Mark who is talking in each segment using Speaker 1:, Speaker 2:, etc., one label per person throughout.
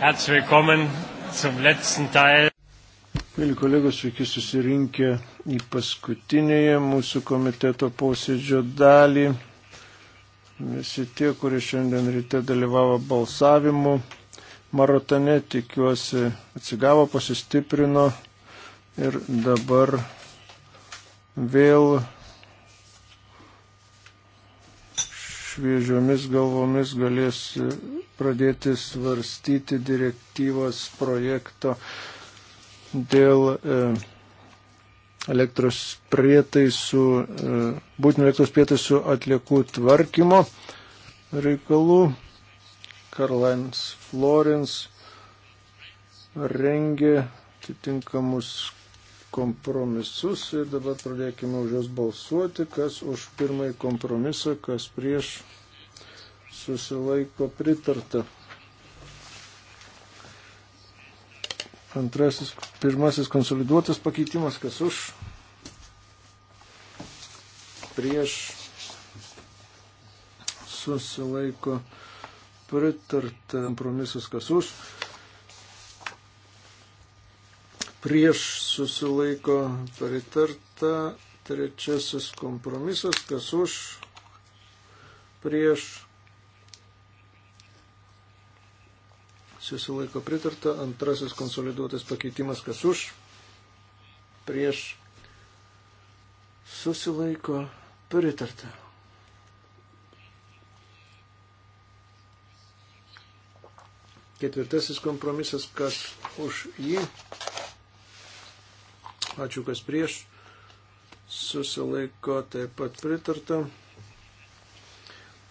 Speaker 1: Herzlich willkommen zum letzten Teil. Mėly kolegos, sveiki susirinkę į paskutinėje mūsų komiteto posėdžio dalį. Visi tie, kurie šiandien ryte dalyvavo balsavimu maratone, tikiuosi atsigavo, pasistiprino ir dabar vėl šviežiomis galvomis galės pradėti svarstyti direktyvos projekto dėl e, elektros prietaisų, e, būtent elektros prietaisų atliekų tvarkymo reikalų. Karlains Florence rengė atitinkamus kompromisus ir dabar pradėkime už juos balsuoti, kas už pirmąjį kompromisą, kas prieš susilaiko pritarta. Antrasis, pirmasis konsoliduotas pakeitimas, kas už prieš susilaiko pritarta kompromisas, kas už prieš susilaiko pritarta, trečiasis kompromisas, kas už, prieš susilaiko pritarta, antrasis konsoliduotas pakeitimas, kas už, prieš susilaiko pritarta. Ketvirtasis kompromisas, kas už jį Ačiū, kas prieš. Susilaiko taip pat pritarta.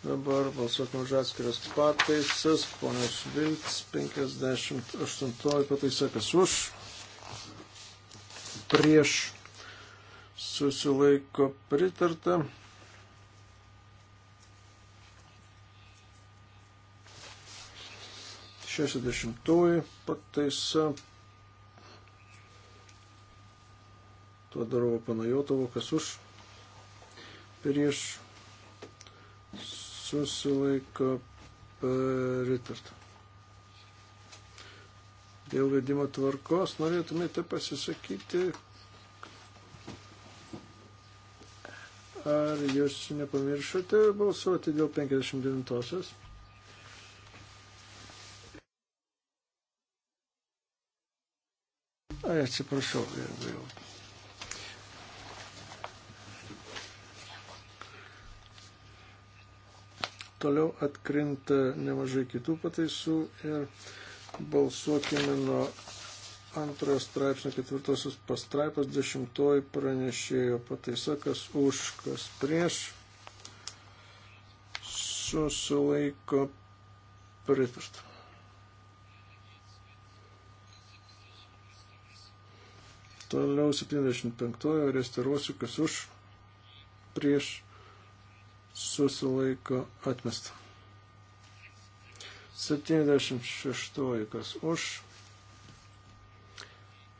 Speaker 1: Dabar balsuokime už atskiras pataisas. Ponios Vilts, 58 pataisa, kas už. Prieš susilaiko pritarta. Šešiasdešimtoji pataisa tuo darovo panajotovo, kas už, prieš susilaiko pritarta. Dėl vedimo tvarkos norėtumėte pasisakyti, ar jūs nepamiršote balsuoti dėl 59-osios? Ai, atsiprašau, jeigu jau Toliau atkrinta nemažai kitų pataisų ir balsuokime nuo antrojo straipsnio ketvirtosios pastraipos dešimtoji pranešėjo pataisa, kas už, kas prieš susilaiko pritarta. Toliau 75. Restaruosiu, kas už, prieš susilaiko atmesta. 76 kas už.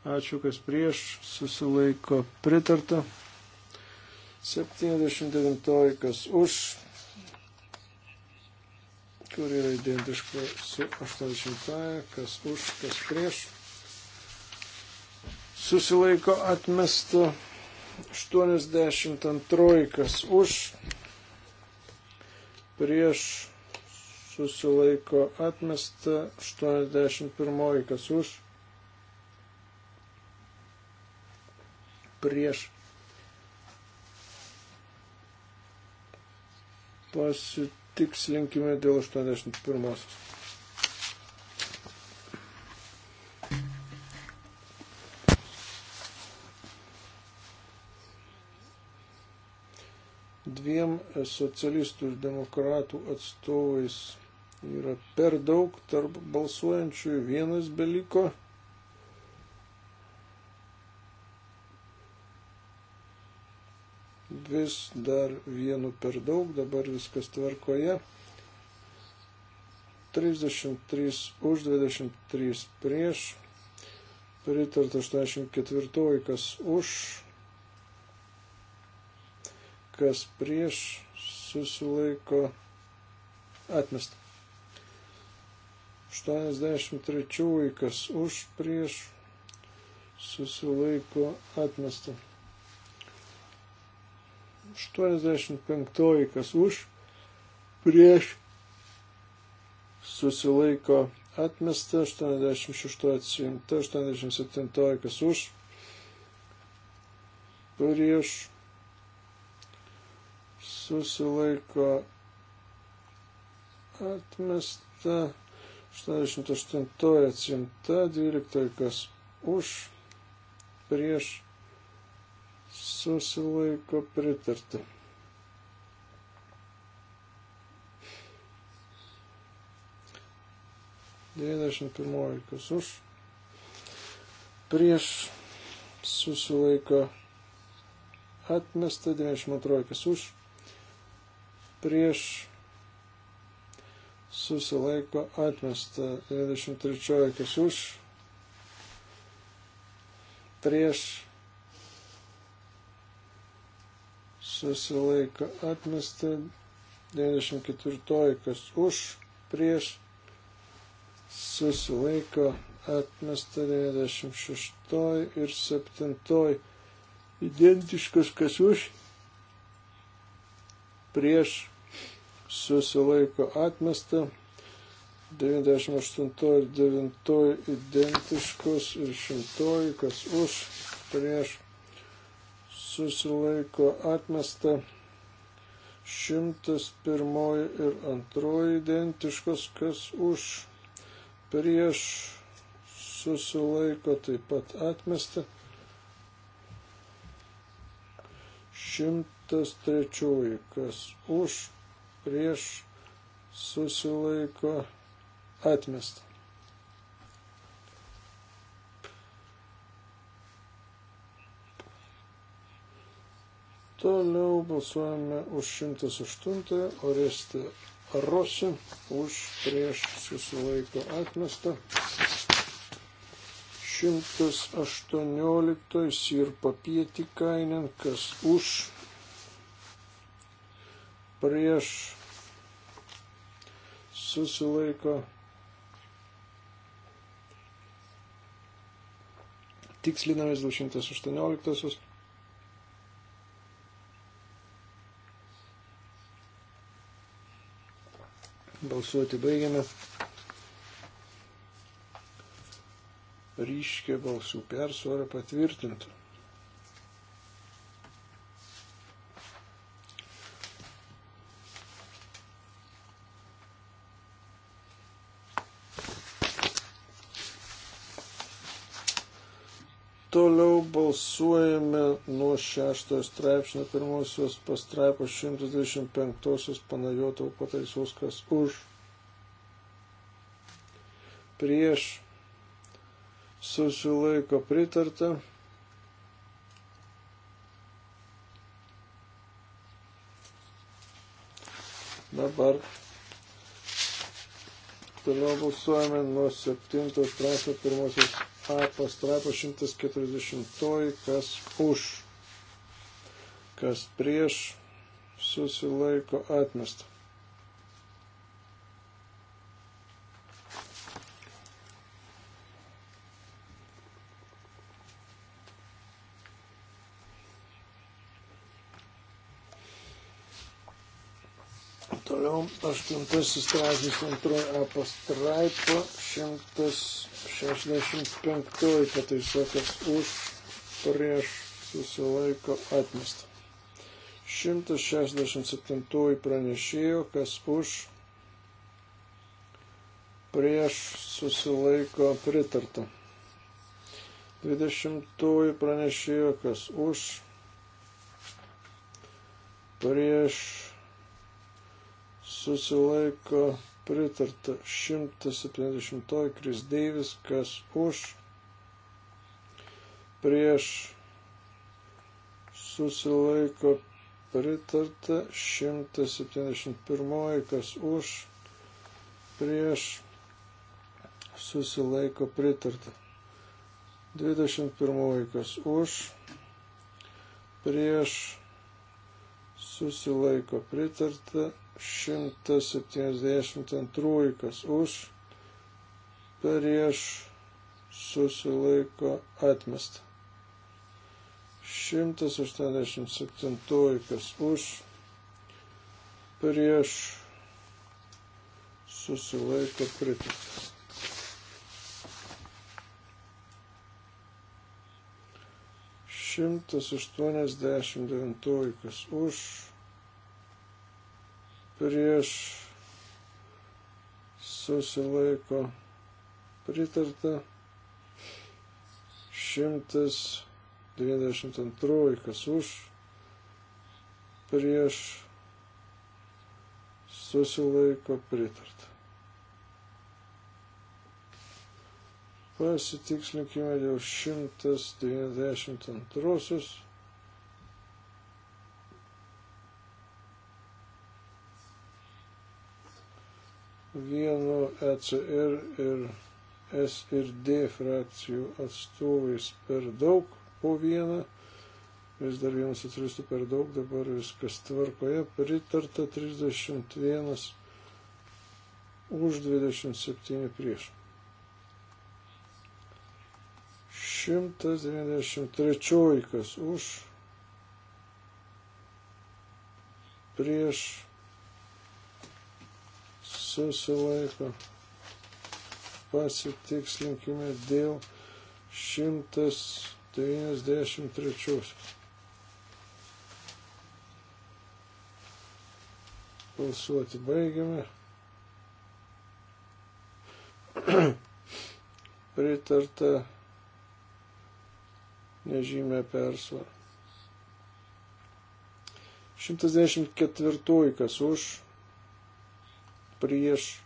Speaker 1: Ačiū, kas prieš, susilaiko pritarta. 79 kas už, kur yra identiška su 80, kas už, kas prieš. Susilaiko atmesta 82 kas už prieš susilaiko atmesta 81 kas už prieš pasitikslinkime dėl 81. socialistų ir demokratų atstovais yra per daug tarp balsuojančiųjų vienas beliko. Vis dar vienu per daug, dabar viskas tvarkoje. 33 už 23 prieš, pritarta 84 kas už, kas prieš susilaiko atmesta. 83 kas už prieš susilaiko atmesta. 85 kas už prieš susilaiko atmesta. 86 atsiimta. 87 kas už prieš susilaiko atmesta, 88 atsimta, 12 kas už, prieš susilaiko pritarta. Devyniasdešimt pirmoji, kas už, prieš susilaiko atmesta, devyniasdešimt antroji, kas už, prieš susilaiko atmesta 93 kas už prieš susilaiko atmesta 94 kas už prieš susilaiko atmesta 96 ir 7 identiškas kas už prieš susilaiko atmesta. 98 ir 9 identiškus ir 100, kas už, prieš susilaiko atmesta. 101 ir 2 identiškus, kas už, prieš susilaiko taip pat atmesta. 100 103, kas už, prieš, susilaiko, atmesta. Toliau balsuojame už 108, Oresti Rosi, už prieš susilaiko atmestą. 118 ir papieti kainin, kas už prieš susilaiko. Tikslinamės 218. Balsuoti baigiame. Ryškia balsų persvara patvirtintų. balsuojame nuo 6 straipsnio 1 pastraipos 125 panajotų pataisos, kas už, prieš, susilaiko pritarta. Dabar toliau balsuojame nuo 7 straipsnio pirmosios A pastraipo 140, kas už, kas prieš, susilaiko atmestą. aštuntasis straipsnis antroji A pastraipa, 165 pataisokas už, prieš, susilaiko atmestą. 167 pranešėjo, kas už, prieš, susilaiko pritarta. 20 pranešėjo, kas už, prieš, susilaiko pritarta 170 Kris Deivis, kas už, prieš susilaiko pritarta 171, kas už, prieš susilaiko pritarta 21, kas už, prieš susilaiko pritarta 172, kas už, prieš susilaiko atmesta. 187, kas už, prieš susilaiko pritarta. Šimtas aštuoniasdešimt devintoji, kas už, prieš susilaiko pritarta 192, kas už prieš susilaiko pritarta. Pasitikslinkime jau 192. vienu ECR ir S ir D frakcijų atstovais per daug po vieną. Vis dar vienas socialistų per daug, dabar viskas tvarkoje. Pritarta 31 už 27 prieš. 193 kas už prieš susilaiko. Pasitikslinkime dėl 193. Balsuoti baigiame. Pritarta nežymė persvarą. 114 kas už prieš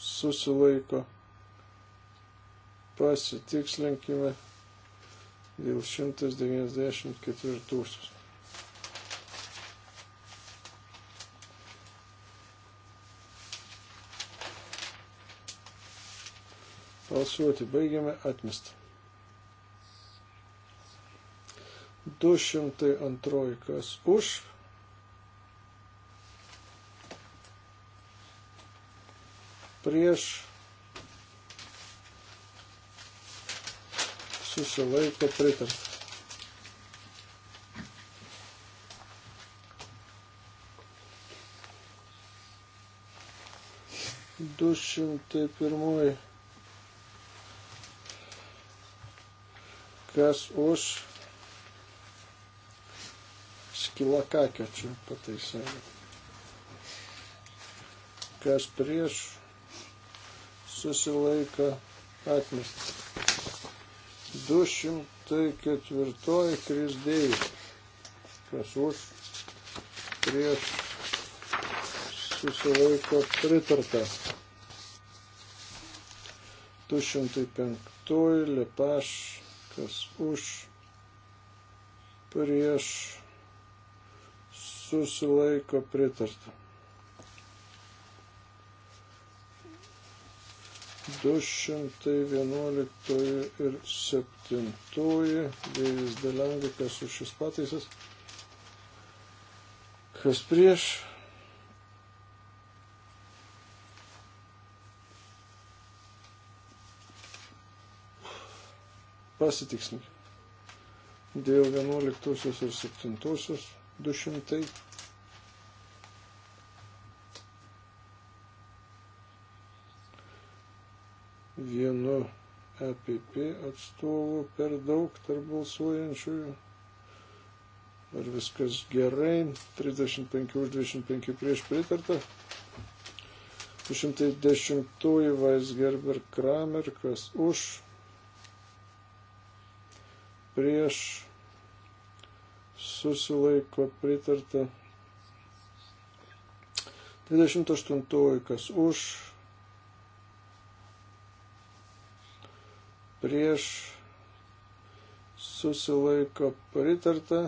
Speaker 1: susilaiko. Pasitikslinkime dėl 194. Balsuoti baigiame atmestą. 202 kas už prieš susilaiko pritarta. Du šimtai pirmoji. Kas už skilakakio čia pataisavimą. Kas prieš susilaiko atmestas. 204 39. Kas už prieš susilaiko pritarta. 205 lipaš, kas už prieš susilaiko pritarta. 211 ir 7, vėjas delengi, kas už šis pataisas, kas prieš. Pasitiksime. Dėl 11 ir 7 200. vienu EPP atstovu per daug tarp balsuojančiųjų. Ar viskas gerai? 35 už 25 prieš pritarta. 210 Weisgerber Kramer, kas už, prieš, susilaiko pritarta. 28 kas už, prieš susilaiko pritarta.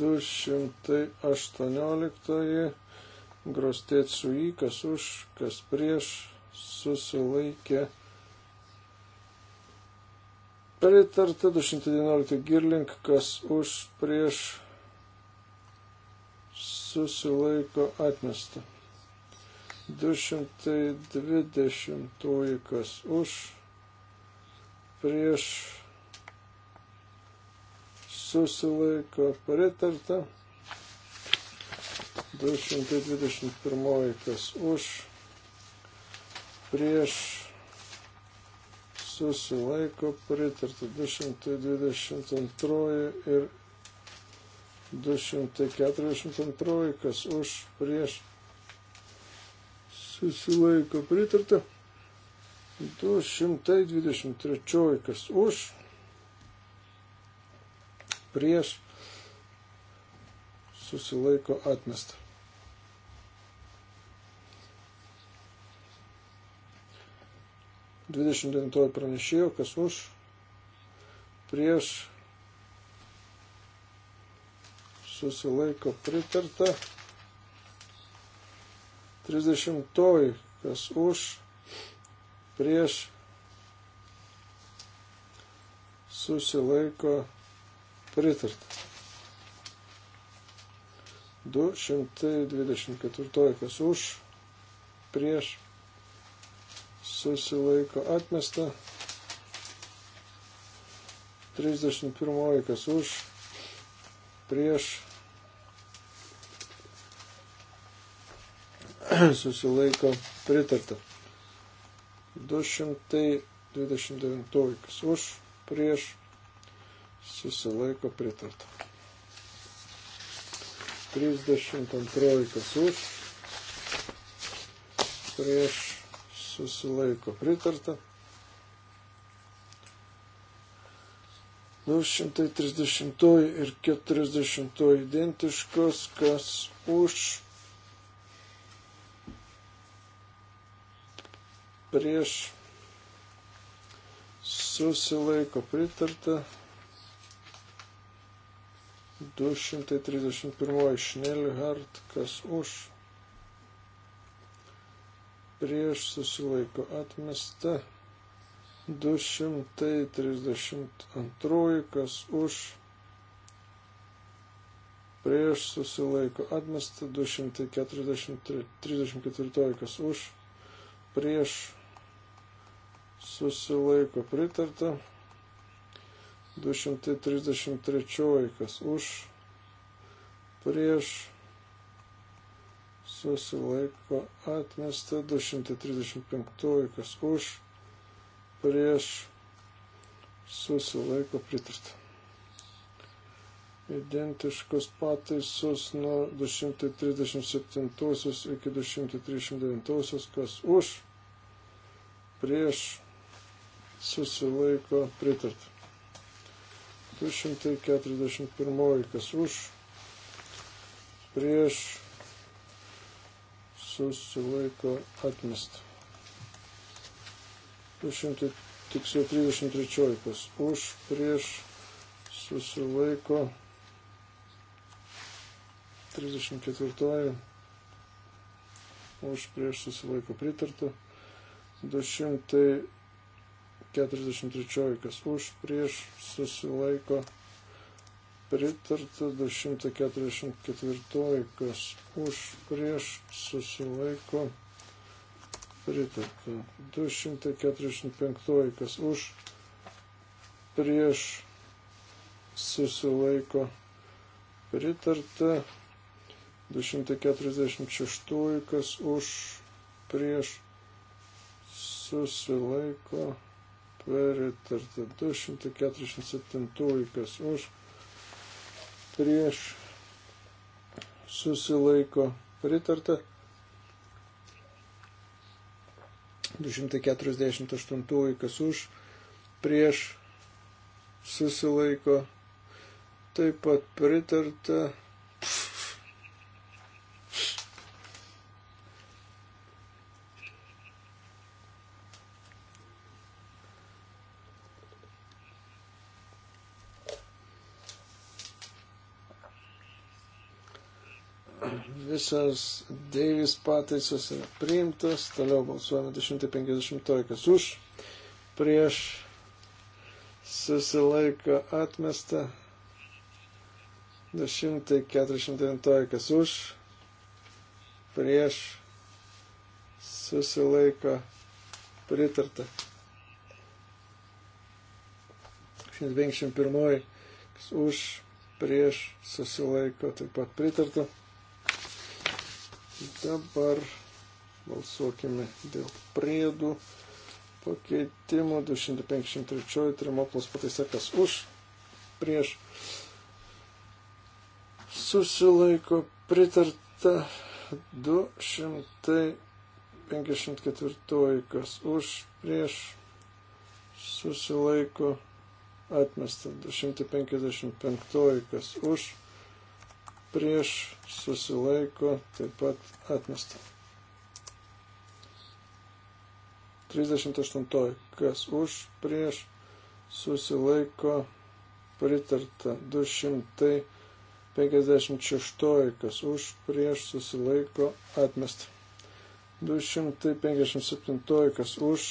Speaker 1: Du šimtai aštuonioliktoji grostėtsų į, kas už, kas prieš susilaikė. Pritarta 219 girlink, kas už prieš susilaiko atmesta. 220 kas už prieš susilaiko pritarta. 221 kas už prieš susilaiko pritarta 222 ir 242, kas už prieš susilaiko pritarta 223, kas už prieš susilaiko atmestą. 29 pranešėjo, kas už, prieš, susilaiko pritarta. 30 kas už, prieš, susilaiko pritarta. 224 kas už, prieš, susilaiko atmesta. 31 kas už, prieš susilaiko pritarta. 229 kas už, prieš susilaiko pritarta. 32 kas už, prieš susilaiko pritarta. 230 nu, ir 40 identiškos, kas už prieš susilaiko pritarta. 231 Šnelhart, kas už prieš susilaiko atmesta 232, kas už prieš susilaiko atmesta 234, kas už prieš susilaiko pritarta 233, kas už prieš susilaiko atmesta 235, kas už, prieš, susilaiko pritarta. Identiškus pataisus nuo 237 iki 239, kas už, prieš, susilaiko pritarta. 241, kas už, prieš, susilaiko atmesta. 200, tiksliau 33 pas už, prieš susilaiko 34 už, prieš susilaiko pritarta. 243 kas už, prieš susilaiko pritarta pritarta 244, kas už prieš susilaiko pritarta. 245, kas už prieš susilaiko pritarta. 246, kas už prieš susilaiko pritarta. 247, kas už prieš prieš susilaiko pritarta. 248 kas už prieš susilaiko taip pat pritarta. pranešęs Deivis pataisas yra priimtas. Toliau balsuojame 250, kas už, prieš susilaiko atmesta. 249, kas už, prieš susilaiko pritarta. 151, kas už, prieš susilaiko taip pat pritarta. Dabar balsuokime dėl priedų pakeitimo 253 trimoklos pataisa, kas už, prieš, susilaiko pritarta 254, kas už, prieš, susilaiko atmesta 255, kas už, prieš susilaiko taip pat atmesta. 38. Kas už prieš susilaiko pritarta. 256. Kas už prieš susilaiko atmesta. 257. Kas už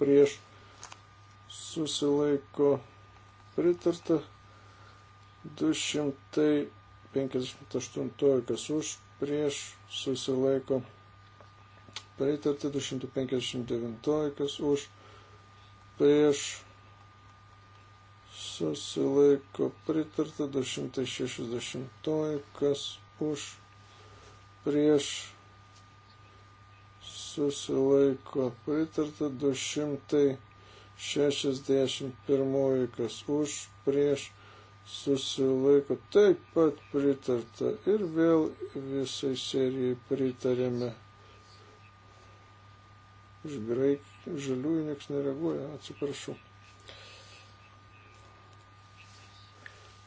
Speaker 1: prieš susilaiko pritarta. 200. 258, kas už, prieš, susilaiko, pritarta 259, kas už, prieš, susilaiko, pritarta 260, kas už, prieš, susilaiko, pritarta 261, kas už, prieš, susilaiko taip pat pritarta ir vėl visai serijai pritarėme. Iš graik žaliųjų nieks nereaguoja, atsiprašau.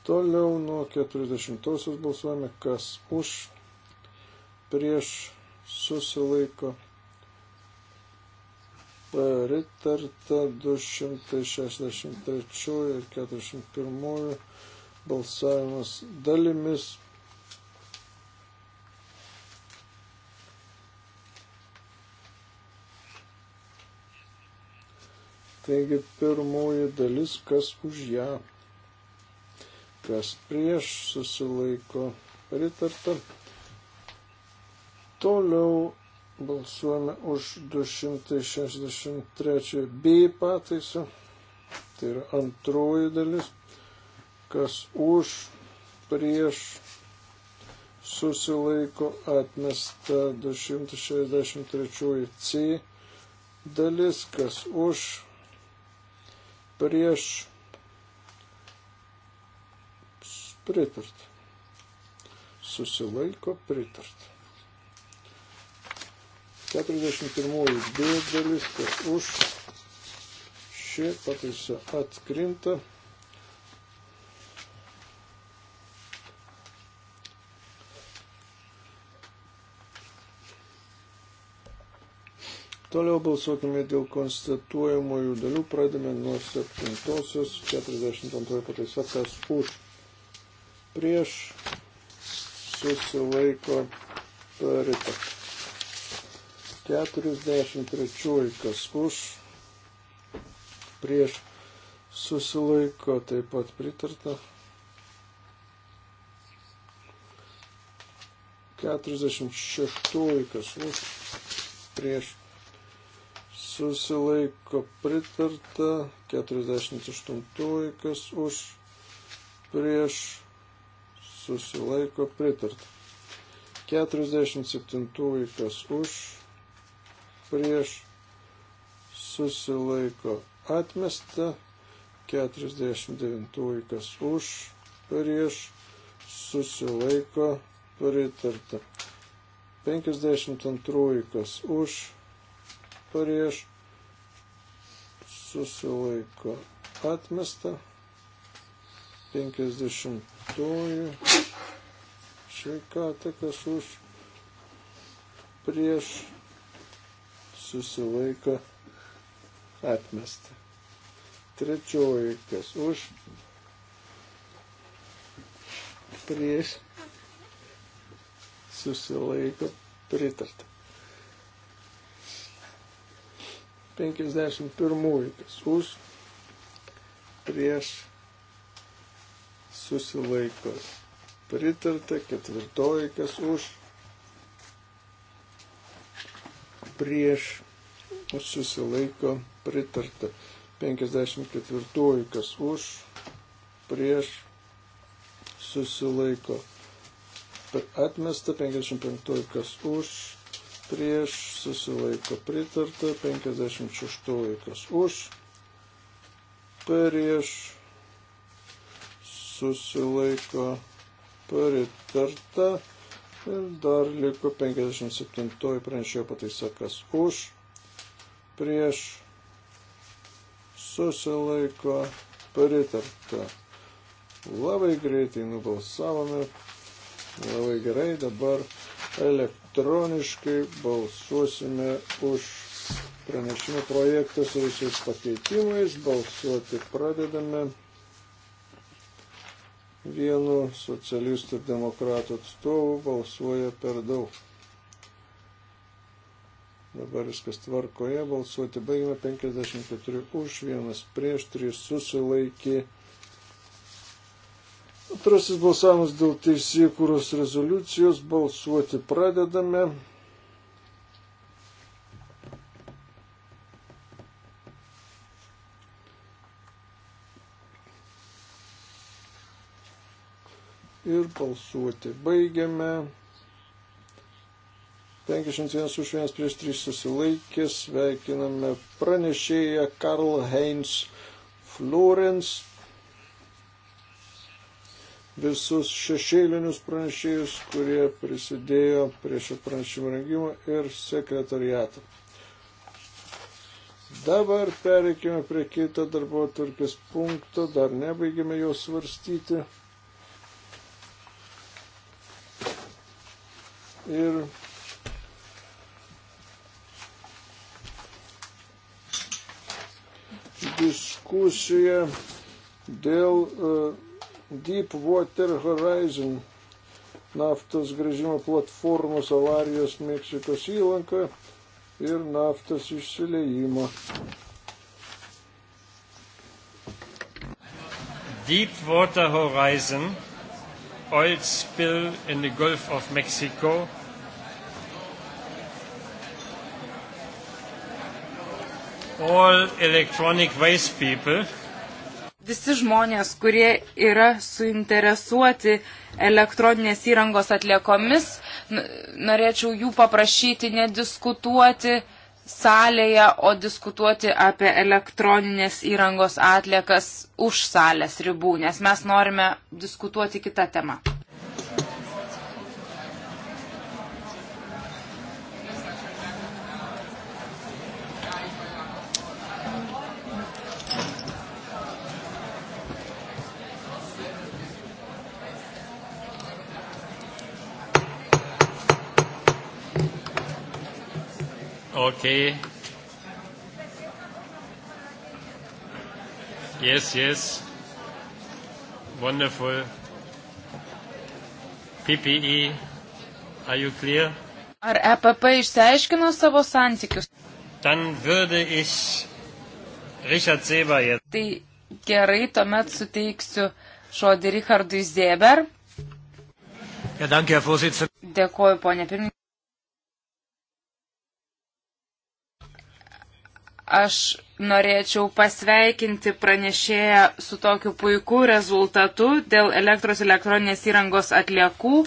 Speaker 1: Toliau nuo 40-osios balsuojame, kas už, prieš, susilaiko, pritarta 263 ir 41 balsavimas dalimis. Taigi pirmoji dalis, kas už ją, kas prieš susilaiko pritarta. Toliau balsuojame už 263 B pataisą. Tai yra antroji dalis. Kas už, prieš, susilaiko atmesta 263 C dalis. Kas už, prieš, pritarti. Susilaiko pritarti. 41 dvi dalis, kas už, ši pataisa atkrinta. Toliau balsuokime dėl konstatuojamųjų dalių, pradame nuo 7.42 pataisa, kas už, prieš, susilaiko, parita. 43, kas už, prieš susilaiko, taip pat pritarta. 46, kas už, prieš susilaiko pritarta. 48, kas už, prieš susilaiko pritarta. 47, kas už, prieš susilaiko atmesta, 49 kas už prieš susilaiko pritarta, 52 kas už prieš susilaiko atmesta, 50 sveikata kas už prieš susilaiko atmesta. Trečioji, kas už, prieš, susilaiko pritarta. 51, kas už, prieš, susilaiko pritarta. Ketvirtoji, kas už, prieš susilaiko pritarta. 54 kas už prieš susilaiko atmesta. 55 kas už prieš susilaiko pritarta. 56 kas už prieš susilaiko pritarta. Dar liko 57 pranešėjo pataisa, kas už, prieš, susilaiko, pritarta. Labai greitai nubalsavome, labai gerai, dabar elektroniškai balsuosime už pranešimo projektą su visais pakeitimais, balsuoti pradedame vienu socialistų ir demokratų atstovu balsuoja per daug. Dabar viskas tvarkoje, balsuoti baigime 54 už, vienas prieš, 3 susilaikė. Antrasis balsavimas dėl teisėkūros rezoliucijos balsuoti pradedame. ir balsuoti. Baigiame. 51 už 1 prieš 3 susilaikė. Sveikiname pranešėją Karl Heinz Florence. Visus šešėlinius pranešėjus, kurie prisidėjo prie šio pranešimo rengimo ir sekretariatą. Dabar pereikime prie kito darbo turkės punkto, dar nebaigėme jo svarstyti. Ir diskusija dėl uh, e, Deep Water Horizon naftos grįžimo platformos avarijos Meksikos įlanka ir naftos išsileimo. Deep Water Horizon oil spill in the Gulf of Mexico. All
Speaker 2: electronic waste people.
Speaker 3: Visi žmonės, kurie yra suinteresuoti elektroninės įrangos atliekomis, norėčiau jų paprašyti nediskutuoti uh, salėje, o diskutuoti apie elektroninės įrangos atliekas už salės ribų, nes mes norime diskutuoti kitą temą.
Speaker 2: Okay. Yes, yes. Wonderful. PPE, are you clear?
Speaker 3: Ar EPP išsiaiškino savo santykius?
Speaker 1: Dann würde ich Richard Seber jetzt.
Speaker 3: Tai gerai, tuomet suteiksiu žodį Richardui Zeber. Ja, danke, Herr Vorsitzender. Dėkuoju, ponė pirmininkė. Aš norėčiau pasveikinti pranešėją su tokiu puiku rezultatu dėl elektros elektroninės įrangos atliekų,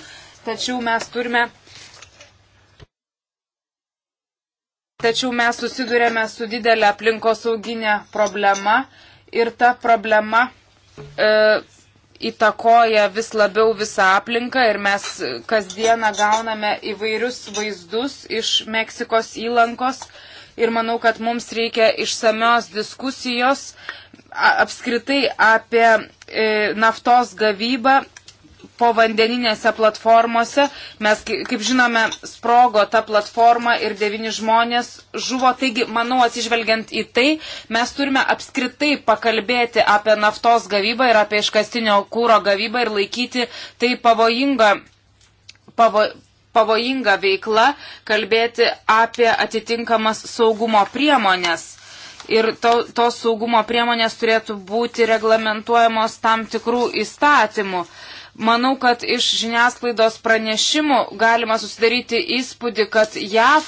Speaker 3: tačiau mes turime. Tačiau mes susidurėme su didelė aplinkosauginė problema ir ta problema e, įtakoja vis labiau visą aplinką ir mes kasdieną gauname įvairius vaizdus iš Meksikos įlankos. E, ir manau, kad mums reikia išsamios diskusijos apskritai apie e, naftos gavybą povandeninėse platformose. Mes, kaip žinome, sprogo ta platforma ir devyni žmonės žuvo. Taigi, manau, atsižvelgiant į tai, mes turime apskritai pakalbėti apie naftos gavybą ir apie iškastinio kūro gavybą ir laikyti tai pavojinga. Pavo, pavojinga veikla kalbėti apie atitinkamas saugumo priemonės. Ir to, tos saugumo priemonės turėtų būti reglamentuojamos tam tikrų įstatymų. Manau, kad iš žiniasklaidos pranešimų galima susidaryti įspūdį, kad JAV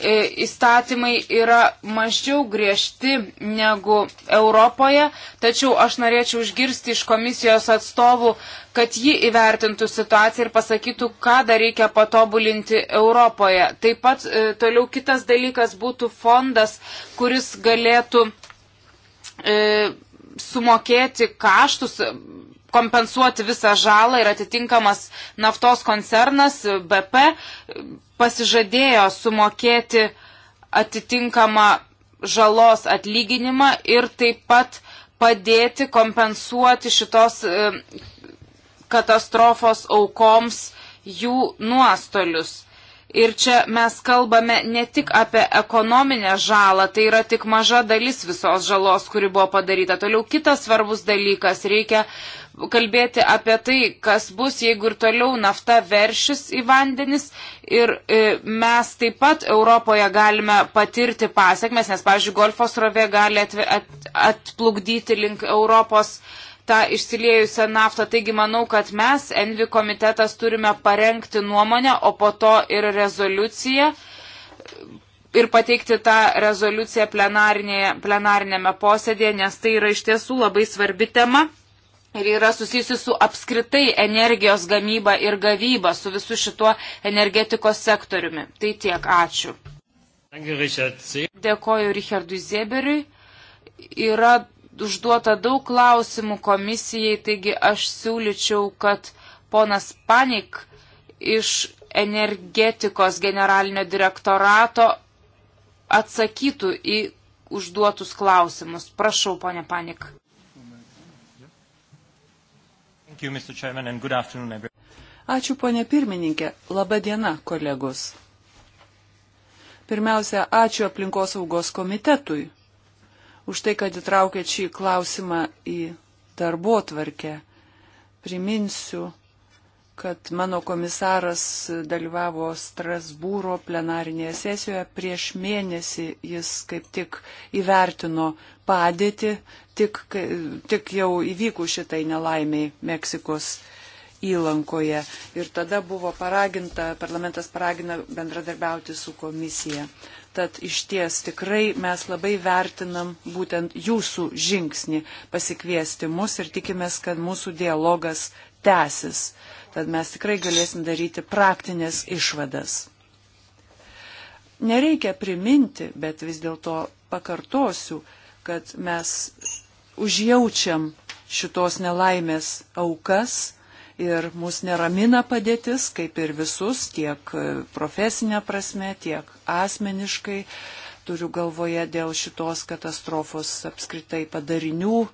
Speaker 3: E, įstatymai yra mažiau griežti negu Europoje, tačiau aš norėčiau užgirsti iš komisijos atstovų, kad ji įvertintų situaciją ir pasakytų, ką dar reikia patobulinti Europoje. Taip pat e, toliau kitas dalykas būtų fondas, kuris galėtų e, sumokėti kaštus kompensuoti visą žalą ir atitinkamas naftos koncernas BP pasižadėjo sumokėti atitinkamą žalos atlyginimą ir taip pat padėti kompensuoti šitos e, katastrofos aukoms jų nuostolius. Ir čia mes kalbame ne tik apie ekonominę žalą, tai yra tik maža dalis visos žalos, kuri buvo padaryta. Toliau kitas svarbus dalykas - reikia uh, kalbėti apie tai, kas bus, jeigu ir toliau nafta veršis į vandenis. Ir e, mes taip pat Europoje galime patirti pasiekmes, nes, pavyzdžiui, golfo srovė gali atve, at, atplukdyti link Europos tą išsiliejusią naftą. Taigi manau, kad mes, Envi komitetas, turime parengti nuomonę, o po to ir rezoliuciją ir pateikti tą rezoliuciją plenarinėme posėdėje, nes tai yra iš tiesų labai svarbi tema ir yra susijusi su apskritai energijos gamyba ir gavyba, su visu šituo energetikos sektoriumi. Tai tiek, ačiū. Dėkoju Richardui Zieberiui. Yra užduota daug klausimų komisijai, taigi aš siūlyčiau, kad ponas Panik iš energetikos generalinio direktorato atsakytų į užduotus klausimus.
Speaker 2: Prašau, ponė Panik.
Speaker 4: Thank you, Mr. Chairman, and good afternoon, everyone.
Speaker 2: Ačiū, ponė pirmininkė. Labą dieną, kolegos. Pirmiausia, ačiū aplinkosaugos komitetui už tai, kad įtraukėt šį klausimą į darbo tvarkę. Priminsiu, kad mano komisaras dalyvavo Strasbūro plenarinėje sesijoje. Prieš mėnesį jis kaip tik įvertino padėtį tik, tik jau įvykų šitai nelaimiai Meksikos įlankoje. Ir tada buvo paraginta, parlamentas paragina bendradarbiauti su komisija. Tad iš ties tikrai mes labai vertinam būtent jūsų žingsnį pasikviesti mus ir tikimės, kad mūsų dialogas tęsis. Tad mes tikrai galėsim daryti praktinės išvadas. Nereikia priminti, bet vis dėlto pakartosiu, kad mes užjaučiam šitos nelaimės aukas ir mus neramina padėtis, kaip ir visus, tiek profesinė prasme, tiek asmeniškai. Turiu galvoje dėl šitos katastrofos apskritai padarinių,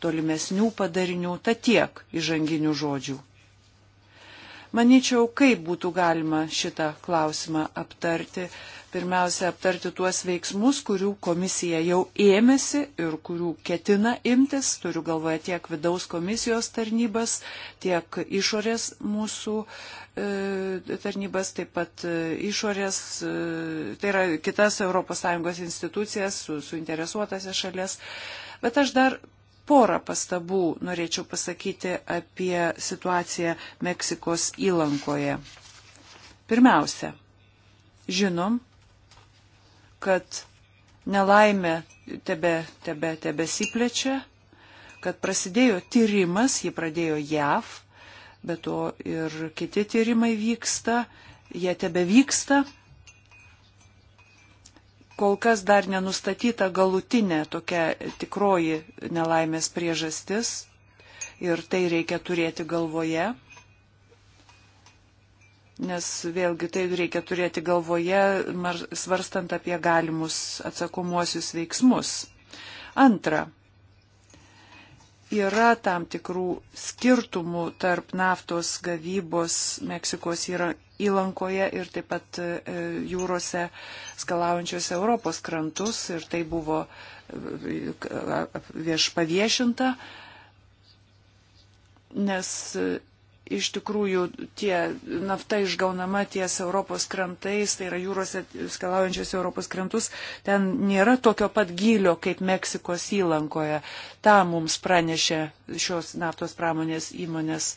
Speaker 2: tolimesnių padarinių, ta tiek įžanginių žodžių. Maničiau, kaip būtų galima šitą klausimą aptarti pirmiausia aptarti tuos veiksmus, kurių komisija jau ėmėsi ir kurių ketina imtis. Turiu galvoje tiek vidaus komisijos tarnybas, tiek išorės mūsų e, tarnybas, taip pat e, išorės, e, tai yra kitas ES institucijas, su, suinteresuotasias šalias. Bet aš dar porą pastabų norėčiau pasakyti apie situaciją Meksikos įlankoje. Pirmiausia, žinom, kad nelaimė tebe, tebe, tebe siplečia, kad prasidėjo tyrimas, jį pradėjo JAV, bet to ir kiti tyrimai vyksta, jie tebe vyksta. Kol kas dar nenustatyta galutinė tokia tikroji nelaimės priežastis ir tai reikia turėti galvoje nes vėlgi tai reikia turėti galvoje, mar, svarstant apie galimus atsakomuosius veiksmus. Antra, yra tam tikrų skirtumų tarp naftos gavybos Meksikos įlankoje ir taip pat e, jūrose skalaujančios Europos krantus ir tai buvo e, vieš paviešinta, nes iš tikrųjų tie nafta išgaunama ties Europos krantais, tai yra jūrose skalaujančios Europos krantus, ten nėra tokio pat gylio kaip Meksikos įlankoje. Ta mums pranešė šios naftos pramonės įmonės,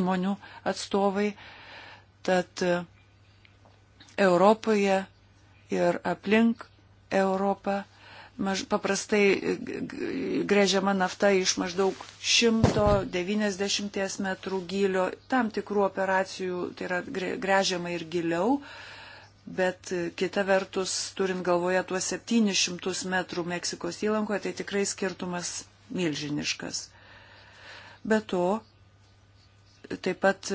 Speaker 2: įmonių atstovai. Tad e, Europoje ir aplink Europą maž, paprastai grėžiama nafta iš maždaug 190 metrų gylio, tam tikrų operacijų tai yra grėžiama ir giliau, bet e, kita vertus, turint galvoje tuos 700 metrų Meksikos įlankoje, tai tikrai skirtumas milžiniškas. Be to, taip pat e,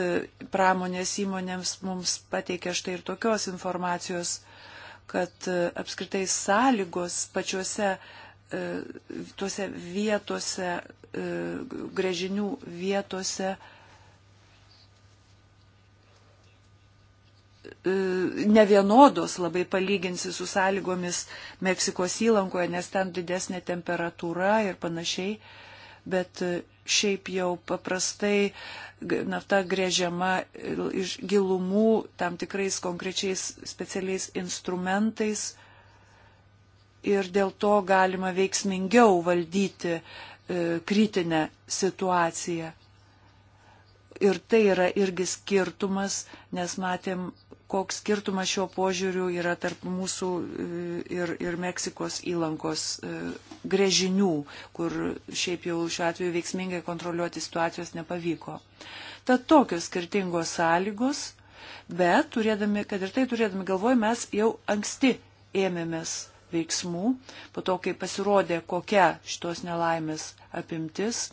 Speaker 2: pramonės įmonėms mums pateikia štai ir tokios informacijos, kad e, apskritai sąlygos pačiuose e, tuose vietose, e, grežinių vietose nevienodos labai palyginsi su sąlygomis Meksikos įlankoje, nes ten didesnė temperatūra ir panašiai bet e, šiaip jau paprastai nafta grėžiama e, iš gilumų tam tikrais konkrečiais specialiais instrumentais ir dėl to galima veiksmingiau valdyti e, kritinę situaciją. Ir tai yra irgi skirtumas, nes matėm koks skirtumas šiuo požiūriu yra tarp mūsų e, ir, ir Meksikos įlankos e, grėžinių, kur šiaip jau šiuo atveju veiksmingai kontroliuoti situacijos nepavyko. Tad tokios skirtingos sąlygos, bet turėdami, kad ir tai turėdami galvoj, mes jau anksti ėmėmės veiksmų, po to, kai pasirodė, kokia šitos nelaimės apimtis,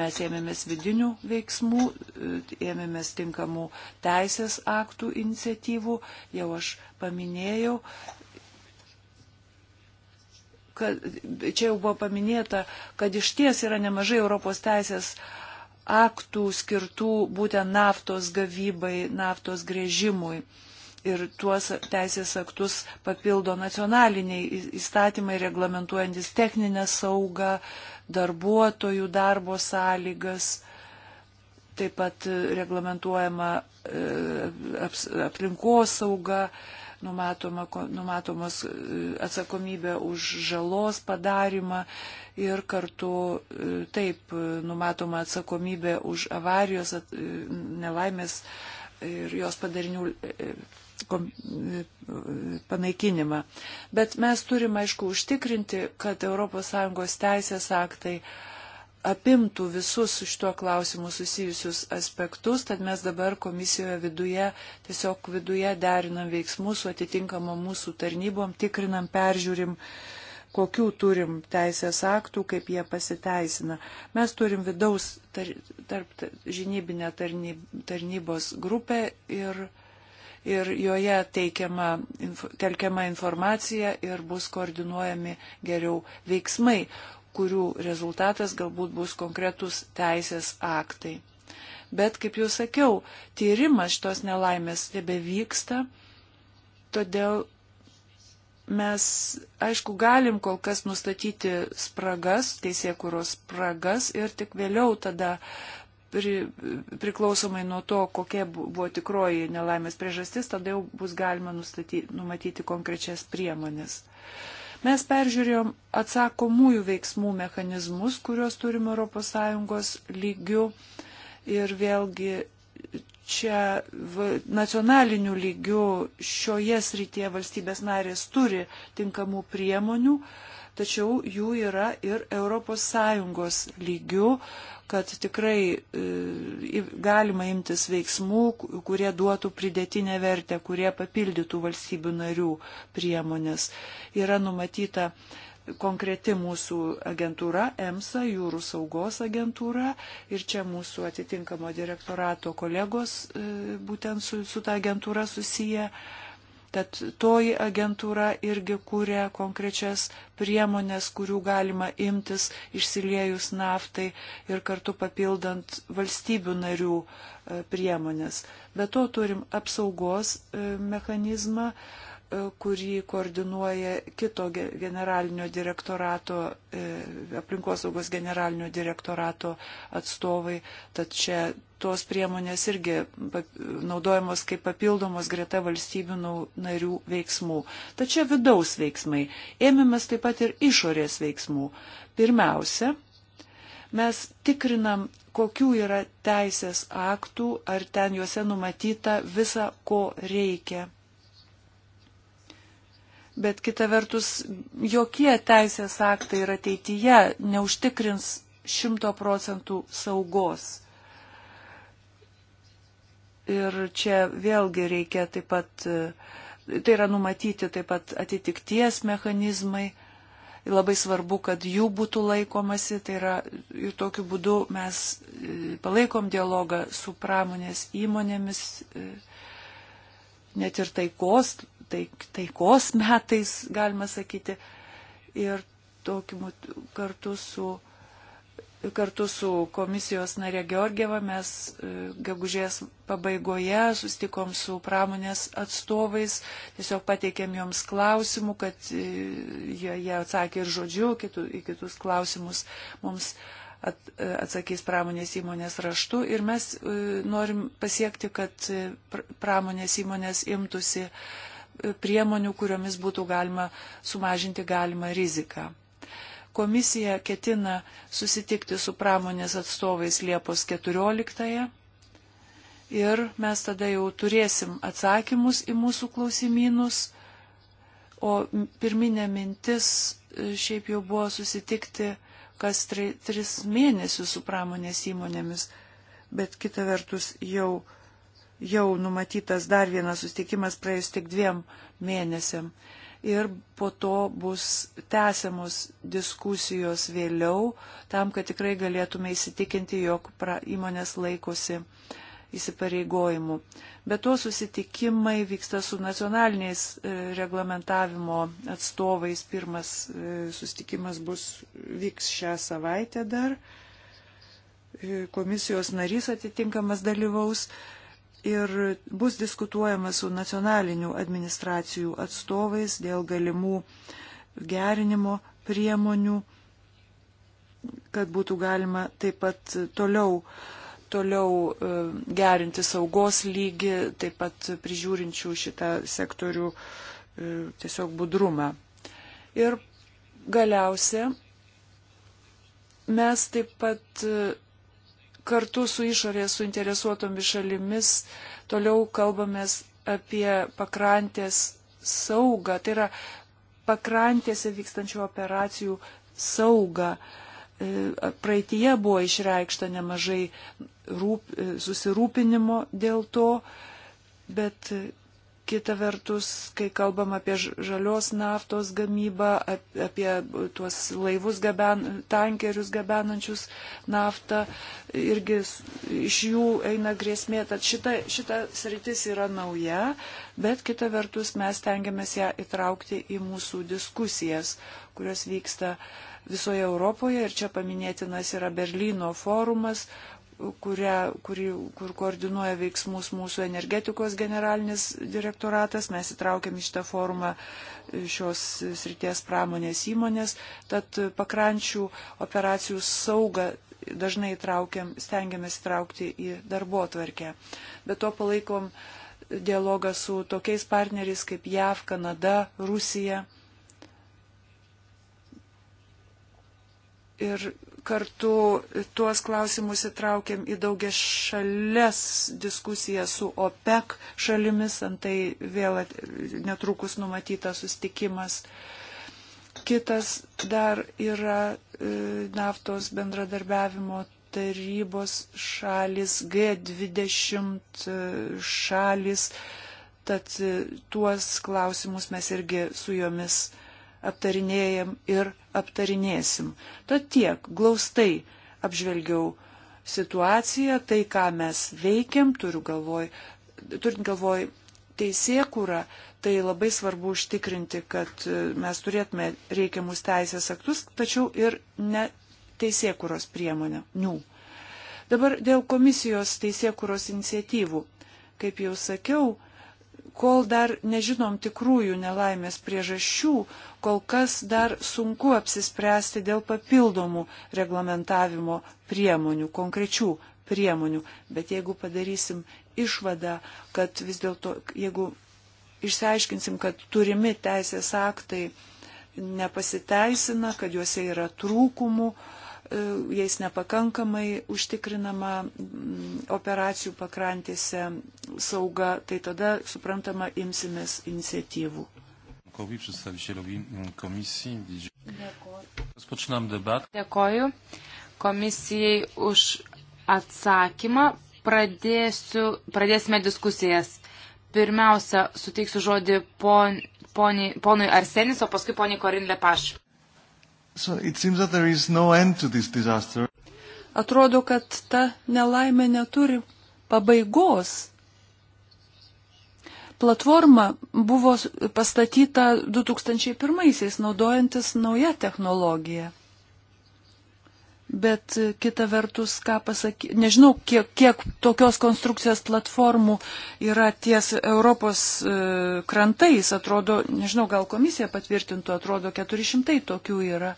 Speaker 2: Mes ėmėmės vidinių veiksmų, e, ėmėmės tinkamų teisės aktų iniciatyvų, jau aš paminėjau. Kad, čia jau buvo paminėta, kad iš ties yra nemažai Europos teisės aktų skirtų būtent naftos gavybai, naftos grėžimui ir tuos teisės aktus papildo nacionaliniai įstatymai reglamentuojantis techninę saugą, darbuotojų darbo sąlygas. Taip pat e, reglamentuojama e, aplinkos sauga, numatoma, numatomos e, atsakomybė už žalos padarimą ir kartu taip numatoma atsakomybė už avarijos, nelaimės ir jos padarinių panaikinimą. Bet mes turime, aišku, užtikrinti, kad ES teisės aktai apimtų visus šituo klausimu susijusius aspektus, tad mes dabar komisijoje viduje, tiesiog viduje derinam veiksmus su atitinkama mūsų tarnybom, tikrinam, peržiūrim, kokių turim teisės aktų, kaip jie pasiteisina. Mes turim vidaus tar, tarp žinybinę tarnyb, tarnybos grupę ir ir joje teikiama, telkiama informacija ir bus koordinuojami geriau veiksmai, kurių rezultatas galbūt bus konkretus teisės aktai. Bet, kaip jau sakiau, tyrimas šitos nelaimės tebe vyksta, todėl mes, aišku, galim kol kas nustatyti spragas, teisėkuros spragas ir tik vėliau tada pri, priklausomai nuo to, kokia buvo tikroji nelaimės priežastis, tada jau bus galima nustatyti, numatyti konkrečias priemonės. Mes peržiūrėjom atsakomųjų veiksmų mechanizmus, kuriuos turim ES lygių ir vėlgi čia v, nacionaliniu lygiu šioje srityje valstybės narės turi tinkamų priemonių, tačiau jų yra ir ES lygių, kad tikrai e, galima imtis veiksmų, kurie duotų pridėtinę vertę, kurie papildytų valstybių narių priemonės. Yra numatyta konkreti mūsų agentūra, EMSA, jūrų saugos agentūra ir čia mūsų atitinkamo direktorato kolegos e, būtent su, su ta agentūra susiję. Uh, Tad toji agentūra irgi kūrė konkrečias priemonės, kurių galima imtis išsiliejus naftai ir kartu papildant valstybių narių e, priemonės. Be to turim apsaugos e, mechanizmą, E, kurį koordinuoja kito generalinio direktorato, e, aplinkosaugos generalinio direktorato atstovai. Tad čia tos priemonės irgi naudojamos kaip papildomos greta valstybių narių veiksmų. Tačiau vidaus veiksmai. Ėmėmės taip pat ir išorės veiksmų. Pirmiausia, mes tikrinam, kokių yra teisės aktų, ar ten juose numatyta visa, ko reikia bet kita vertus jokie teisės aktai ir ateityje neužtikrins šimto procentų saugos. Ir čia vėlgi reikia taip pat, tai yra numatyti taip pat atitikties mechanizmai. Labai svarbu, kad jų būtų laikomasi, tai yra ir tokiu būdu mes e, palaikom dialogą su pramonės įmonėmis, e, net ir taikos taik, taikos metais, galima sakyti, ir tokiu kartu su kartu su komisijos narė Georgieva mes e, gegužės pabaigoje sustikom su pramonės atstovais, tiesiog pateikėm joms klausimų, kad e, jie, jie atsakė ir žodžiu, kitų, į kitus klausimus mums at, e, atsakys pramonės įmonės raštu ir mes norim pasiekti, kad pramonės įmonės imtųsi priemonių, kuriomis būtų galima sumažinti galimą riziką. Komisija ketina susitikti su pramonės atstovais Liepos 14 ir mes tada jau turėsim atsakymus į mūsų klausimynus, o pirminė mintis e, šiaip jau buvo susitikti kas tri, tris mėnesius su pramonės įmonėmis, bet kita vertus jau jau numatytas dar vienas sustikimas praėjus tik dviem mėnesiam. Ir po to bus tęsiamos diskusijos vėliau, tam, kad tikrai galėtume įsitikinti, jog pra, įmonės laikosi įsipareigojimų. Be to susitikimai vyksta su nacionaliniais e, reglamentavimo atstovais. Pirmas e, susitikimas bus, vyks šią savaitę dar. E, komisijos narys atitinkamas dalyvaus ir bus diskutuojama su nacionalinių administracijų atstovais dėl galimų gerinimo priemonių, kad būtų galima taip pat toliau, toliau e, gerinti saugos lygį, taip pat prižiūrinčių šitą sektorių e, tiesiog budrumą. Ir galiausia, mes taip pat kartu su išorės suinteresuotomis šalimis toliau kalbamės apie pakrantės saugą, tai yra pakrantėse vykstančių operacijų saugą. E, praeitie buvo išreikšta nemažai rūp, e, susirūpinimo dėl to, bet Kita vertus, kai kalbam apie žalios naftos gamybą, apie tuos laivus gaben, tankerius gabenančius naftą, irgi iš jų eina grėsmė. Tad šita, šita sritis yra nauja, bet kita vertus mes tengiamės ją įtraukti į mūsų diskusijas, kurios vyksta visoje Europoje. Ir čia paminėtinas yra Berlyno forumas, kuria, kuri, kur koordinuoja veiksmus mūsų energetikos generalinis direktoratas. Mes įtraukėm į šitą forumą e, šios srities pramonės įmonės. Tad e, pakrančių operacijų saugą dažnai įtraukiam, stengiamės įtraukti į darbo atvarkę. Bet to palaikom dialogą su tokiais partneriais kaip JAV, Kanada, Rusija. Ir kartu tuos klausimus įtraukėm į daugia šalias diskusiją su OPEC šalimis, antai vėl netrukus numatytas sustikimas. Kitas dar yra e, naftos bendradarbiavimo tarybos šalis, G20 e, šalis, tad e, tuos klausimus mes irgi su jomis aptarinėjom ir aptarinėsim. Tad tiek, glaustai apžvelgiau situaciją, tai ką mes veikiam, turiu galvoj, turint galvoj teisėkūrą, tai labai svarbu užtikrinti, kad e, mes turėtume reikiamus teisės aktus, tačiau ir ne teisėkūros priemonę. Nių. Dabar dėl komisijos teisėkūros iniciatyvų. Kaip jau sakiau, kol dar nežinom tikrųjų nelaimės priežasčių, kol kas dar sunku apsispręsti dėl papildomų reglamentavimo priemonių, konkrečių priemonių. Bet jeigu padarysim išvadą, kad vis dėlto, jeigu išsiaiškinsim, kad turimi teisės aktai nepasiteisina, kad juose yra trūkumų, uh, E, jais nepakankamai užtikrinama mm, operacijų pakrantėse sauga, tai tada, suprantama, imsimės iniciatyvų.
Speaker 3: Mm, Dėkoju komisijai už atsakymą. Pradėsiu, pradėsime diskusijas. Pirmiausia, suteiksiu žodį pon, poni, ponui Arsenis, o paskui poniai Korin Lepaš.
Speaker 1: So no
Speaker 2: Atrodo, kad ta nelaimė neturi pabaigos. Platforma buvo pastatyta 2001-aisiais naudojantis naują technologiją bet kita vertus, ką pasakyti, nežinau, kiek, kiek tokios konstrukcijos platformų yra ties Europos e, krantais, atrodo, nežinau, gal komisija patvirtintų, atrodo, 400 tokių yra.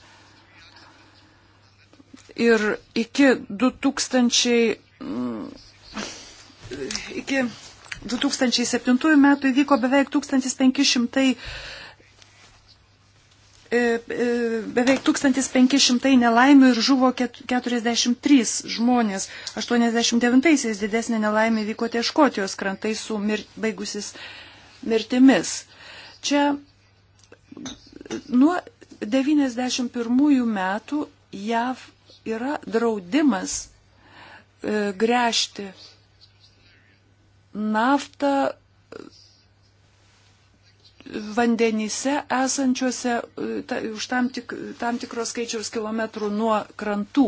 Speaker 2: Ir iki 2000. Mm, iki 2007 metų įvyko beveik 1500 E, e, beveik 1500 nelaimių ir žuvo 43 žmonės. 89-aisiais didesnė nelaimė vyko ties Škotijos krantais su mir, baigusis mirtimis. Čia nuo 91 metų JAV yra draudimas e, gręžti naftą vandenyse esančiuose e, ta, už tam, tik, tam tikros skaičiaus kilometrų nuo krantų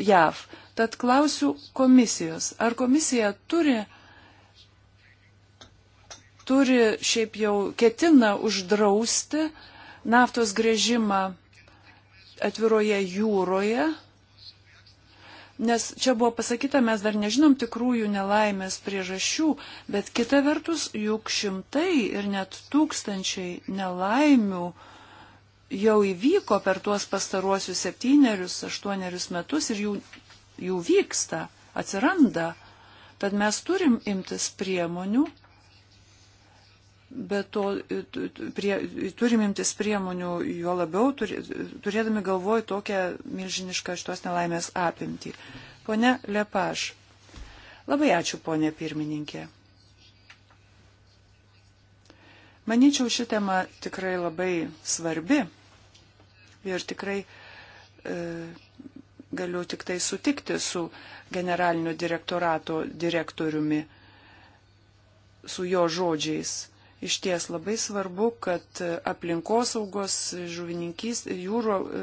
Speaker 2: JAV. Tad klausiu komisijos, ar komisija turi, turi šiaip jau ketina uždrausti naftos grėžimą atviroje jūroje Nes čia buvo pasakyta, mes dar nežinom tikrųjų nelaimės priežasčių, bet kita vertus, juk šimtai ir net tūkstančiai nelaimių jau įvyko per tuos pastaruosius septynerius, aštuonerius metus ir jų, jų vyksta, atsiranda. Tad mes turim imtis priemonių Bet to prie, turim imtis priemonių, juo labiau turėdami galvoj tokią milžinišką šitos nelaimės apimtį. Pone Lepaš. Labai ačiū, ponė pirmininkė. Maničiau, ši tema tikrai labai svarbi ir tikrai e, galiu tik tai sutikti su generalinio direktorato direktoriumi, su jo žodžiais Iš ties labai svarbu, kad aplinkosaugos, žuvininkys, jūro e,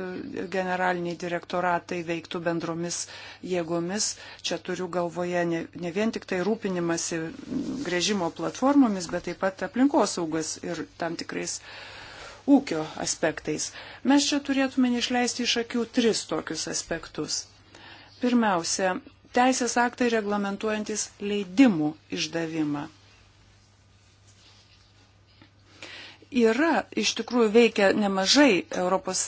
Speaker 2: generaliniai direktoratai veiktų bendromis jėgomis. Čia turiu galvoje ne, ne vien tik tai rūpinimasi grėžimo platformomis, bet taip pat aplinkosaugas ir tam tikrais ūkio aspektais. Mes čia turėtume išleisti iš akių tris tokius aspektus. Pirmiausia, teisės aktai reglamentuojantis leidimų išdavimą yra, iš tikrųjų veikia nemažai ES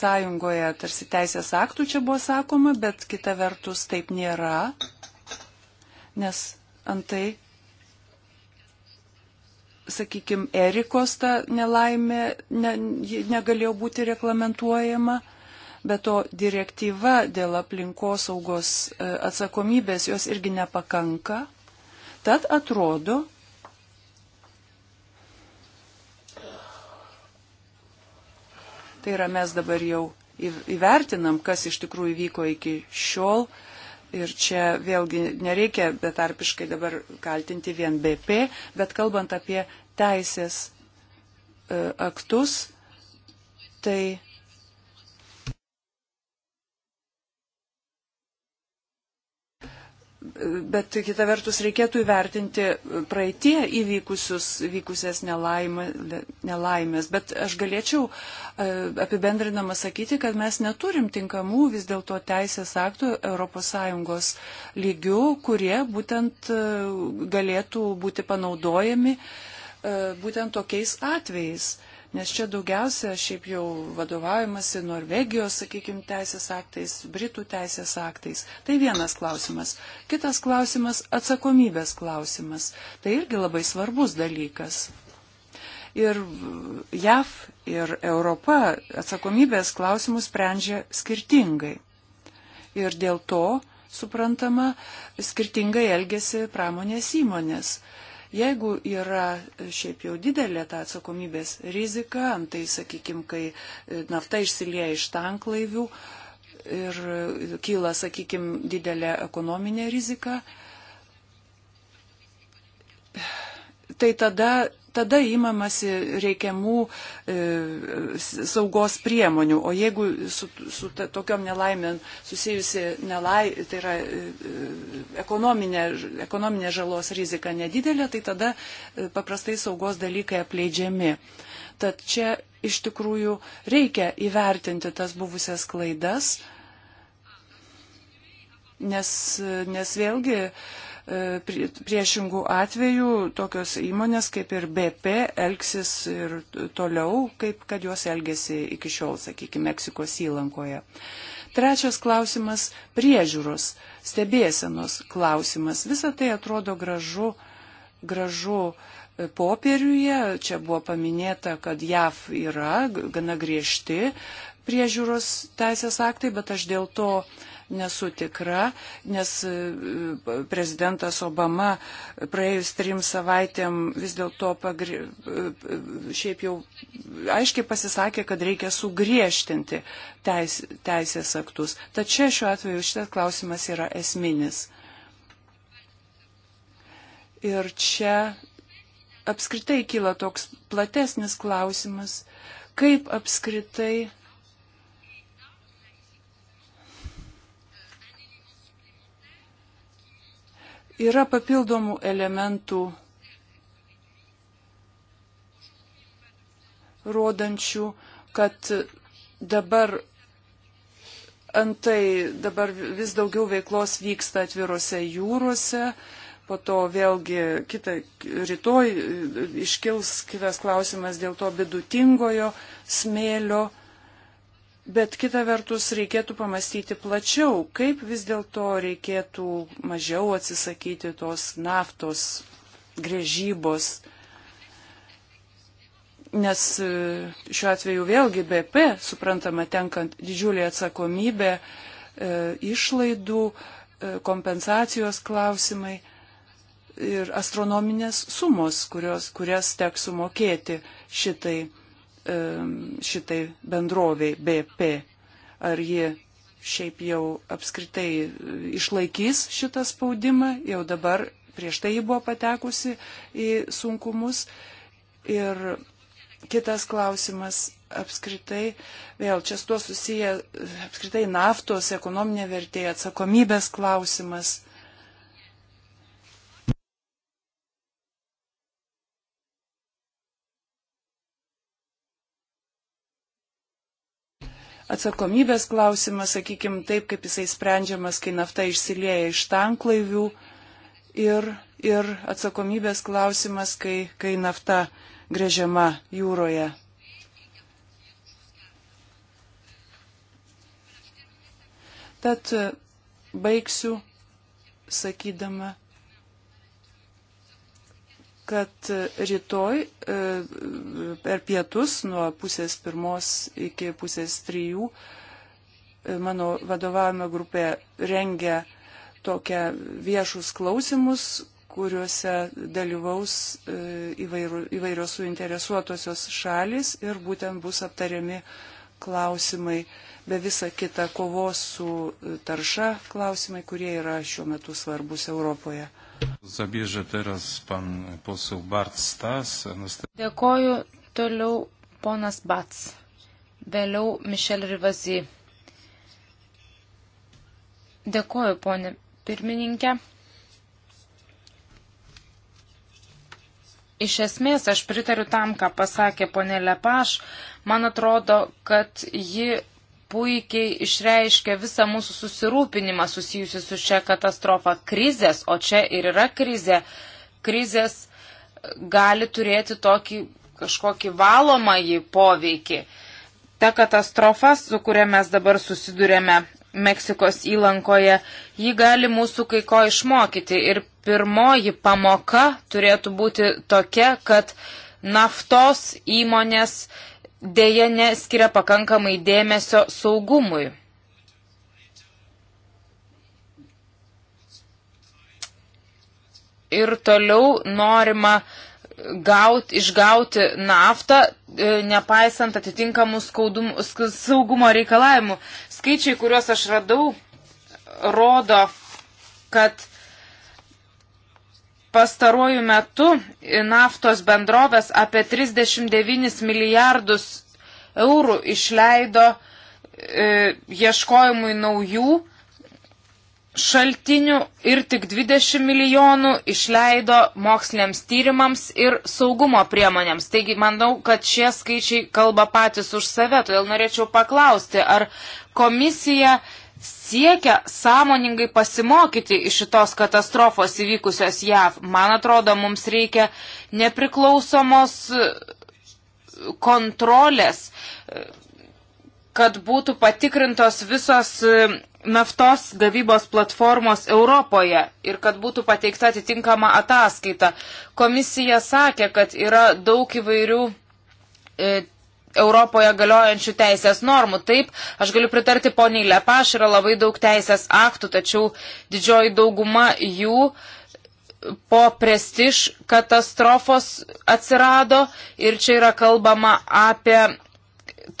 Speaker 2: tarsi teisės aktų čia buvo sakoma, bet kita vertus taip nėra, nes antai, sakykime, Erikos ta nelaimė ne, negalėjo būti reglamentuojama. Be to, direktyva dėl aplinkosaugos e, atsakomybės jos irgi nepakanka. Tad atrodo, Tai yra mes dabar jau įvertinam, kas iš tikrųjų vyko iki šiol. Ir čia vėlgi nereikia betarpiškai dabar kaltinti vien BP, bet kalbant apie teisės e, aktus, tai bet kita vertus reikėtų įvertinti praeitie įvykusius, vykusias nelaimė, nelaimės. Bet aš galėčiau e, apibendrinama sakyti, kad mes neturim tinkamų vis dėlto teisės aktų ES lygių, kurie būtent e, galėtų būti panaudojami e, būtent tokiais atvejais. Nes čia daugiausia šiaip jau vadovaujamasi Norvegijos, sakykime, teisės aktais, Britų teisės aktais. Tai vienas klausimas. Kitas klausimas - atsakomybės klausimas. Tai irgi labai svarbus dalykas. Ir JAV ir Europa atsakomybės klausimus sprendžia skirtingai. Ir dėl to, suprantama, skirtingai elgesi pramonės įmonės. Jeigu yra e, šiaip jau didelė ta atsakomybės rizika, antai, sakykime, kai e, nafta išsilieja iš tanklaivių ir e, kyla, sakykime, didelė ekonominė rizika, tai tada tada įmamasi reikiamų e, saugos priemonių. O jeigu su, su ta, tokiom nelaimėm susijusi nelaimė, tai yra e, e, ekonominė, ekonominė žalos rizika nedidelė, tai tada e, paprastai saugos dalykai apleidžiami. Tad čia iš tikrųjų reikia įvertinti tas buvusias klaidas, nes, nes vėlgi e, E, priešingų atvejų tokios įmonės kaip ir BP elgsis ir toliau, kaip kad jos elgėsi iki šiol, sakykime, Meksikos įlankoje. Trečias klausimas - priežiūros, stebėsenos klausimas. Visą tai atrodo gražu, gražu e, popieriuje. Čia buvo paminėta, kad JAV yra gana griežti priežiūros teisės aktai, bet aš dėl to uh, nesu tikra, nes e, prezidentas Obama praėjus trim savaitėm vis dėlto pagri... E, e, šiaip jau aiškiai pasisakė, kad reikia sugriežtinti teis... teisės aktus. Tačiau šiuo atveju šitas klausimas yra esminis. Ir čia apskritai kyla toks platesnis klausimas, kaip apskritai Yra papildomų elementų, rodančių, kad dabar antai dabar vis daugiau veiklos vyksta atvirose jūrose, po to vėlgi kitą rytoj iškils kitas klausimas dėl to vidutingojo smėlio Bet kita vertus reikėtų pamastyti plačiau, kaip vis dėlto reikėtų mažiau atsisakyti tos naftos grėžybos. Nes e, šiuo atveju vėlgi BP, suprantama, tenkant didžiulį atsakomybę, e, išlaidų, e, kompensacijos klausimai ir astronominės sumos, kurios, kurias teks sumokėti šitai šitai bendroviai BP, ar ji šiaip jau apskritai e, išlaikys šitą spaudimą, jau dabar prieš tai ji buvo patekusi į sunkumus. Ir kitas klausimas apskritai, vėl čia su tuo susiję e, apskritai naftos ekonominė vertė, atsakomybės klausimas. atsakomybės klausimas, sakykime, taip kaip jisai sprendžiamas, kai nafta išsilieja iš tanklaivių ir, ir atsakomybės klausimas, kai, kai nafta grėžiama jūroje. Tad baigsiu sakydama, kad rytoj e, per pietus nuo pusės pirmos iki pusės trijų e, mano vadovavimo grupė rengia tokią viešus klausimus, kuriuose dalyvaus e, įvairios suinteresuotosios šalis ir būtent bus aptariami klausimai, be visa kita kovos su e, tarša klausimai, kurie yra šiuo metu svarbus Europoje.
Speaker 1: Zabėžė teraz pan posau Bart Stas.
Speaker 2: Dėkoju toliau
Speaker 3: ponas Bats, vėliau Mišel Rivazy. Dėkoju, ponė pirmininkė. Iš esmės, aš pritariu tam, ką pasakė ponė Lepaš. Man atrodo, kad ji puikiai išreiškia visą mūsų susirūpinimą susijusi su šia katastrofa. Krizės, o čia ir yra krizė, krizės gali turėti tokį kažkokį valomąjį poveikį. Ta katastrofa, su kuria mes dabar susidurėme, Meksikos įlankoje, ji gali mūsų kai ko išmokyti. Ir pirmoji pamoka turėtų būti tokia, kad naftos įmonės dėje neskiria pakankamai dėmesio saugumui. Ir toliau norima gaut, išgauti naftą, e, nepaisant atitinkamų skaudum, saugumo reikalavimų. Skaičiai, kuriuos aš radau, rodo, kad pastaruoju metu naftos bendrovės apie 39 milijardus eurų išleido e, ieškojimui naujų šaltinių ir tik 20 milijonų išleido moksliniams tyrimams ir saugumo priemonėms. Taigi manau, kad šie skaičiai kalba patys už save, todėl norėčiau paklausti, ar komisija siekia sąmoningai pasimokyti iš šitos katastrofos įvykusios JAV. Man atrodo, mums reikia nepriklausomos e, kontrolės, e, kad būtų patikrintos visos e, naftos gavybos platformos Europoje ir kad būtų pateikta atitinkama ataskaita. Komisija sakė, kad yra daug įvairių e, Europoje galiojančių teisės normų. Taip, aš galiu pritarti poniai Lepaš, yra labai daug teisės aktų, tačiau didžioji dauguma jų po prestiž katastrofos atsirado ir čia yra kalbama apie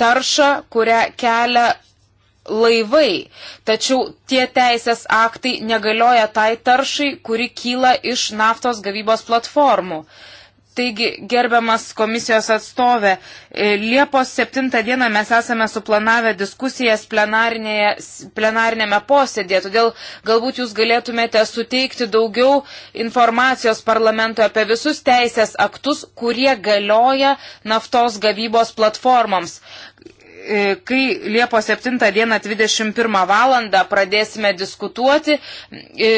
Speaker 3: taršą, kurią kelia laivai. Tačiau tie teisės aktai negalioja tai taršai, kuri kyla iš naftos gavybos platformų. Taigi, gerbiamas komisijos atstovė, e, Liepos 7 dieną mes esame suplanavę diskusijas plenarinėme posėdėje, todėl galbūt jūs galėtumėte suteikti daugiau informacijos parlamento apie visus teisės aktus, kurie galioja naftos gavybos platformoms. E, kai Liepos 7 dieną 21 valandą pradėsime diskutuoti, e,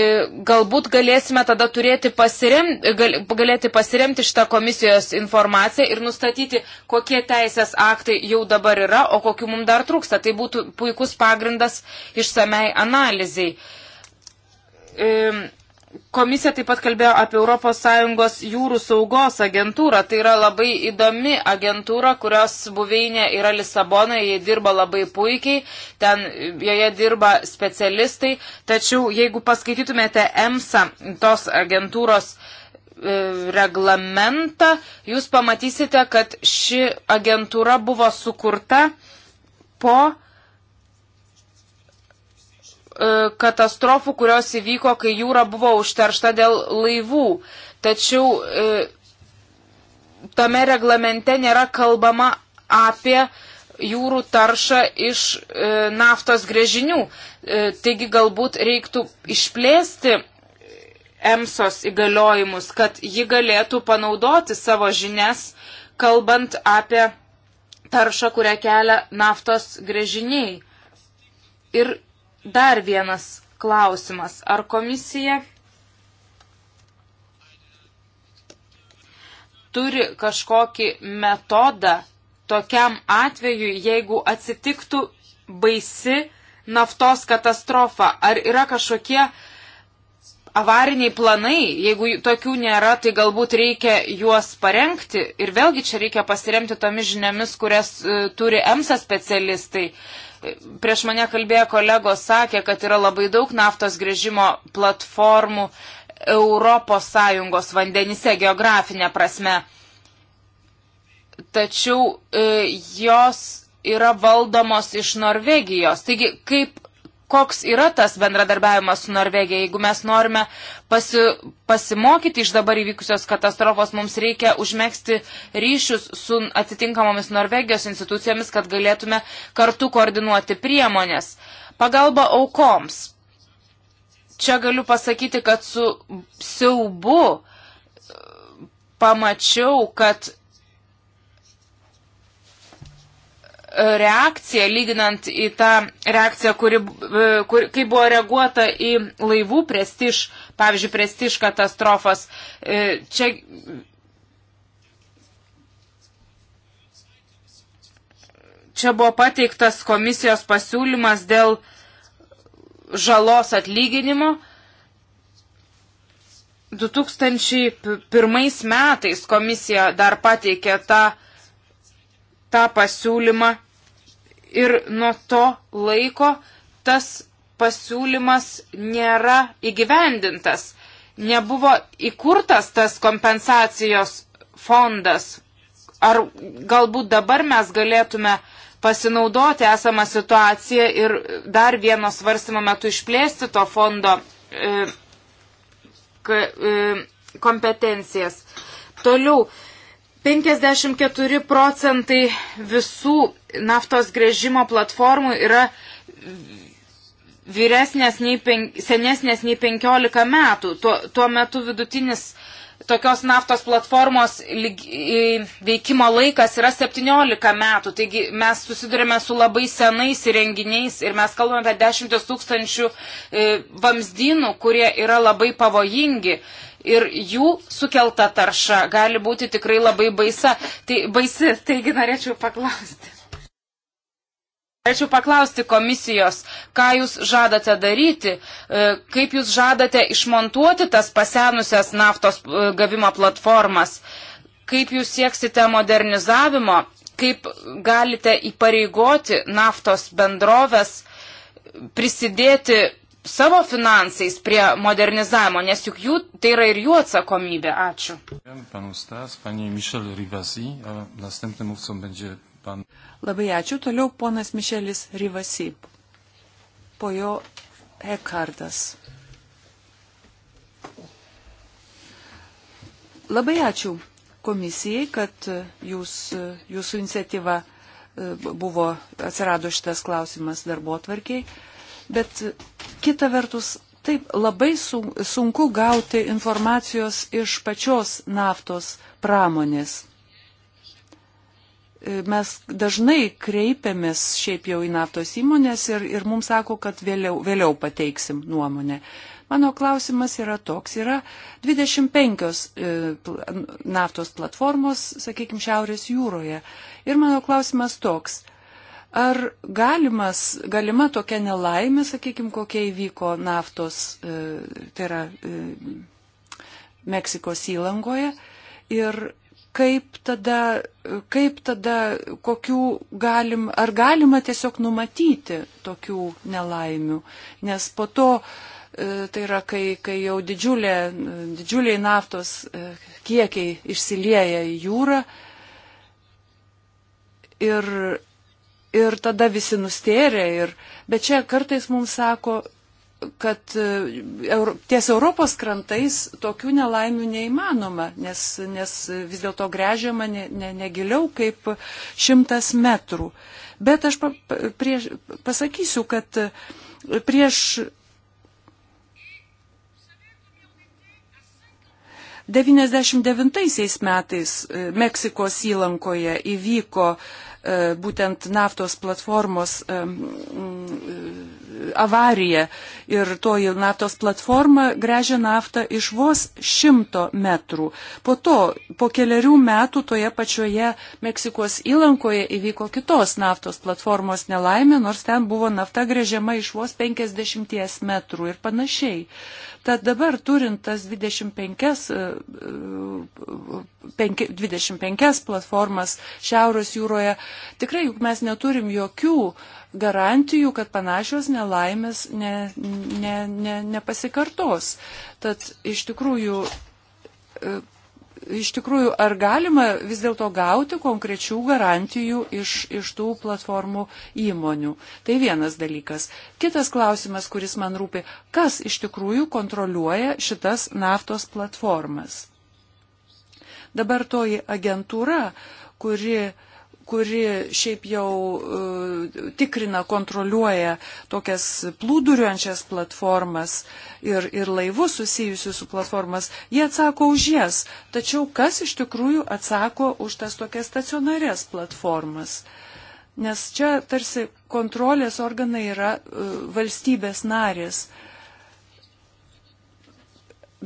Speaker 3: galbūt galėsime tada turėti pasirem, gal, galėti pasiremti šitą komisijos informaciją ir nustatyti, kokie teisės aktai jau dabar yra, o kokiu mums dar trūksta. Tai būtų puikus pagrindas išsamei analizai. E, Komisija taip pat kalbėjo apie ES jūrų saugos agentūrą. Tai yra labai įdomi agentūra, kurios buveinė yra Lisabonoje, jie dirba labai puikiai, ten joje dirba specialistai. Tačiau jeigu paskaitytumėte EMSA, tos agentūros e, reglamentą, jūs pamatysite, kad ši agentūra buvo sukurta po E, katastrofų, kurios įvyko, kai jūra buvo užteršta dėl laivų. Tačiau e, tame reglamente nėra kalbama apie jūrų taršą iš e, naftos grėžinių. Taigi galbūt reiktų išplėsti EMSOS įgaliojimus, kad ji galėtų panaudoti savo žinias, kalbant apie taršą, kurią kelia naftos grėžiniai. Ir Dar vienas klausimas. Ar komisija turi kažkokį metodą tokiam atveju, jeigu atsitiktų baisi naftos katastrofa? Ar yra kažkokie avariniai planai? Jeigu tokių nėra, tai galbūt reikia juos parengti. Ir vėlgi čia reikia pasiremti tomis žiniomis, kurias e, turi EMSA specialistai prieš mane kalbėjo kolegos sakė, kad yra labai daug naftos grėžimo platformų Europos Sąjungos vandenise geografinė prasme. Tačiau e, jos yra valdomos iš Norvegijos. Taigi, kaip koks yra tas bendradarbiavimas su Norvegija. Jeigu mes norime pasi, pasimokyti iš dabar įvykusios katastrofos, mums reikia užmėgsti ryšius su atitinkamomis Norvegijos institucijomis, kad galėtume kartu koordinuoti priemonės. Pagalba aukoms. Čia galiu pasakyti, kad su siaubu pamačiau, kad reakcija, lyginant į tą reakciją, kuri, e, kur, kai buvo reaguota į laivų prestiž, pavyzdžiui, prestiž katastrofas. E, čia čia buvo pateiktas komisijos pasiūlymas dėl žalos atlyginimo. 2001 metais komisija dar pateikė tą tą pasiūlymą ir nuo to laiko tas pasiūlymas nėra įgyvendintas. Nebuvo įkurtas tas kompensacijos fondas. Ar galbūt dabar mes galėtume pasinaudoti esamą situaciją ir dar vieno svarstymo metu išplėsti to fondo e, k, e, kompetencijas. Toliau, 54 procentai visų naftos grėžimo platformų yra vyresnės nei pen, senesnės nei 15 metų. Tuo, tuo metu vidutinis tokios naftos platformos lyg, veikimo laikas yra 17 metų. Taigi mes susidurime su labai senais įrenginiais ir mes kalbame apie dešimtis tūkstančių e, vamzdynų, kurie yra labai pavojingi. E, ir jų sukelta tarša gali būti tikrai labai baisa. Tai baisi, taigi norėčiau paklausti. Norėčiau paklausti komisijos, ką jūs žadate daryti, e, kaip jūs žadate išmontuoti tas pasenusias naftos e, gavimo platformas, kaip jūs sieksite modernizavimo, kaip galite įpareigoti naftos bendrovės prisidėti savo finansais prie modernizavimo, nes juk jų, tai yra ir jų atsakomybė.
Speaker 2: Ačiū. Labai ačiū. Toliau ponas Mišelis Rivasi. Po jo Ekardas. Labai ačiū komisijai, kad jūs, jūsų iniciatyva e, buvo, atsirado šitas klausimas darbo atvarkiai bet kita vertus taip labai sunku gauti informacijos iš pačios naftos pramonės. E, mes dažnai kreipiamės šiaip jau į naftos įmonės ir, ir mums sako, kad vėliau, vėliau pateiksim nuomonę. Mano klausimas yra toks. Yra 25 e, naftos platformos, sakykime, Šiaurės jūroje. Ir mano klausimas toks. Ar galimas, galima tokia nelaimė, sakykime, kokia įvyko naftos, e, tai yra e, Meksikos įlangoje, ir kaip tada, kaip tada, kokių galim, ar galima tiesiog numatyti tokių nelaimių, nes po to, e, tai yra, kai, kai jau didžiulė, didžiuliai naftos kiekiai išsilieja į jūrą ir ir tada visi nustėrė. Ir, bet čia kartais mums sako, kad e, ties Europos krantais tokių nelaimių neįmanoma, nes, nes vis dėlto grežiama negiliau ne, ne kaip šimtas metrų. Bet aš pa, prieš, pasakysiu, kad e, prieš 99 metais e, Meksikos įlankoje įvyko būtent naftos platformos avarija ir toji naftos platforma grežė naftą iš vos šimto metrų. Po to, po keliarių metų toje pačioje Meksikos įlankoje įvyko kitos naftos platformos nelaimė, nors ten buvo nafta grežiama iš vos 50 metrų ir panašiai. Tad dabar turint tas 25, 5, 25 platformas Šiaurės jūroje, tikrai juk mes neturim jokių uh, garantijų, kad panašios nelaimės ne, ne, ne, nepasikartos. Tad iš tikrųjų, e, iš tikrųjų, ar galima vis dėlto gauti konkrečių garantijų iš, iš tų platformų įmonių? Tai vienas dalykas. Kitas klausimas, kuris man rūpi, kas iš tikrųjų kontroliuoja šitas naftos platformas? Dabar toji agentūra, kuri uh, kuri šiaip jau e, tikrina, kontroliuoja tokias plūduriuojančias platformas ir, ir laivus susijusius su platformas, jie atsako už jas. Tačiau kas iš tikrųjų atsako už tas tokias stacionarias platformas? Nes čia tarsi kontrolės organai yra e, valstybės narės.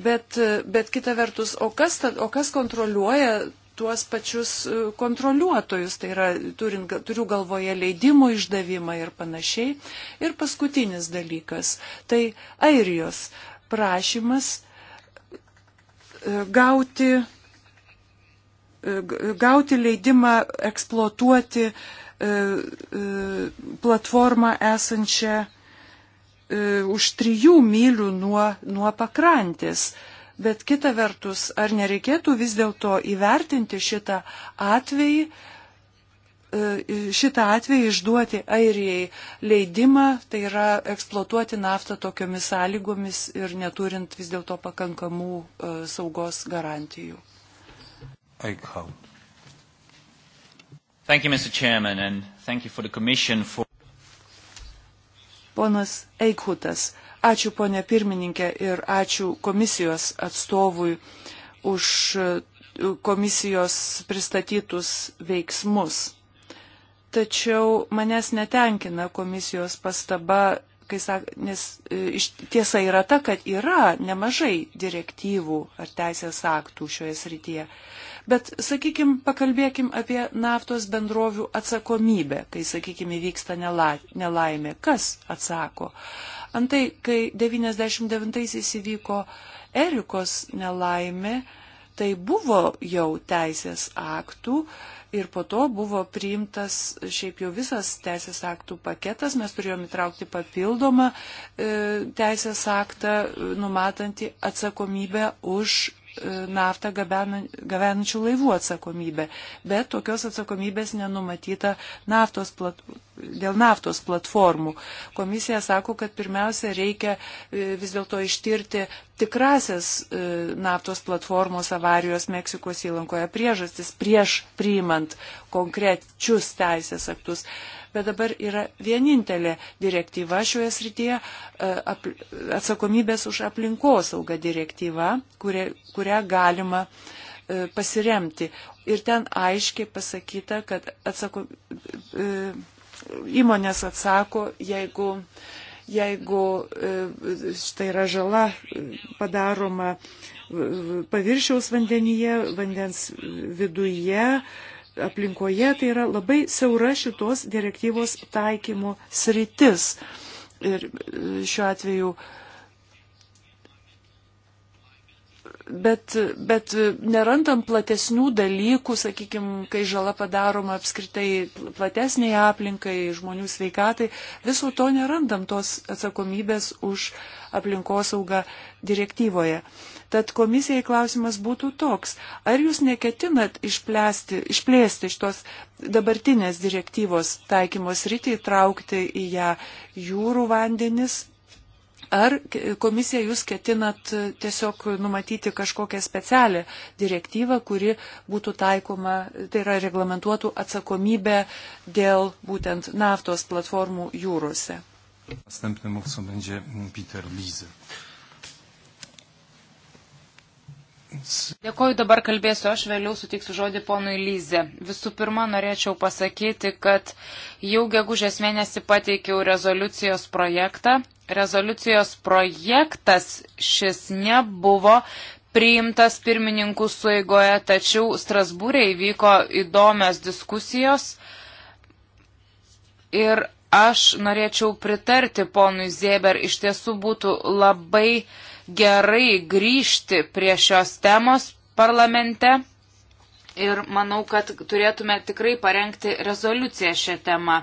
Speaker 2: Bet, e, bet kita vertus, o kas, ta, o kas kontroliuoja tuos pačius e, kontroliuotojus, tai yra turint, turiu galvoje leidimų išdavimą ir panašiai. Ir paskutinis dalykas - tai Airijos prašymas e, gauti, e, gauti leidimą eksploatuoti platformą esančią už trijų mylių nuo, nuo pakrantės. Bet kita vertus, ar nereikėtų vis dėlto įvertinti šitą atvejį, e, šitą atvejį išduoti Airijai leidimą, tai yra eksploatuoti naftą tokiomis sąlygomis ir neturint vis dėlto pakankamų e, saugos garantijų. Eichhout. Thank you, Mr. Chairman, and thank you for the Commission for. Ponas Eikhutas, ačiū ponė pirmininkė ir ačiū komisijos atstovui už e, komisijos pristatytus veiksmus. Tačiau manęs netenkina komisijos pastaba, kai sak, nes e, iš, tiesa yra ta, kad yra nemažai direktyvų ar teisės aktų šioje srityje. Bet, sakykime, pakalbėkim apie naftos bendrovių atsakomybę, kai, sakykime, vyksta nelaimė. Kas atsako? Antai, kai 99-aisiais įvyko Erikos nelaimė, tai buvo jau teisės aktų ir po to buvo priimtas šiaip jau visas teisės aktų paketas, mes turėjome įtraukti papildomą e, teisės aktą, e, numatantį atsakomybę už naftą gabenančių laivų atsakomybė, bet tokios atsakomybės nenumatyta naftos plat, dėl naftos platformų. Komisija sako, kad pirmiausia reikia e, vis dėlto ištirti tikrasias e, naftos platformos avarijos Meksikos įlankoje priežastis prieš priimant konkrečius teisės aktus bet dabar yra vienintelė direktyva šioje srityje e, atsakomybės už aplinkosaugą direktyva, kuria, kurią galima e, pasiremti. Ir ten aiškiai pasakyta, kad atsako, e, įmonės atsako, jeigu, jeigu tai yra žala padaroma paviršiaus vandenyje, vandens viduje, aplinkoje, tai yra labai siaura šitos direktyvos taikymo sritis. Ir e, šiuo atveju bet, bet nerandam platesnių dalykų, sakykime, kai žala padaroma apskritai platesniai aplinkai, žmonių sveikatai, viso to nerandam tos atsakomybės už aplinkosaugą direktyvoje. Tad komisijai klausimas būtų toks, ar jūs neketinat išplėsti, išplėsti šitos dabartinės direktyvos taikymos rytį, įtraukti į ją jūrų vandenis? Ar komisija jūs ketinat e, tiesiog numatyti kažkokią specialią direktyvą, kuri būtų taikoma, tai yra reglamentuotų atsakomybę dėl būtent naftos platformų jūrose? Następnym mówcą będzie Peter Lizy.
Speaker 3: Dėkoju, dabar kalbėsiu, aš vėliau sutiksiu žodį ponui Lyze. Visų pirma, norėčiau pasakyti, kad jau gegužės mėnesį pateikiau rezoliucijos projektą. Rezoliucijos projektas šis nebuvo priimtas pirmininkų suigoje, tačiau Strasbūrė įvyko įdomios diskusijos. Ir aš norėčiau pritarti ponui Zieber, iš tiesų būtų labai uh, gerai grįžti prie šios temos parlamente ir manau, kad turėtume tikrai parengti rezoliuciją šią temą.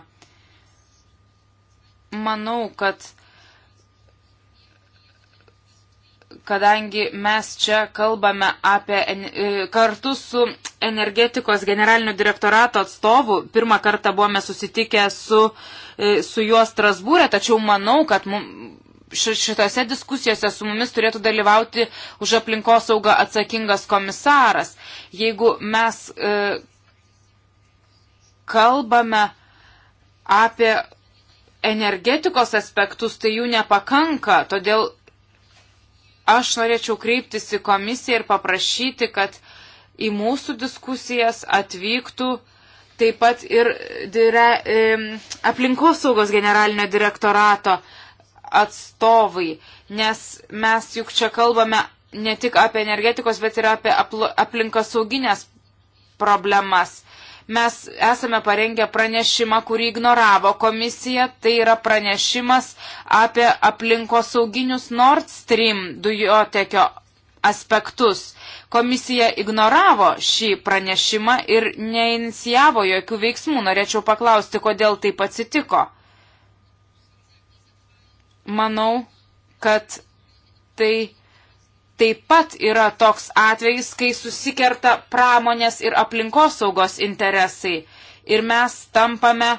Speaker 3: Manau, kad kadangi mes čia kalbame apie e, kartu su energetikos generalinio direktorato atstovu, pirmą kartą buvome susitikę su, e, su juo Strasbūrė, tačiau manau, kad mums šitose diskusijose su mumis turėtų dalyvauti už aplinkosaugą atsakingas komisaras. Jeigu mes e, kalbame apie energetikos aspektus, tai jų nepakanka. Todėl aš norėčiau kreiptis į komisiją ir paprašyti, kad į mūsų diskusijas atvyktų taip pat ir dire, e, aplinkosaugos generalinio direktorato atstovai, nes mes juk čia kalbame ne tik apie energetikos, bet ir apie apl aplinkosauginės problemas. Mes esame parengę pranešimą, kurį ignoravo komisija, tai yra pranešimas apie aplinkosauginius Nord Stream dujotekio aspektus. Komisija ignoravo šį pranešimą ir neinicijavo jokių veiksmų. Norėčiau paklausti, kodėl taip atsitiko manau, kad tai taip pat yra toks atvejis, kai susikerta pramonės ir aplinkosaugos interesai. Ir mes tampame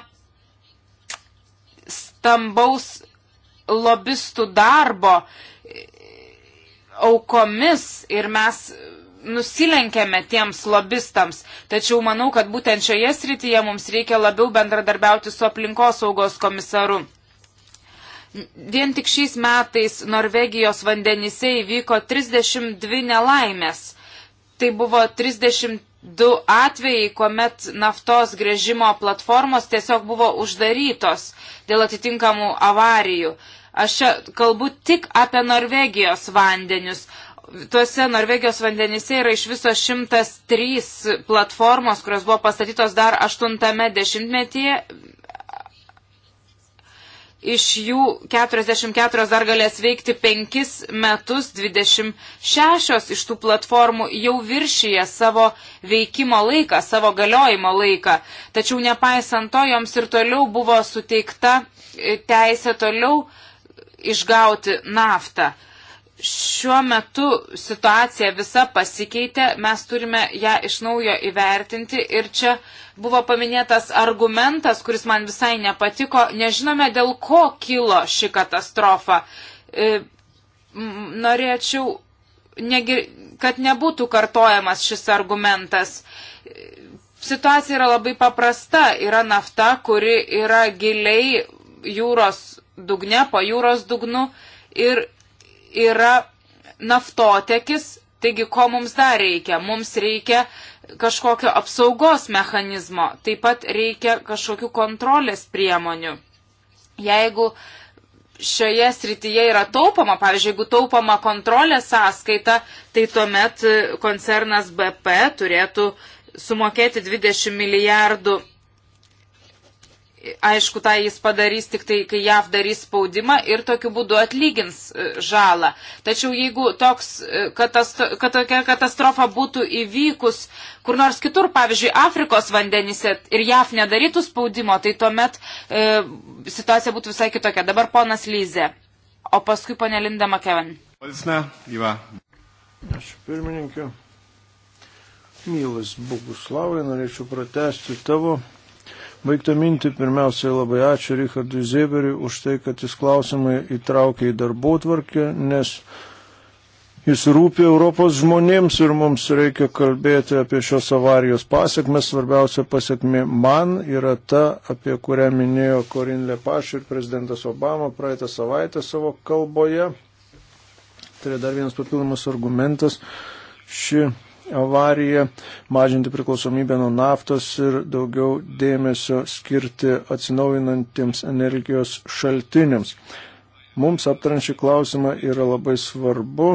Speaker 3: stambaus lobistų darbo aukomis ir mes nusilenkėme tiems lobistams. Tačiau manau, kad būtent šioje srityje mums reikia labiau bendradarbiauti su aplinkosaugos komisaru. Vien tik šiais metais Norvegijos vandenyse įvyko 32 nelaimės. Tai buvo 32 atvejai, kuomet naftos grėžimo platformos tiesiog buvo uždarytos dėl atitinkamų avarijų. Aš čia kalbu tik apie Norvegijos vandenius tuose Norvegijos vandenyse yra iš viso 103 platformos, kurios buvo pastatytos dar 80-metyje iš jų 44 dar galės veikti 5 metus, 26 iš tų platformų jau viršyje savo veikimo laiką, savo galiojimo laiką. Tačiau nepaisant to, joms ir toliau buvo suteikta teisė toliau išgauti naftą šiuo metu situacija visa pasikeitė, mes turime ją iš naujo įvertinti ir čia buvo paminėtas argumentas, kuris man visai nepatiko, nežinome dėl ko kilo ši katastrofa. E, norėčiau, kad nebūtų kartojamas šis argumentas. Situacija yra labai paprasta. Yra nafta, kuri yra giliai jūros dugne, po jūros dugnu ir yra naftotekis, taigi ko mums dar reikia? Mums reikia kažkokio apsaugos mechanizmo, taip pat reikia kažkokių kontrolės priemonių. Jeigu šioje srityje yra taupama, pavyzdžiui, jeigu taupama kontrolės sąskaita, tai tuomet koncernas BP turėtų sumokėti 20 milijardų aišku, tai jis padarys tik tai, kai JAV darys spaudimą ir tokiu būdu atlygins e, žalą. Tačiau jeigu toks, e, katasto, kad tokia katastrofa būtų įvykus kur nors kitur, pavyzdžiui, Afrikos vandenyse ir JAV nedarytų spaudimo, tai tuomet e, situacija būtų visai kitokia. Dabar ponas Lyze, o paskui ponė Linda Makeven.
Speaker 1: Ačiū pirmininkė. Mylas Boguslavai, norėčiau pratesti tavo Baigtą mintį pirmiausiai labai ačiū Richardui Zeberiui už tai, kad jis klausimai įtraukė į darbų tvarkę, nes jis rūpi Europos žmonėms ir mums reikia kalbėti apie šios avarijos pasiekmes. Svarbiausia pasiekmi man yra ta, apie kurią minėjo Korin Lepaš ir prezidentas Obama praeitą savaitę savo kalboje. Tai yra dar vienas papildomas argumentas. Ši avariją, mažinti priklausomybę nuo naftos ir daugiau dėmesio skirti atsinaujinantiems energijos šaltiniams. Mums aptarant šį klausimą yra labai svarbu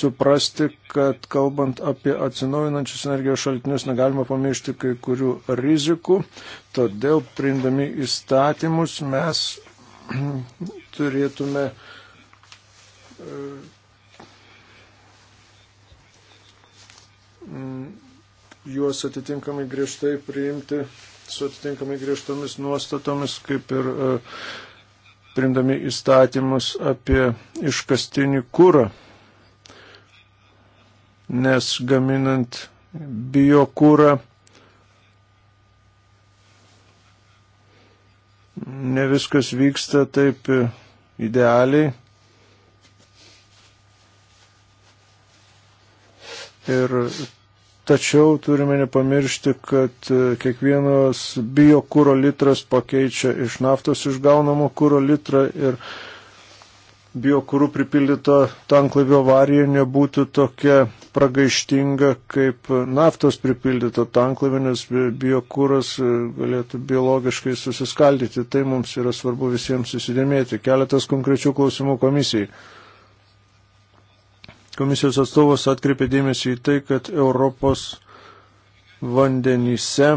Speaker 1: suprasti, kad kalbant apie atsinaujinančius energijos šaltinius negalima pamiršti kai kurių rizikų, todėl priimdami įstatymus mes turėtume Mm, juos atitinkamai griežtai priimti su atitinkamai griežtomis nuostatomis, kaip ir e, priimdami įstatymus apie iškastinį kūrą. Nes gaminant biokūrą ne viskas vyksta taip e, idealiai. Ir Tačiau turime nepamiršti, kad e, kiekvienas biokūro litras pakeičia iš naftos išgaunamo kūro litrą ir biokūrų pripildyta tanklaivio avarija nebūtų tokia pragaištinga kaip naftos pripildyta tanklaivė, nes biokūras e, galėtų biologiškai susiskaldyti. Tai mums yra svarbu visiems susidėmėti. Keletas konkrečių klausimų komisijai komisijos atstovas atkreipė dėmesį į tai, kad Europos vandenyse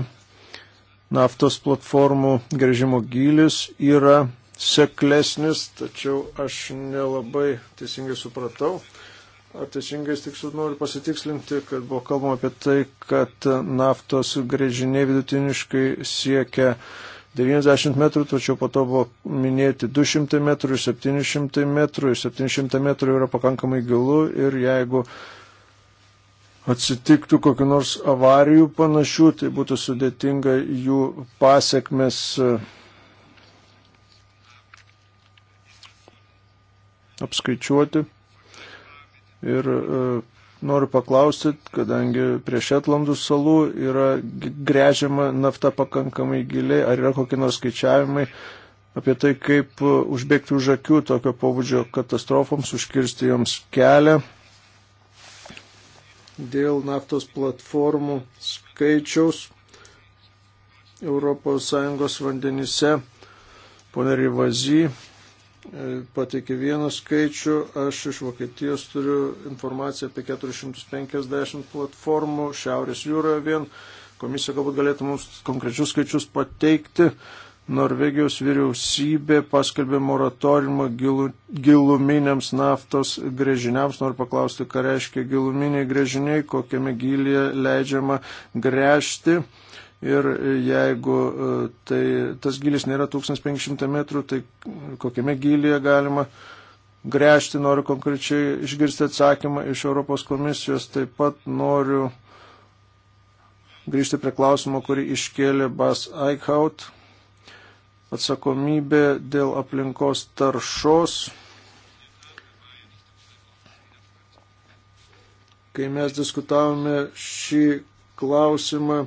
Speaker 1: naftos platformų grėžimo gilis yra seklesnis, tačiau aš nelabai teisingai supratau. Ar teisingai tik noriu pasitikslinti, kad buvo kalbama apie tai, kad naftos grėžiniai vidutiniškai siekia 90 metrų, tačiau po to buvo minėti 200 metrų ir 700 metrų. Ir 700 metrų yra pakankamai gilu ir jeigu atsitiktų kokiu nors avarijų panašių, tai būtų sudėtinga jų pasiekmes e, apskaičiuoti ir e, Noriu paklausti, kadangi prie Šetlandų salų yra grežiama nafta pakankamai giliai, ar yra kokie nors skaičiavimai apie tai, kaip e, užbėgti už akių tokio pobūdžio katastrofoms, užkirsti joms kelią dėl naftos platformų skaičiaus ES vandenise. Pone Rivazy, pateikė vieną skaičių, aš iš Vokietijos turiu informaciją apie 450 platformų Šiaurės jūroje vien. Komisija galbūt galėtų mums konkrečius skaičius pateikti. Norvegijos vyriausybė paskelbė moratoriumą gilu, giluminiams naftos grėžiniams. Noriu paklausti, ką reiškia giluminiai grėžiniai, kokiame gilyje leidžiama grėžti ir jeigu e, tai, tas gilis nėra 1500 metrų, tai kokiame gilyje galima gręžti, noriu konkrečiai išgirsti atsakymą iš Europos komisijos, taip pat noriu grįžti prie klausimo, kurį iškėlė Bas Eichhaut. Atsakomybė dėl aplinkos taršos. Kai mes diskutavome šį klausimą,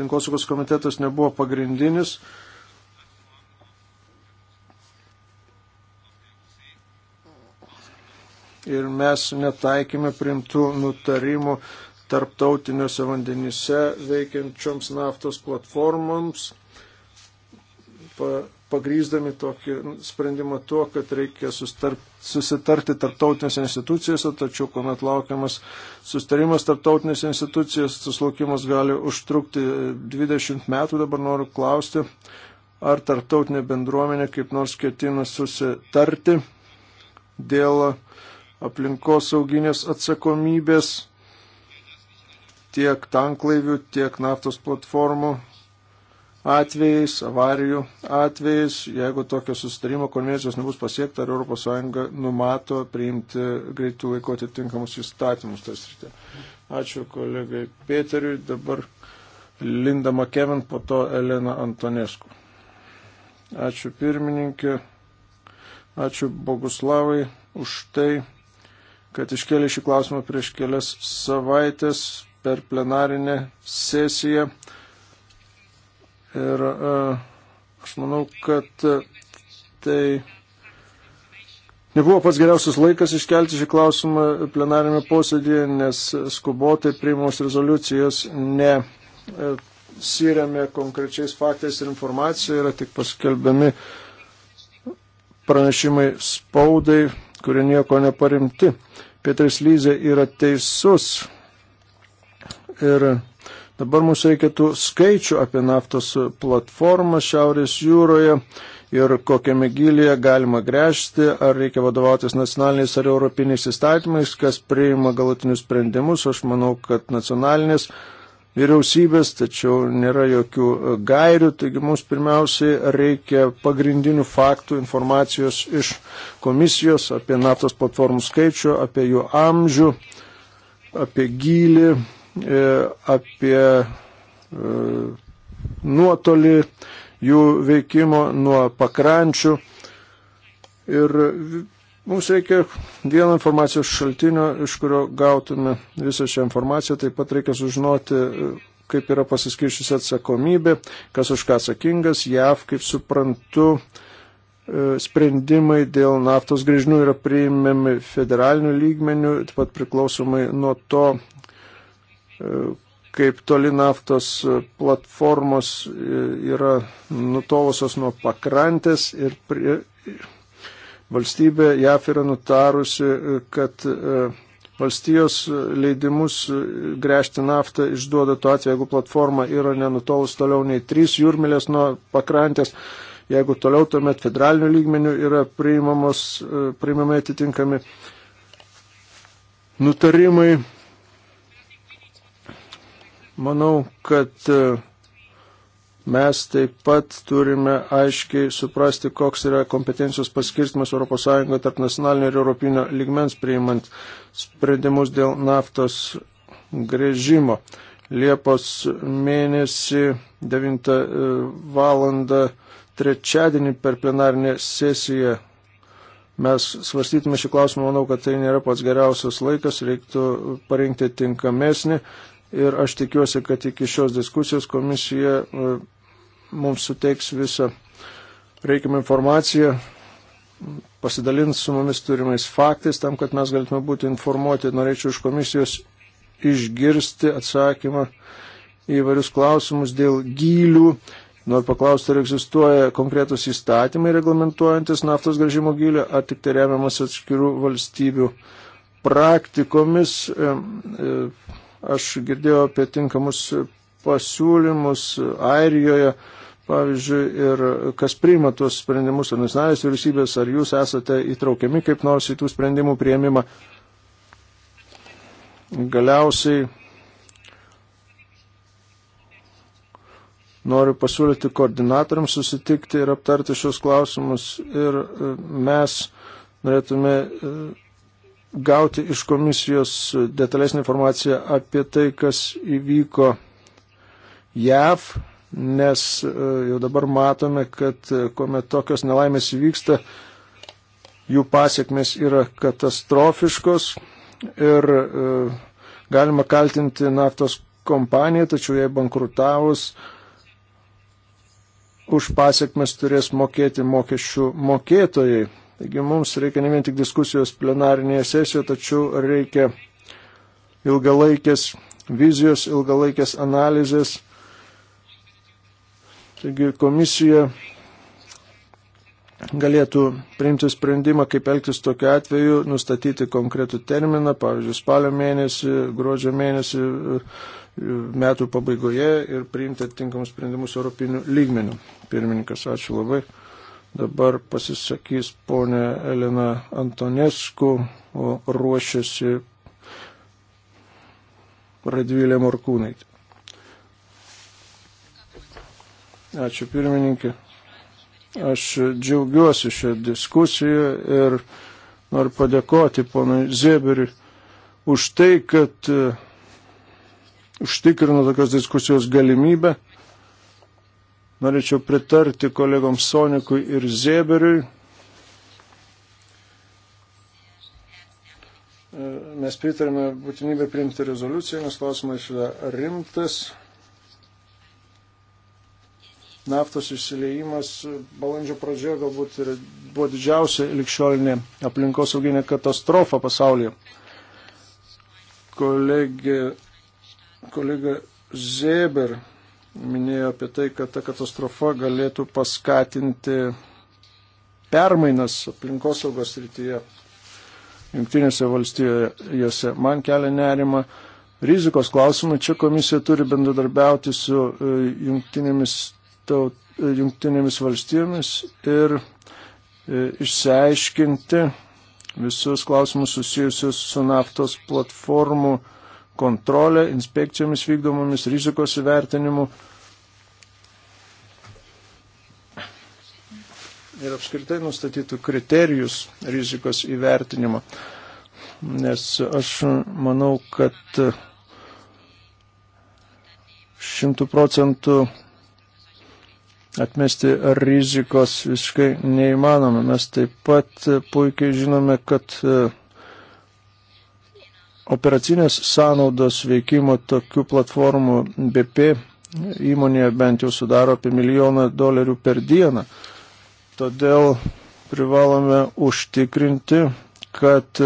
Speaker 1: aplinkosaugos komitetas nebuvo pagrindinis. Ir mes netaikėme primtų nutarimų tarptautiniuose vandenyse veikiančioms naftos platformoms. Pa, pagryzdami tokį sprendimą tuo, kad reikia sustarp, susitarti tarptautinėse institucijose, tačiau kuomet laukiamas sustarimas tarptautinėse institucijose, tas laukimas gali užtrukti 20 metų, dabar noriu klausti, ar tarptautinė bendruomenė kaip nors ketina susitarti dėl aplinkosauginės atsakomybės tiek tanklaivių, tiek naftos platformų atvejais, avarijų atvejais, jeigu tokio sustarimo konvencijos nebus pasiekta, ar ES numato priimti greitų laikų atitinkamus įstatymus tas rytė. Ačiū kolegai Pėteriui, dabar Linda Makevin, po to Elena Antonesku. Ačiū pirmininkė, ačiū Boguslavai už tai, kad iškėlė šį klausimą prieš kelias savaitės per plenarinę sesiją. Ir e, aš manau, kad tai nebuvo pats geriausias laikas iškelti šį klausimą plenarinėme posėdėje, nes skubotai priimamos rezoliucijos ne e, siriame konkrečiais faktais ir informacija, yra tik paskelbiami pranešimai spaudai, kurie nieko neparimti. Petras Lyzė yra teisus ir Dabar mums reikia tų skaičių apie naftos platformą Šiaurės jūroje ir kokiame gilyje galima gręžti, ar reikia vadovautis nacionaliniais ar europiniais įstatymais, kas priima galutinius sprendimus. Aš manau, kad nacionalinės vyriausybės, tačiau nėra jokių gairių, taigi mums pirmiausiai reikia pagrindinių faktų informacijos iš komisijos apie naftos platformų skaičių, apie jų amžių, apie gylį E, apie e, nuotolį jų veikimo nuo pakrančių. Ir mums reikia vieno informacijos šaltinio, iš kurio gautume visą šią informaciją. Taip pat reikia sužinoti, e, kaip yra pasiskiršusi atsakomybė, kas už ką atsakingas. JAV, kaip suprantu, sprendimai dėl naftos grįžnių yra priimami federaliniu lygmeniu, taip pat priklausomai nuo to, kaip toli naftos platformos yra nutolusios nuo pakrantės ir prie, valstybė JAF yra nutarusi, kad e, valstijos leidimus gręžti naftą išduoda tuo atveju, jeigu platforma yra nenutolus toliau nei 3 jūrmilės nuo pakrantės. Jeigu toliau tuomet federalinių lygmenių yra e, priimami atitinkami nutarimai Manau, kad e, mes taip pat turime aiškiai suprasti, koks yra kompetencijos paskirstimas ES tarp nacionalinio ir europinio ligmens priimant sprendimus dėl naftos grėžimo. Liepos mėnesį 9 e, val. trečiadienį per plenarinę sesiją mes svarstytume šį klausimą, manau, kad tai nėra pats geriausias laikas, reiktų parinkti tinkamesnį ir aš tikiuosi, kad iki šios diskusijos komisija e, mums suteiks visą reikiamą informaciją, pasidalins su mumis turimais faktais, tam, kad mes galėtume būti informuoti. Norėčiau iš komisijos išgirsti atsakymą į varius klausimus dėl gylių. Noriu paklausti, ar egzistuoja konkretus įstatymai reglamentuojantis naftos gražimo gylį, ar tik tai remiamas atskirų valstybių praktikomis. E, e, Aš girdėjau apie tinkamus pasiūlymus Airijoje, pavyzdžiui, ir kas priima tuos sprendimus, ar nacionalinės vyriausybės, ar jūs esate įtraukiami kaip nors į tų sprendimų prieimimą. Galiausiai noriu pasiūlyti koordinatoriams susitikti ir aptarti šios klausimus ir e, mes norėtume e, gauti iš komisijos detalesnį informaciją apie tai, kas įvyko JAV, nes e, jau dabar matome, kad e, kuomet tokios nelaimės įvyksta, jų pasiekmes yra katastrofiškos ir e, galima kaltinti naftos kompaniją, tačiau jai bankrutavus už pasiekmes turės mokėti mokesčių mokėtojai. Taigi mums reikia ne vien tik diskusijos plenarinėje sesijoje, tačiau reikia ilgalaikės vizijos, ilgalaikės analizės. Taigi komisija galėtų priimti sprendimą, kaip elgtis tokiu atveju, nustatyti konkretų terminą, pavyzdžiui, spalio mėnesį, gruodžio mėnesį, metų pabaigoje ir priimti atitinkamus sprendimus europinių lygmenių. Pirmininkas, ačiū labai. Dabar pasisakys ponė Elena Antonesku, o ruošiasi Radvilė Morkūnaitė. Ačiū pirmininkė. Aš džiaugiuosi šią diskusiją ir noriu padėkoti ponui Zeberiui už tai, kad e, užtikrino tokios diskusijos galimybę Norėčiau pritarti kolegoms Sonikui ir Zėberiui. E, mes pritarėme būtinybę priimti rezoliuciją, nes klausimas yra rimtas naftos išsileimas balandžio pradžioje galbūt ir buvo didžiausia likščiolinė aplinkosauginė katastrofa pasaulyje. Kolegė, kolega Zeber minėjo apie tai, kad ta katastrofa galėtų paskatinti permainas aplinkosaugos rytyje Junktinėse valstijose. Man kelia nerima rizikos klausimai. Čia komisija turi bendradarbiauti su e, jungtinėmis, taut, e, jungtinėmis valstijomis ir e, išsiaiškinti visus klausimus susijusius su naftos platformų kontrolę, inspekcijomis vykdomomis, rizikos įvertinimu. Ir apskritai nustatytų kriterijus rizikos įvertinimo. Nes aš manau, kad šimtų procentų atmesti rizikos visiškai neįmanoma. Mes taip pat puikiai žinome, kad Operacinės sąnaudos veikimo tokių platformų BP įmonėje bent jau sudaro apie milijoną dolerių per dieną. Todėl privalome užtikrinti, kad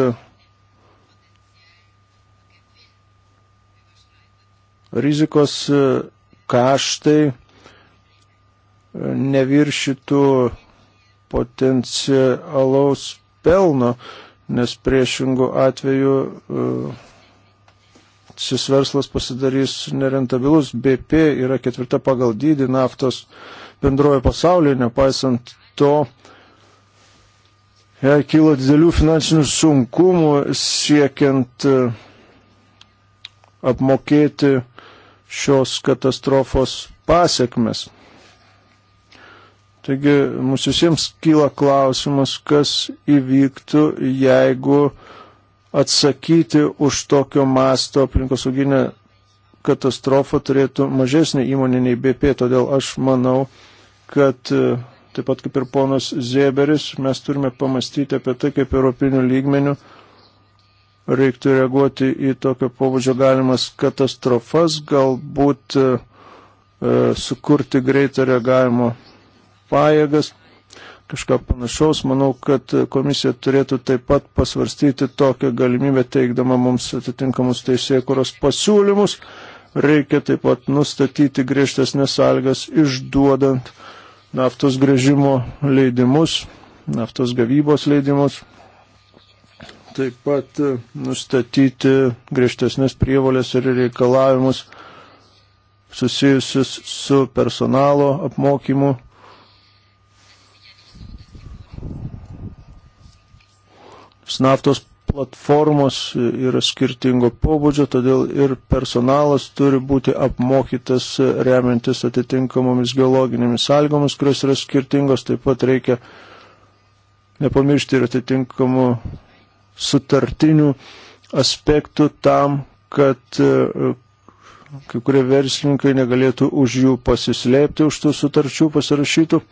Speaker 1: rizikos kaštai neviršytų potencialaus pelno nes priešingų atveju e, šis verslas pasidarys nerentabilus. BP yra ketvirta pagal dydį naftos bendroje pasaulyje, nepaisant to, jai kilo didelių finansinių sunkumų siekiant e, apmokėti šios katastrofos pasiekmes. Taigi mums visiems kyla klausimas, kas įvyktų, jeigu atsakyti už tokio masto aplinkosauginę katastrofą turėtų mažesnį įmonę nei BP. Todėl aš manau, kad e, taip pat kaip ir ponas Zėberis, mes turime pamastyti apie tai, kaip europinių lygmenių reiktų reaguoti į tokio pobūdžio galimas katastrofas, galbūt e, e sukurti greitą reagavimo pajėgas, kažką panašaus. Manau, kad komisija turėtų taip pat pasvarstyti tokią galimybę teikdama mums atitinkamus teisėkuros pasiūlymus. Reikia taip pat nustatyti griežtesnės sąlygas išduodant naftos grėžimo leidimus, naftos gavybos leidimus taip pat e, nustatyti griežtesnės prievolės ir reikalavimus susijusius su personalo apmokymu naftos platformos yra skirtingo pobūdžio, todėl ir personalas turi būti apmokytas remiantis atitinkamomis geologinėmis sąlygomis, kurios yra skirtingos. Taip pat reikia nepamiršti ir atitinkamų sutartinių aspektų tam, kad e, kai kurie verslininkai negalėtų už jų pasislėpti, už tų sutarčių pasirašytų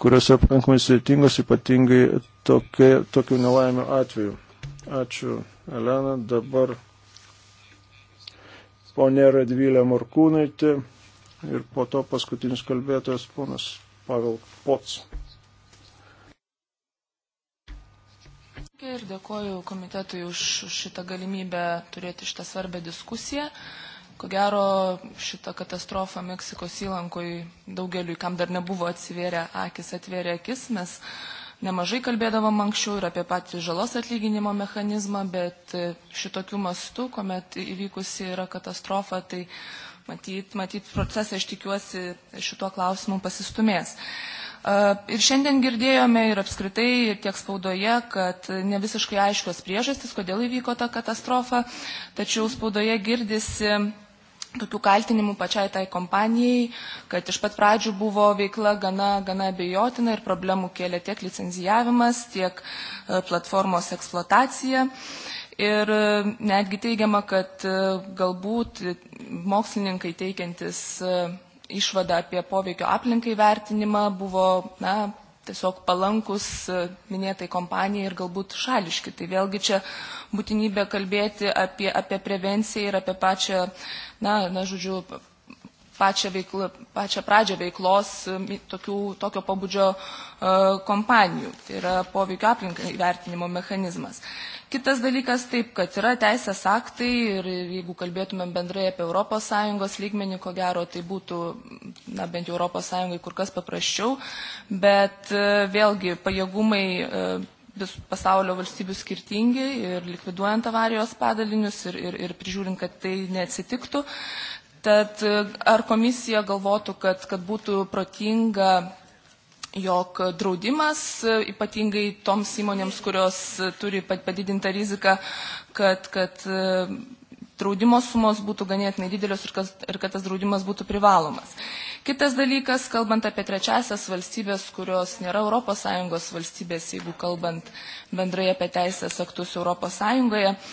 Speaker 1: kurios yra pakankamai sudėtingos, ypatingai tokia, tokių nelaimių atveju. Ačiū, Elena. Dabar ponė Radvylė Morkūnaitė ir po to paskutinis kalbėtojas ponas Pavel Pots.
Speaker 4: Ir dėkoju komitetui už šitą galimybę turėti šitą svarbę diskusiją. Ko gero, šitą katastrofą Meksikos įlankoj daugeliui, kam dar nebuvo atsivėrę akis, atvėrė akis, mes uh, nemažai kalbėdavom anksčiau ir apie patį žalos atlyginimo mechanizmą, bet e, šitokių mastų, kuomet įvykusi yra katastrofa, tai matyt, matyt procesą, aš tikiuosi, šituo klausimu pasistumės. E, ir šiandien girdėjome ir apskritai tiek spaudoje, kad ne visiškai aiškios priežastys, kodėl įvyko ta katastrofa, tačiau spaudoje girdisi tokių kaltinimų pačiai tai kompanijai, kad iš pat pradžių buvo veikla gana, gana abejotina ir problemų kėlė tiek licencijavimas, tiek e, platformos eksploatacija. Ir e, netgi teigiama, kad e, galbūt mokslininkai teikiantis išvadą apie poveikio aplinkai vertinimą buvo na, tiesiog palankus minėtai kompanijai ir galbūt šališki. Tai vėlgi čia būtinybė kalbėti apie, apie prevenciją ir apie pačią na, na žodžiu, pačią, veiklą, pačią pradžią veiklos um, tokių, tokio pobūdžio uh, kompanijų. Tai yra poveikio aplinkai vertinimo mechanizmas. Kitas dalykas taip, kad yra teisės aktai ir jeigu kalbėtumėm bendrai apie ES lygmenį, ko gero tai būtų, na bent jau ES kur kas paprasčiau, bet uh, vėlgi pajėgumai uh, vis pasaulio valstybių skirtingi ir likviduojant avarijos padalinius ir, ir, ir prižiūrint, kad tai neatsitiktų. Tad ar komisija galvotų, kad, kad būtų protinga jog draudimas, ypatingai toms įmonėms, kurios turi padidintą riziką, kad, kad draudimo sumos būtų ganėtinai didelios ir, kas, ir kad tas draudimas būtų privalomas. Kitas dalykas, kalbant apie trečiasias valstybės, kurios nėra ES valstybės, jeigu kalbant bendrai apie teisės aktus ES,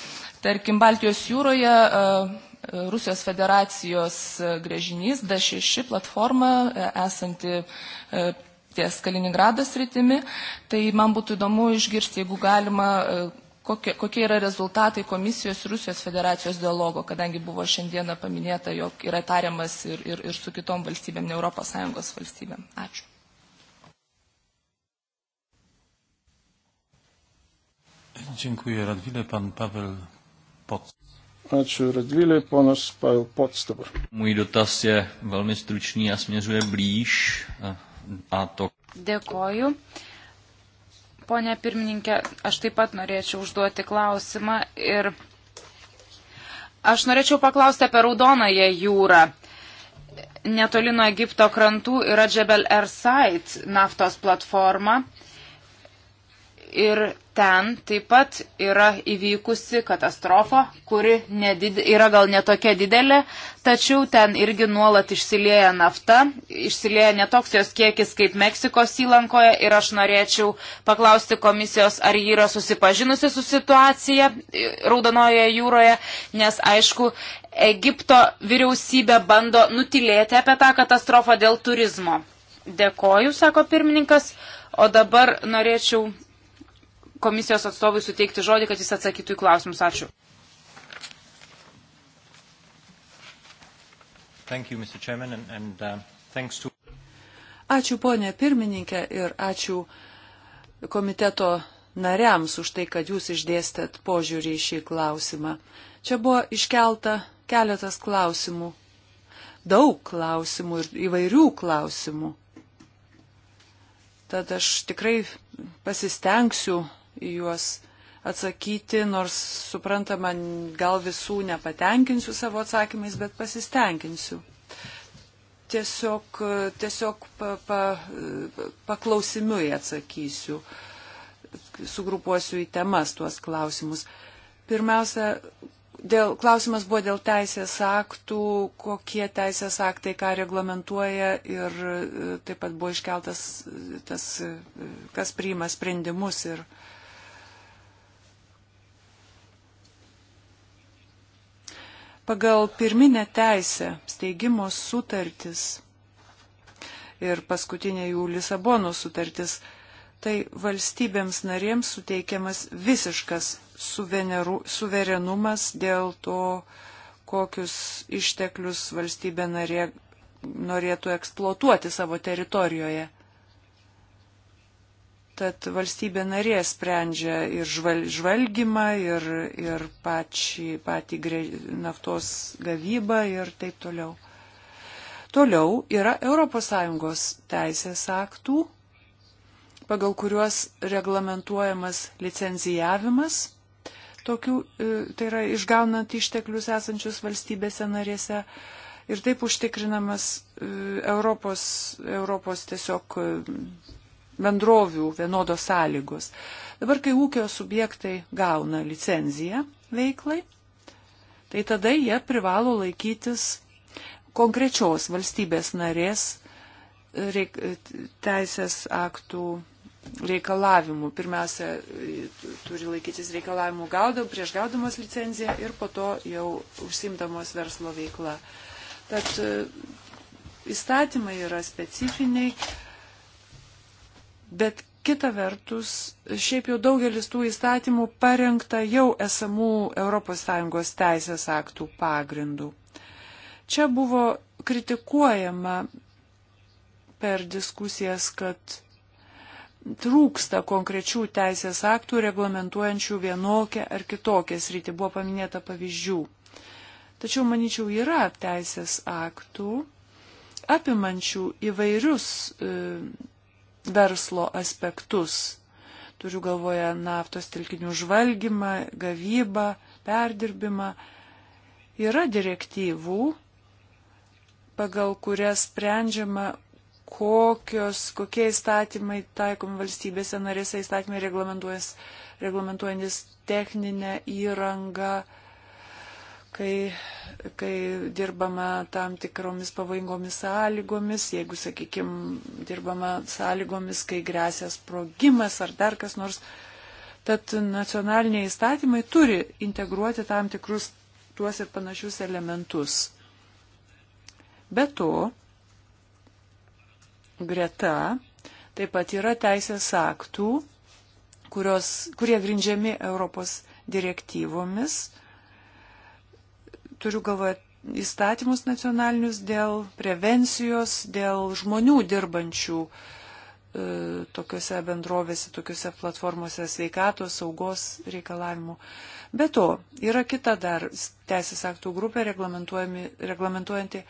Speaker 4: tarkim, Baltijos jūroje e, e, Rusijos federacijos e, grėžinys D6 platforma esanti ties Kaliningrado sritimi. Tai man būtų įdomu išgirsti, jeigu galima, kokie, kokie yra rezultatai komisijos ir Rusijos federacijos dialogo, kadangi buvo šiandieną paminėta, jog yra tariamas ir, ir, ir su kitom valstybėm, ne ES valstybėm. Ačiū.
Speaker 3: Dziękuję Radwile. Pan Paweł Poc.
Speaker 1: Ačiū Radviliai, ponas Pavel Poc dabar.
Speaker 2: Můj dotaz je velmi stručný a směřuje blíž a to.
Speaker 3: Dėkoju. Uh, Pone pirmininkė, aš taip pat norėčiau užduoti klausimą ir aš norėčiau paklausti apie Raudonąją jūrą. Netoli nuo Egipto krantų yra Džebel Ersait naftos platforma. Ir ten taip pat yra įvykusi katastrofa, kuri nedid, yra gal netokia didelė, tačiau ten irgi nuolat išsilieja nafta, išsilieja netoks jos kiekis kaip Meksikos įlankoje ir aš norėčiau paklausti komisijos, ar ji yra susipažinusi su situacija Raudonojoje jūroje, nes aišku, Egipto vyriausybė bando nutilėti apie tą katastrofą dėl turizmo. Dėkoju, sako pirmininkas, o dabar norėčiau komisijos atstovui suteikti žodį, kad jis atsakytų į klausimus. Ačiū.
Speaker 4: You, Chairman, and, and, uh, to...
Speaker 2: Ačiū ponė pirmininkė ir ačiū komiteto nariams už tai, kad jūs išdėstėt požiūrį į šį klausimą. Čia buvo iškelta keletas klausimų. Daug klausimų ir įvairių klausimų. Tad aš tikrai pasistengsiu juos atsakyti, nors suprantama, gal visų nepatenkinsiu savo atsakymais, bet pasistengsiu. Tiesiog, tiesiog pa, pa, paklausimui atsakysiu, sugrupuosiu į temas tuos klausimus. Pirmiausia, dėl, klausimas buvo dėl teisės aktų, kokie teisės aktai ką reglamentuoja ir e, taip pat buvo iškeltas tas, e, kas priima sprendimus ir uh, Pagal pirminę teisę steigimo sutartis ir paskutinė jų Lisabono sutartis, tai valstybėms narėms suteikiamas visiškas suveneru, suverenumas dėl to, kokius išteklius valstybė narė norėtų eksploatuoti savo teritorijoje. Tad valstybė narė sprendžia ir žvalgymą, ir, ir pačį, patį grė, naftos gavybą ir taip toliau. Toliau yra ES teisės aktų, pagal kuriuos reglamentuojamas licencijavimas, tokių, e, tai yra išgaunant išteklius esančius valstybėse narėse. Ir taip užtikrinamas e, Europos, Europos tiesiog bendrovių vienodos sąlygos. Dabar, kai ūkio subjektai gauna licenciją veiklai, tai tada jie privalo laikytis konkrečios valstybės narės reik, teisės aktų reikalavimų. Pirmiausia, turi laikytis reikalavimų gaudam, prieš gaudamas licenciją ir po to jau užsimdamos verslo veikla. Tad e, įstatymai yra specifiniai, Bet kita vertus, šiaip jau daugelis tų įstatymų parengta jau esamų ES teisės aktų pagrindų. Čia buvo kritikuojama per diskusijas, kad trūksta konkrečių teisės aktų reglamentuojančių vienokią ar kitokią sritį. Buvo paminėta pavyzdžių. Tačiau, manyčiau, yra teisės aktų apimančių įvairius e, verslo aspektus. Turiu galvoje naftos telkinių žvalgymą, gavybą, perdirbimą. Yra direktyvų, pagal kurias sprendžiama, kokios, kokie įstatymai taikom valstybėse narėse, įstatymai reglamentuojantis techninę įrangą, kai kai dirbama tam tikromis pavojingomis sąlygomis, jeigu, sakykime, dirbama sąlygomis, kai grėsia sprogimas ar dar kas nors. Tad nacionaliniai įstatymai turi integruoti tam tikrus tuos ir panašius elementus. Be to, greta taip pat yra teisės aktų, kurios, kurie grindžiami Europos direktyvomis, turiu galvoje įstatymus nacionalinius dėl prevencijos, dėl žmonių dirbančių e, tokiuose bendrovėse, tokiuose platformose sveikatos, saugos reikalavimų. Be to, yra kita dar teisės aktų grupė reglamentuojanti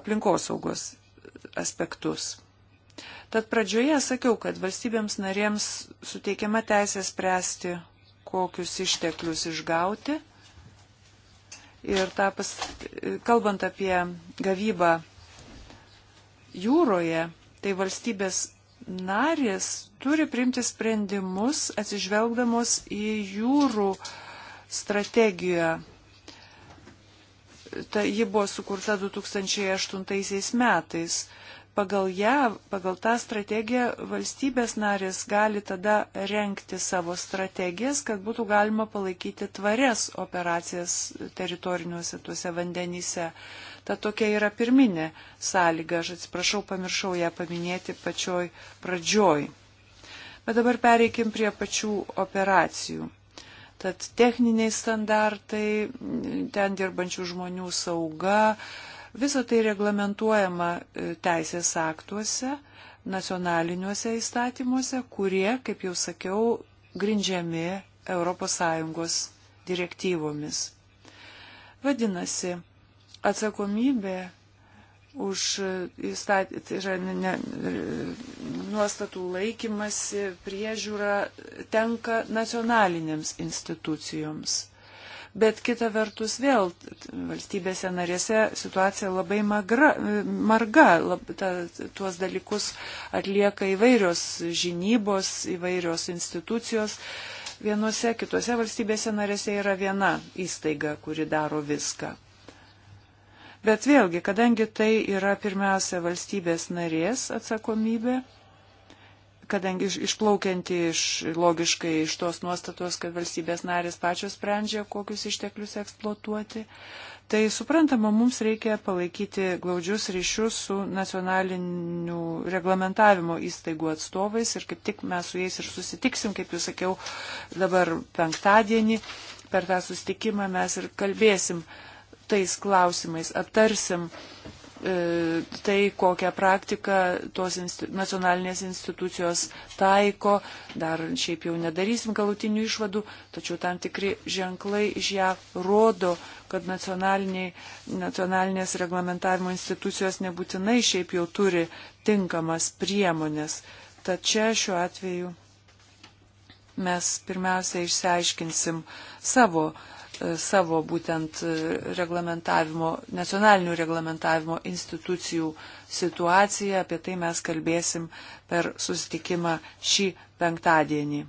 Speaker 2: aplinkosaugos aspektus. Tad pradžioje sakiau, kad valstybėms narėms suteikiama teisė spręsti, kokius išteklius išgauti Ir tą pas, kalbant apie gavybą jūroje, tai valstybės narės turi priimti sprendimus atsižvelgdamos į jūrų strategiją. Ta, ji buvo sukurta 2008 metais pagal ją, pagal tą strategiją valstybės narės gali tada renkti savo strategijas, kad būtų galima palaikyti tvarias operacijas teritoriniuose tuose vandenyse. Ta tokia yra pirminė sąlyga, aš atsiprašau, pamiršau ją paminėti pačioj pradžioj. Bet dabar pereikim prie pačių operacijų. Tad techniniai standartai, ten dirbančių žmonių sauga, uh, Visą tai reglamentuojama e, teisės aktuose, nacionaliniuose įstatymuose, kurie, kaip jau sakiau, grindžiami ES direktyvomis. Vadinasi, atsakomybė už e, įstatį, tai yra ne, ne, e, nuostatų laikymasi, priežiūra tenka nacionalinėms institucijoms bet kita vertus vėl valstybėse narėse situacija labai magra, marga, lab, ta, tuos dalykus atlieka įvairios žinybos, įvairios institucijos. Vienose kitose valstybėse narėse yra viena įstaiga, kuri daro viską. Bet vėlgi, kadangi tai yra pirmiausia valstybės narės atsakomybė, kadangi išplaukianti iš, logiškai iš tos nuostatos, kad valstybės narės pačios sprendžia, kokius išteklius eksploatuoti, tai suprantama, mums reikia palaikyti glaudžius ryšius su nacionaliniu reglamentavimo įstaigų atstovais ir kaip tik mes su jais ir susitiksim, kaip jūs sakiau, dabar penktadienį per tą sustikimą mes ir kalbėsim tais klausimais, aptarsim E, tai, kokią praktiką tos insti nacionalinės institucijos taiko, dar šiaip jau nedarysim galutinių išvadų, tačiau tam tikri ženklai iš ją rodo, kad nacionalinės reglamentavimo institucijos nebūtinai šiaip jau turi tinkamas priemonės. Tačiau šiuo atveju mes pirmiausia išsiaiškinsim savo uh, E, savo būtent e, reglamentavimo, nacionalinių reglamentavimo institucijų situaciją. Apie tai mes kalbėsim per susitikimą šį penktadienį,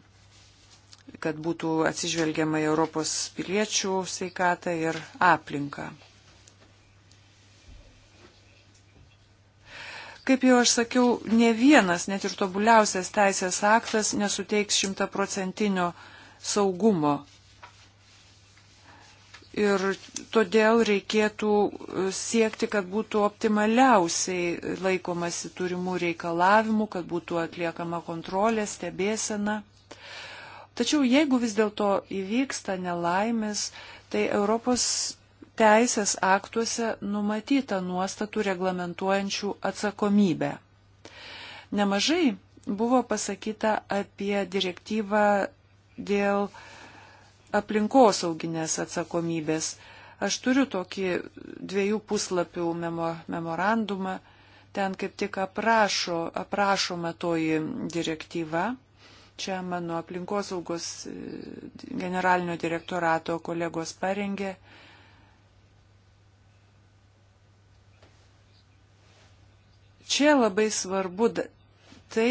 Speaker 2: kad būtų atsižvelgiama į Europos piliečių sveikatą ir aplinką. Kaip jau aš sakiau, ne vienas, net ir tobuliausias teisės aktas nesuteiks šimtaprocentinio saugumo Ir todėl reikėtų e, siekti, kad būtų optimaliausiai laikomasi turimų reikalavimų, kad būtų atliekama kontrolė, stebėsena. Tačiau jeigu vis dėlto įvyksta nelaimės, tai Europos teisės aktuose numatyta nuostatų reglamentuojančių atsakomybę. Nemažai buvo pasakyta apie direktyvą dėl uh, aplinkosauginės atsakomybės. Aš turiu tokį dviejų puslapių memo, memorandumą, ten kaip tik aprašo, aprašoma toji direktyva. Čia mano aplinkosaugos e, generalinio direktorato kolegos parengė. Čia labai svarbu tai,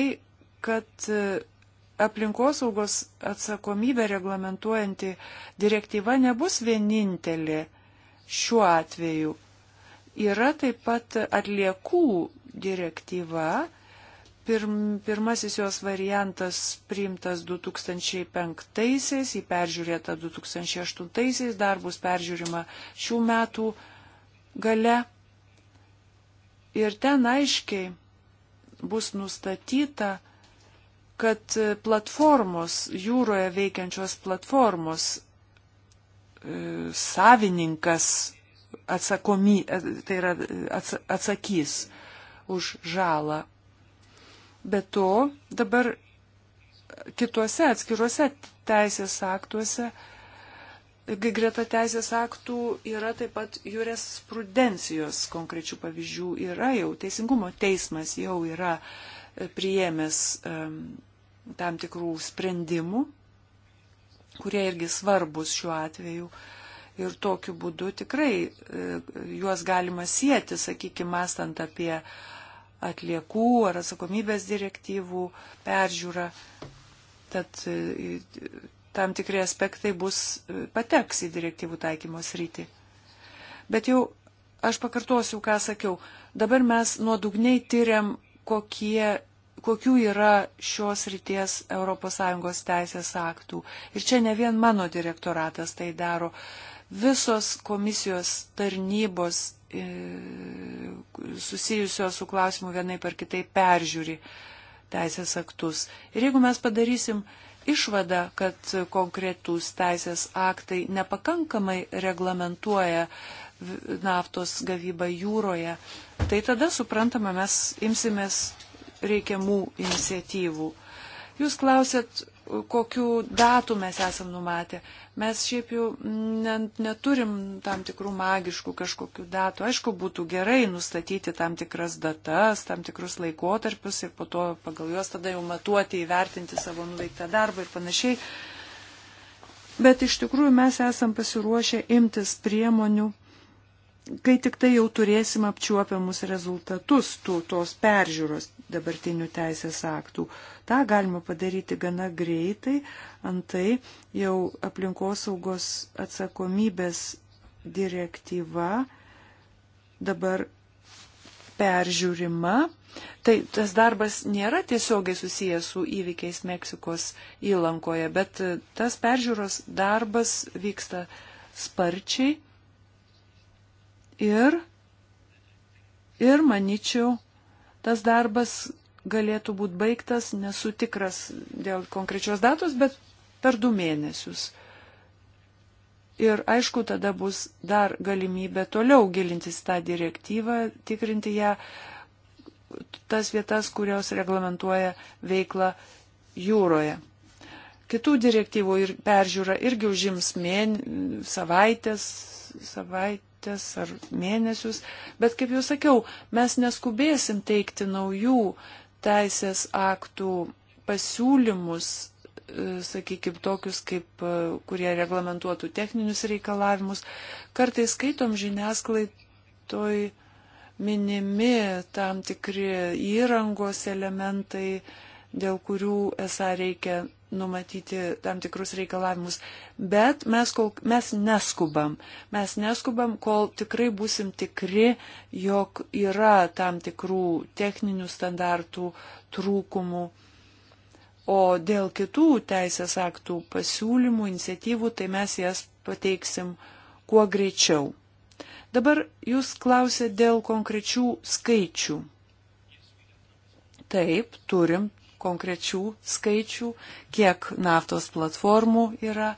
Speaker 2: kad e, aplinkosaugos atsakomybę reglamentuojanti direktyva nebus vienintelė šiuo atveju. Yra taip pat atliekų direktyva, Pirm, pirmasis jos variantas priimtas 2005-aisiais, jį peržiūrėta 2008-aisiais, darbus peržiūrima šių metų gale. Ir ten aiškiai bus nustatyta, kad platformos, jūroje veikiančios platformos e, savininkas atsakomy, e, tai yra e, atsakys už žalą. Be to, dabar kituose atskiruose teisės aktuose, greta teisės aktų yra taip pat jurisprudencijos konkrečių pavyzdžių, yra jau teisingumo teismas jau yra uh, priėmęs tam tikrų sprendimų, kurie irgi svarbus šiuo atveju. Ir tokiu būdu tikrai e, juos galima sieti, sakykime, mastant apie atliekų ar atsakomybės direktyvų peržiūrą. Tad e, tam tikri aspektai bus e, pateks į direktyvų taikymos rytį. Bet jau aš pakartosiu, ką sakiau. Dabar mes nuodugniai tyriam kokie kokių yra šios ryties ES teisės aktų. Ir čia ne vien mano direktoratas tai daro. Visos komisijos tarnybos e, susijusios su klausimu vienai par kitai peržiūri teisės aktus. Ir jeigu mes padarysim išvadą, kad konkretūs teisės aktai nepakankamai reglamentuoja uh, naftos gavybą jūroje, tai tada suprantama, mes imsimės reikiamų iniciatyvų. Jūs klausėt, kokiu datu mes esam numatę. Mes šiaip jau neturim tam tikrų magiškų kažkokių datų. Aišku, būtų gerai nustatyti tam tikras datas, tam tikrus laikotarpius ir po to pagal juos tada jau matuoti, įvertinti savo nuveiktą darbą ir panašiai. Bet iš tikrųjų mes esam pasiruošę imtis priemonių kai tik tai jau turėsim apčiuopiamus rezultatus tų, tos peržiūros dabartinių teisės aktų. Ta galima padaryti gana greitai, antai jau aplinkosaugos atsakomybės direktyva dabar peržiūrima. Tai tas darbas nėra tiesiogiai susijęs su įvykiais Meksikos įlankoje, bet tas peržiūros darbas vyksta sparčiai ir, ir manyčiau, tas darbas galėtų būti baigtas, nesu tikras dėl konkrečios datos, bet per du mėnesius. Ir aišku, tada bus dar galimybė toliau gilintis tą direktyvą, tikrinti ją, tas vietas, kurios reglamentuoja veiklą jūroje. Kitų direktyvų ir peržiūra irgi užims mėn... savaitės, savait savaitės ar mėnesius, bet kaip jau sakiau, mes neskubėsim teikti naujų teisės aktų pasiūlymus, e, sakykime, tokius, kaip, e, kurie reglamentuotų techninius reikalavimus. Kartais skaitom žiniasklaidoj minimi tam tikri įrangos elementai, dėl kurių esą reikia numatyti tam tikrus reikalavimus. Bet mes, kol, mes neskubam. Mes neskubam, kol tikrai busim tikri, jog yra tam tikrų techninių standartų trūkumų. O dėl kitų teisės aktų pasiūlymų, iniciatyvų, tai mes jas pateiksim kuo greičiau. Dabar jūs klausėte dėl konkrečių skaičių. Taip, turim konkrečių skaičių, kiek naftos platformų yra.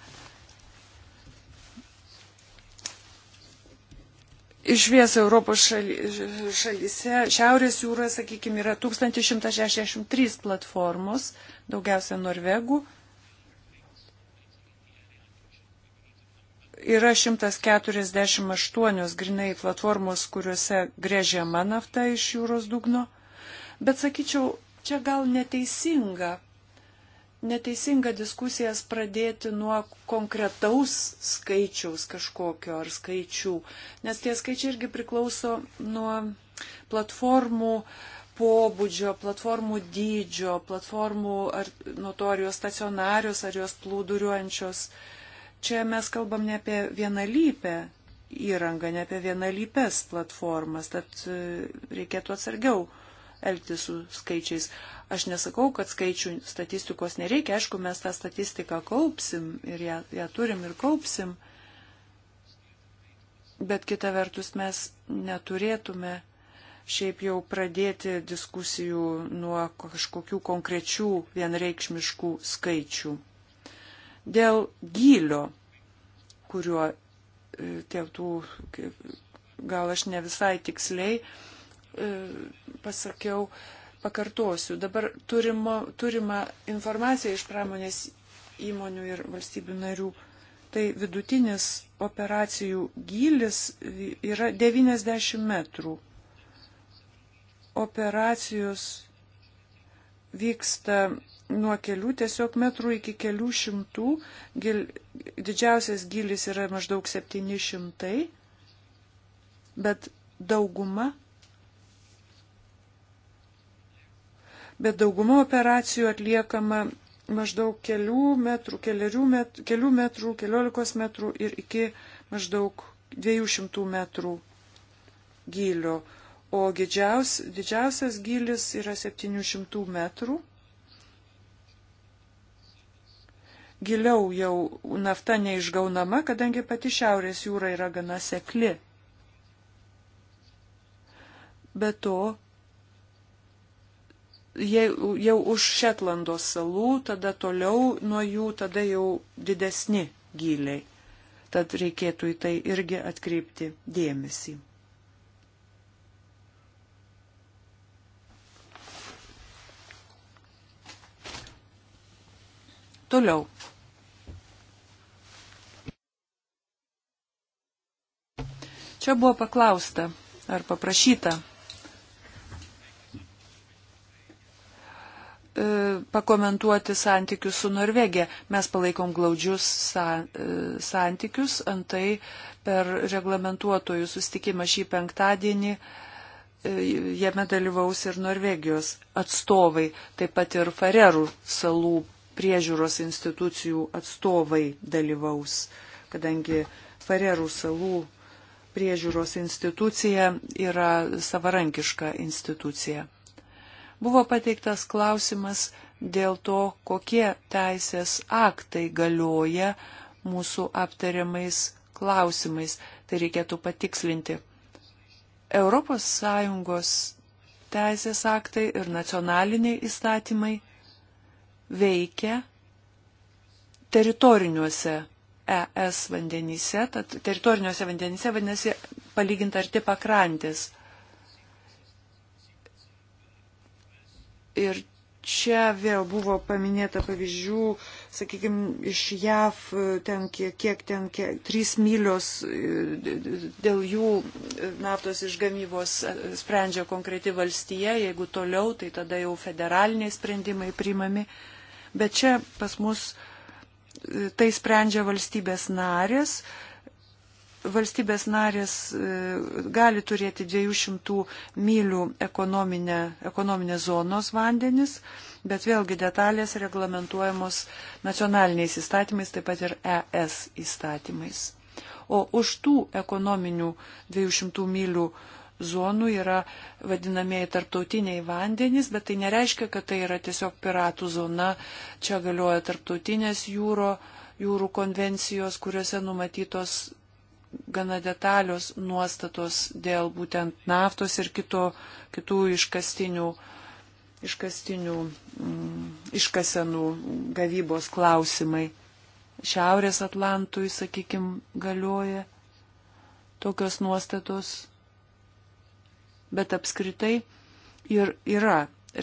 Speaker 2: Iš vies Europos šaly, šalyse, Šiaurės jūroje, sakykime, yra 1163 platformos, daugiausia norvegų. Yra 148 grinai platformos, kuriuose grėžiama nafta iš jūros dugno. Bet sakyčiau, Čia gal neteisinga, neteisinga diskusijas pradėti nuo konkretaus skaičiaus kažkokio ar skaičių, nes tie skaičiai irgi priklauso nuo platformų pobūdžio, platformų dydžio, platformų ar nuo to, ar jos stacionarios, ar jos plūduriuojančios. Čia mes kalbam ne apie vienalypę įrangą, ne apie vienalypes platformas, tad e, reikėtų atsargiau elgtis su skaičiais. Aš nesakau, kad skaičių statistikos nereikia, aišku, mes tą statistiką kaupsim ir ją, ją turim ir kaupsim, bet kita vertus mes neturėtume šiaip jau pradėti diskusijų nuo kažkokių konkrečių vienreikšmiškų skaičių. Dėl gylio, kuriuo tie tų, gal aš ne visai tiksliai, E, pasakiau, pakartosiu. Dabar turimo, turima informacija iš pramonės įmonių ir valstybių narių. Tai vidutinis operacijų gylis yra 90 metrų. Operacijos vyksta nuo kelių tiesiog metrų iki kelių šimtų. Gil, didžiausias gilis yra maždaug 700, bet dauguma bet dauguma operacijų atliekama maždaug kelių metrų, keliarių metrų, kelių metrų, keliolikos metrų ir iki maždaug 200 metrų gylio, o didžiaus, didžiausias gylis yra 700 metrų. Giliau jau nafta neišgaunama, kadangi pati Šiaurės jūra yra gana sekli. Be to, jau už Šetlando salų, tada toliau nuo jų, tada jau didesni gyliai. Tad reikėtų į tai irgi atkreipti dėmesį. Toliau. Čia buvo paklausta ar paprašyta E, pakomentuoti santykius su Norvegija. Mes palaikom glaudžius sa, e, santykius, antai per reglamentuotojų sustikimą šį penktadienį e, jame dalyvaus ir Norvegijos atstovai, taip pat ir Farerų salų priežiūros institucijų atstovai dalyvaus, kadangi Farerų salų priežiūros institucija yra savarankiška institucija. Buvo pateiktas klausimas dėl to, kokie teisės aktai galioja mūsų aptariamais klausimais. Tai reikėtų patikslinti. ES teisės aktai ir nacionaliniai įstatymai veikia teritoriniuose ES vandenyse, tad teritoriniuose vandenyse vadinasi palygint arti pakrantės. Ir čia vėl buvo paminėta pavyzdžių, sakykime, iš JAV, e, ten kiek, kiek ten, kiek, 3 mylios e, dėl jų e, naftos išgamybos sprendžia konkreti valstija, jeigu toliau, tai tada jau federaliniai sprendimai priimami. Bet čia pas mus tai sprendžia valstybės narės valstybės narės e, gali turėti 200 mylių ekonominę, ekonominę zonos vandenis, bet vėlgi detalės reglamentuojamos nacionaliniais įstatymais, taip pat ir ES įstatymais. O už tų ekonominių 200 mylių zonų yra vadinamieji tarptautiniai vandenys, bet tai nereiškia, kad tai yra tiesiog piratų zona. Čia galioja tarptautinės jūro, jūrų konvencijos, kuriuose numatytos gana detalios nuostatos dėl būtent naftos ir kito, kitų iškastinių, iškastinių mm, iškasenų gavybos klausimai. Šiaurės Atlantui, sakykime, galioja tokios nuostatos, bet apskritai ir yra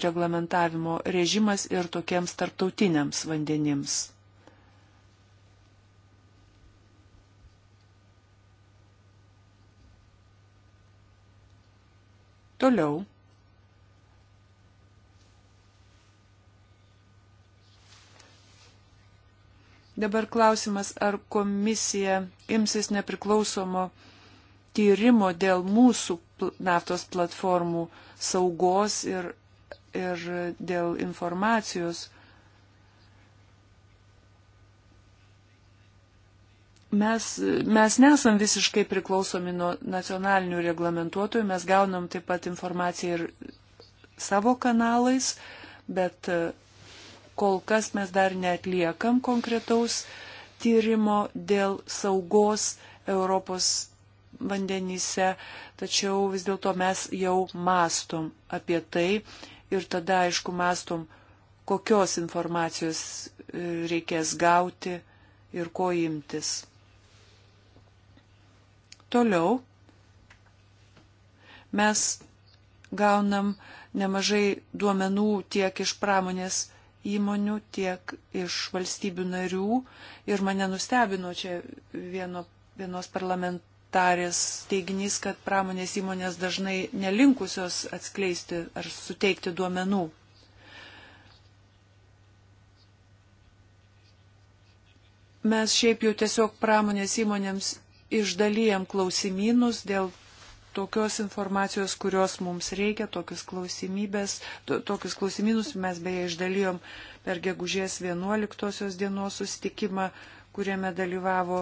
Speaker 2: reglamentavimo režimas ir tokiems tarptautiniams vandenims. Toliau. Dabar klausimas, ar komisija imsis nepriklausomo tyrimo dėl mūsų naftos platformų saugos ir, ir dėl informacijos Mes, mes nesam visiškai priklausomi nuo nacionalinių reglamentuotojų, mes gaunam taip pat informaciją ir savo kanalais, bet e, kol kas mes dar netliekam konkretaus tyrimo dėl saugos Europos vandenyse, tačiau vis dėlto mes jau mastom apie tai ir tada, aišku, mastom, kokios informacijos e, reikės gauti ir ko imtis. Toliau mes gaunam nemažai duomenų tiek iš pramonės įmonių, tiek iš valstybių narių. Ir mane nustebino čia vieno, vienos parlamentarės teiginys, kad pramonės įmonės dažnai nelinkusios atskleisti ar suteikti duomenų. Mes šiaip jau tiesiog pramonės įmonėms išdalyjam klausimynus dėl tokios informacijos, kurios mums reikia, tokius klausimybės, to, tokius klausimynus mes beje išdalyjom per gegužės 11 dienos sustikimą, kuriame dalyvavo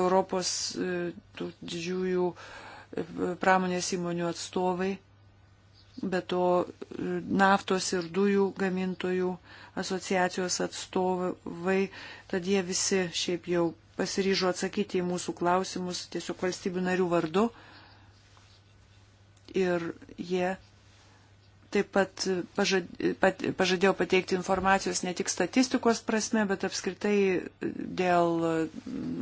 Speaker 2: Europos e, tų didžiųjų e, pramonės įmonių atstovai, bet to e, naftos ir dujų gamintojų asociacijos atstovai, tad jie visi šiaip jau pasiryžo atsakyti į mūsų klausimus tiesiog valstybių narių vardu. Ir jie taip pat pažadėjo pateikti informacijos ne tik statistikos prasme, bet apskritai dėl,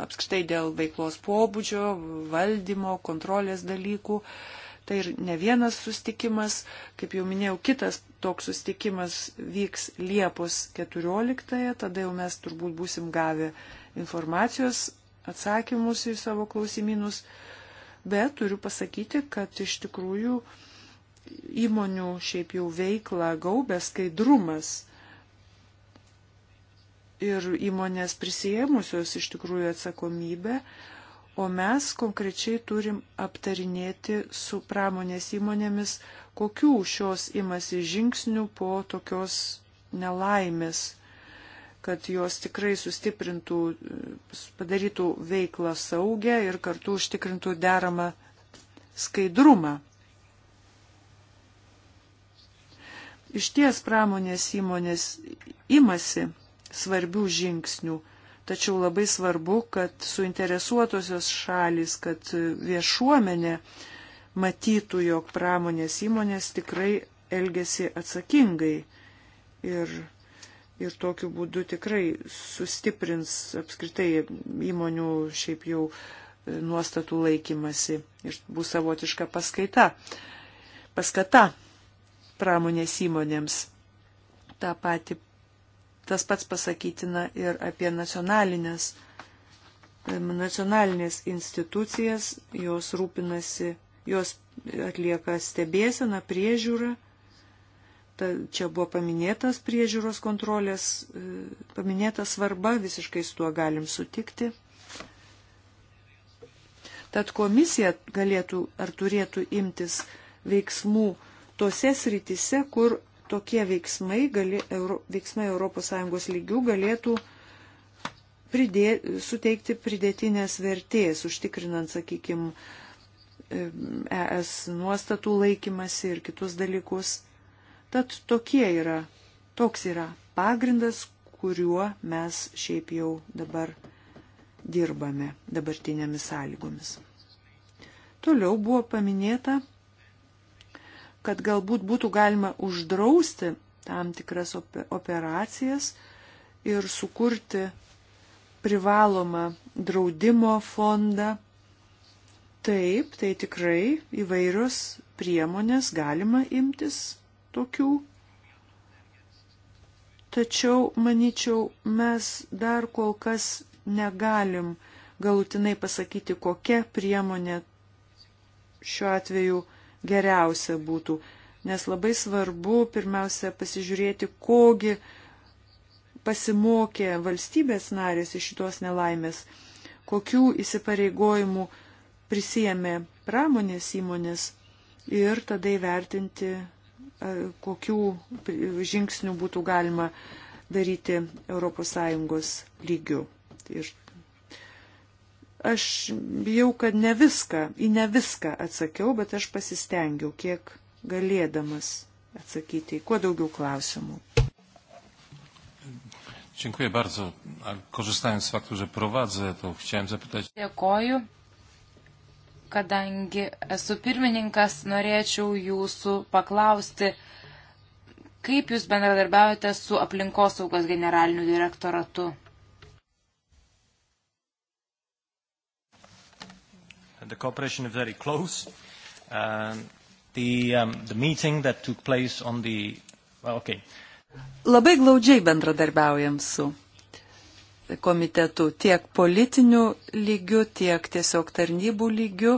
Speaker 2: apskritai dėl veiklos pobūdžio, valdymo, kontrolės dalykų. Tai ir ne vienas sustikimas, kaip jau minėjau, kitas toks sustikimas vyks Liepos 14, tada jau mes turbūt busim gavę informacijos, atsakymus į savo klausimynus, bet turiu pasakyti, kad iš tikrųjų įmonių šiaip jau veiklą gaubė skaidrumas. Ir įmonės prisijėmusios iš tikrųjų atsakomybę, o mes konkrečiai turim aptarinėti su pramonės įmonėmis, kokių šios imasi žingsnių po tokios nelaimės kad jos tikrai sustiprintų, padarytų veiklą saugę ir kartu užtikrintų deramą skaidrumą. Iš ties pramonės įmonės imasi svarbių žingsnių, tačiau labai svarbu, kad suinteresuotosios šalis, kad viešuomenė matytų, jog pramonės įmonės tikrai elgesi atsakingai ir ir tokiu būdu tikrai sustiprins apskritai įmonių šiaip jau e, nuostatų laikymasi ir bus savotiška paskaita, paskata pramonės įmonėms. Ta pati, tas pats pasakytina ir apie nacionalinės, e, nacionalinės institucijas, jos rūpinasi, jos atlieka stebėseną, priežiūrą ta, čia buvo paminėtas priežiūros kontrolės, e, paminėta svarba, visiškai su tuo galim sutikti. Tad komisija galėtų ar turėtų imtis veiksmų tose sritise, kur tokie veiksmai, gali, Euro, veiksmai ES lygių galėtų pridė, suteikti pridėtinės vertės, užtikrinant, sakykime, ES nuostatų laikymasi ir kitus dalykus. Tad tokie yra, toks yra pagrindas, kuriuo mes šiaip jau dabar dirbame dabartinėmis sąlygomis. Toliau buvo paminėta, kad galbūt būtų galima uždrausti tam tikras operacijas ir sukurti privalomą draudimo fondą. Taip, tai tikrai įvairios priemonės galima imtis tokių. Tačiau, manyčiau, mes dar kol kas negalim galutinai pasakyti, kokia priemonė šiuo atveju geriausia būtų. Nes labai svarbu pirmiausia pasižiūrėti, kogi pasimokė valstybės narės iš šitos nelaimės, kokių įsipareigojimų prisėmė pramonės įmonės ir tada įvertinti E, kokių žingsnių būtų galima daryti ES lygių. Ir aš bijau, kad ne viską, į ne viską atsakiau, bet aš pasistengiau, kiek galėdamas atsakyti į kuo daugiau klausimų.
Speaker 3: Dziękuję bardzo. Korzystając z faktu, że prowadzę,
Speaker 2: to chciałem zapytać.
Speaker 3: Dziękuję kadangi esu pirmininkas, norėčiau jūsų paklausti, kaip jūs bendradarbiaujate su aplinkosaugos generaliniu direktoratu?
Speaker 4: The cooperation is very close. Um, the, um, the meeting that took place on the... Well, okay.
Speaker 2: Labai glaudžiai bendradarbiaujam su komitetu tiek politiniu lygiu, tiek tiesiog tarnybų lygiu.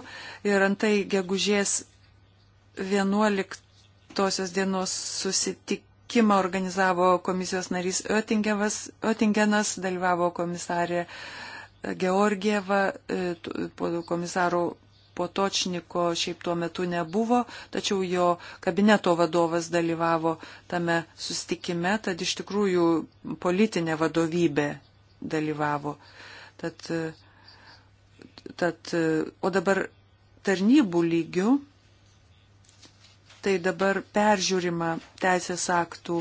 Speaker 2: Ir antai gegužės 11 dienos susitikimą organizavo komisijos narys Oettingenas, dalyvavo komisarė Georgieva, e, komisaro Potočniko šiaip tuo metu nebuvo, tačiau jo kabineto vadovas dalyvavo tame sustikime, tad iš tikrųjų politinė vadovybė dalyvavo. Tad, tad, o dabar tarnybų lygių, tai dabar peržiūrima teisės aktų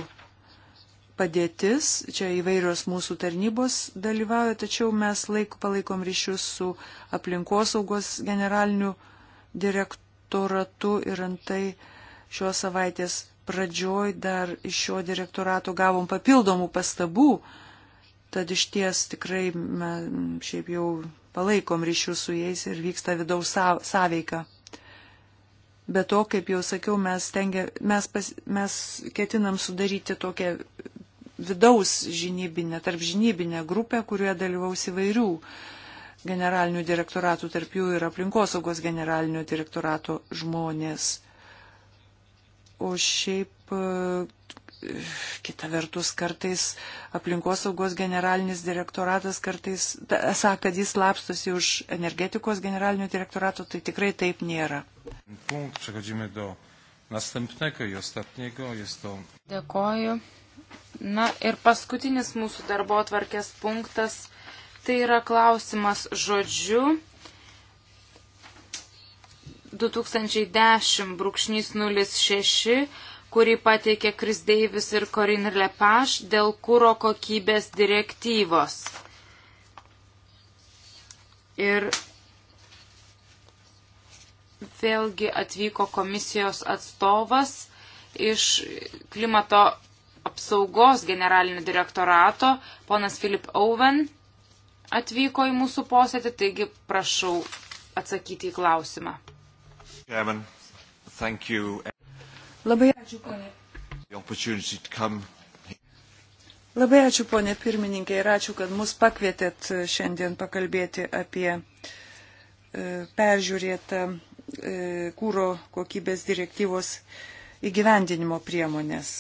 Speaker 2: padėtis, čia įvairios mūsų tarnybos dalyvauja, tačiau mes laik palaikom ryšius su aplinkosaugos generaliniu direktoratu ir antai šios savaitės pradžioj dar iš šio direktorato gavom papildomų pastabų, uh, Tad iš ties tikrai me, šiaip jau palaikom ryšių su jais ir vyksta vidaus sąveika. Be to, kaip jau sakiau, mes, tengia, mes, pas, mes ketinam sudaryti tokią vidaus žinybinę, tarp žinybinę grupę, kurioje dalyvaus įvairių generalinių direktoratų, tarp jų ir aplinkosaugos generalinio direktorato žmonės. O šiaip kita vertus kartais aplinkosaugos generalinis direktoratas kartais sako, kad jis lapstosi už energetikos generalinio direktorato, tai tikrai taip nėra. Punkt, to... Dėkoju.
Speaker 3: Na ir paskutinis mūsų darbo atvarkės punktas tai yra klausimas žodžiu. 2010 brūkšnys 06 kurį pateikė Kris Deivis ir Corinne Lepage dėl kūro kokybės direktyvos. Ir vėlgi atvyko komisijos atstovas iš klimato apsaugos generalinio direktorato, ponas Filip Owen atvyko į mūsų posėdį, taigi prašau atsakyti į klausimą.
Speaker 1: Chairman, thank you. Labai ačiū, ponė.
Speaker 2: Labai ačiū, ponė pirmininkė, ir ačiū, kad mus pakvietėt šiandien pakalbėti apie e, peržiūrėtą e, kūro kokybės direktyvos įgyvendinimo priemonės.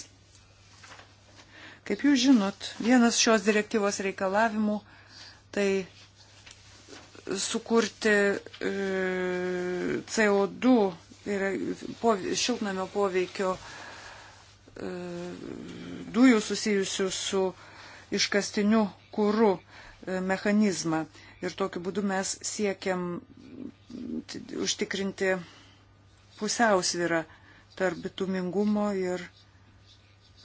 Speaker 2: Kaip jūs žinot, vienas šios direktyvos reikalavimų tai sukurti e, CO2 Tai yra po, šiltnamio poveikio e, dujų susijusių su iškastiniu kūru e, mechanizmą. Ir tokiu būdu mes siekiam užtikrinti pusiausvyrą tarp bitumingumo ir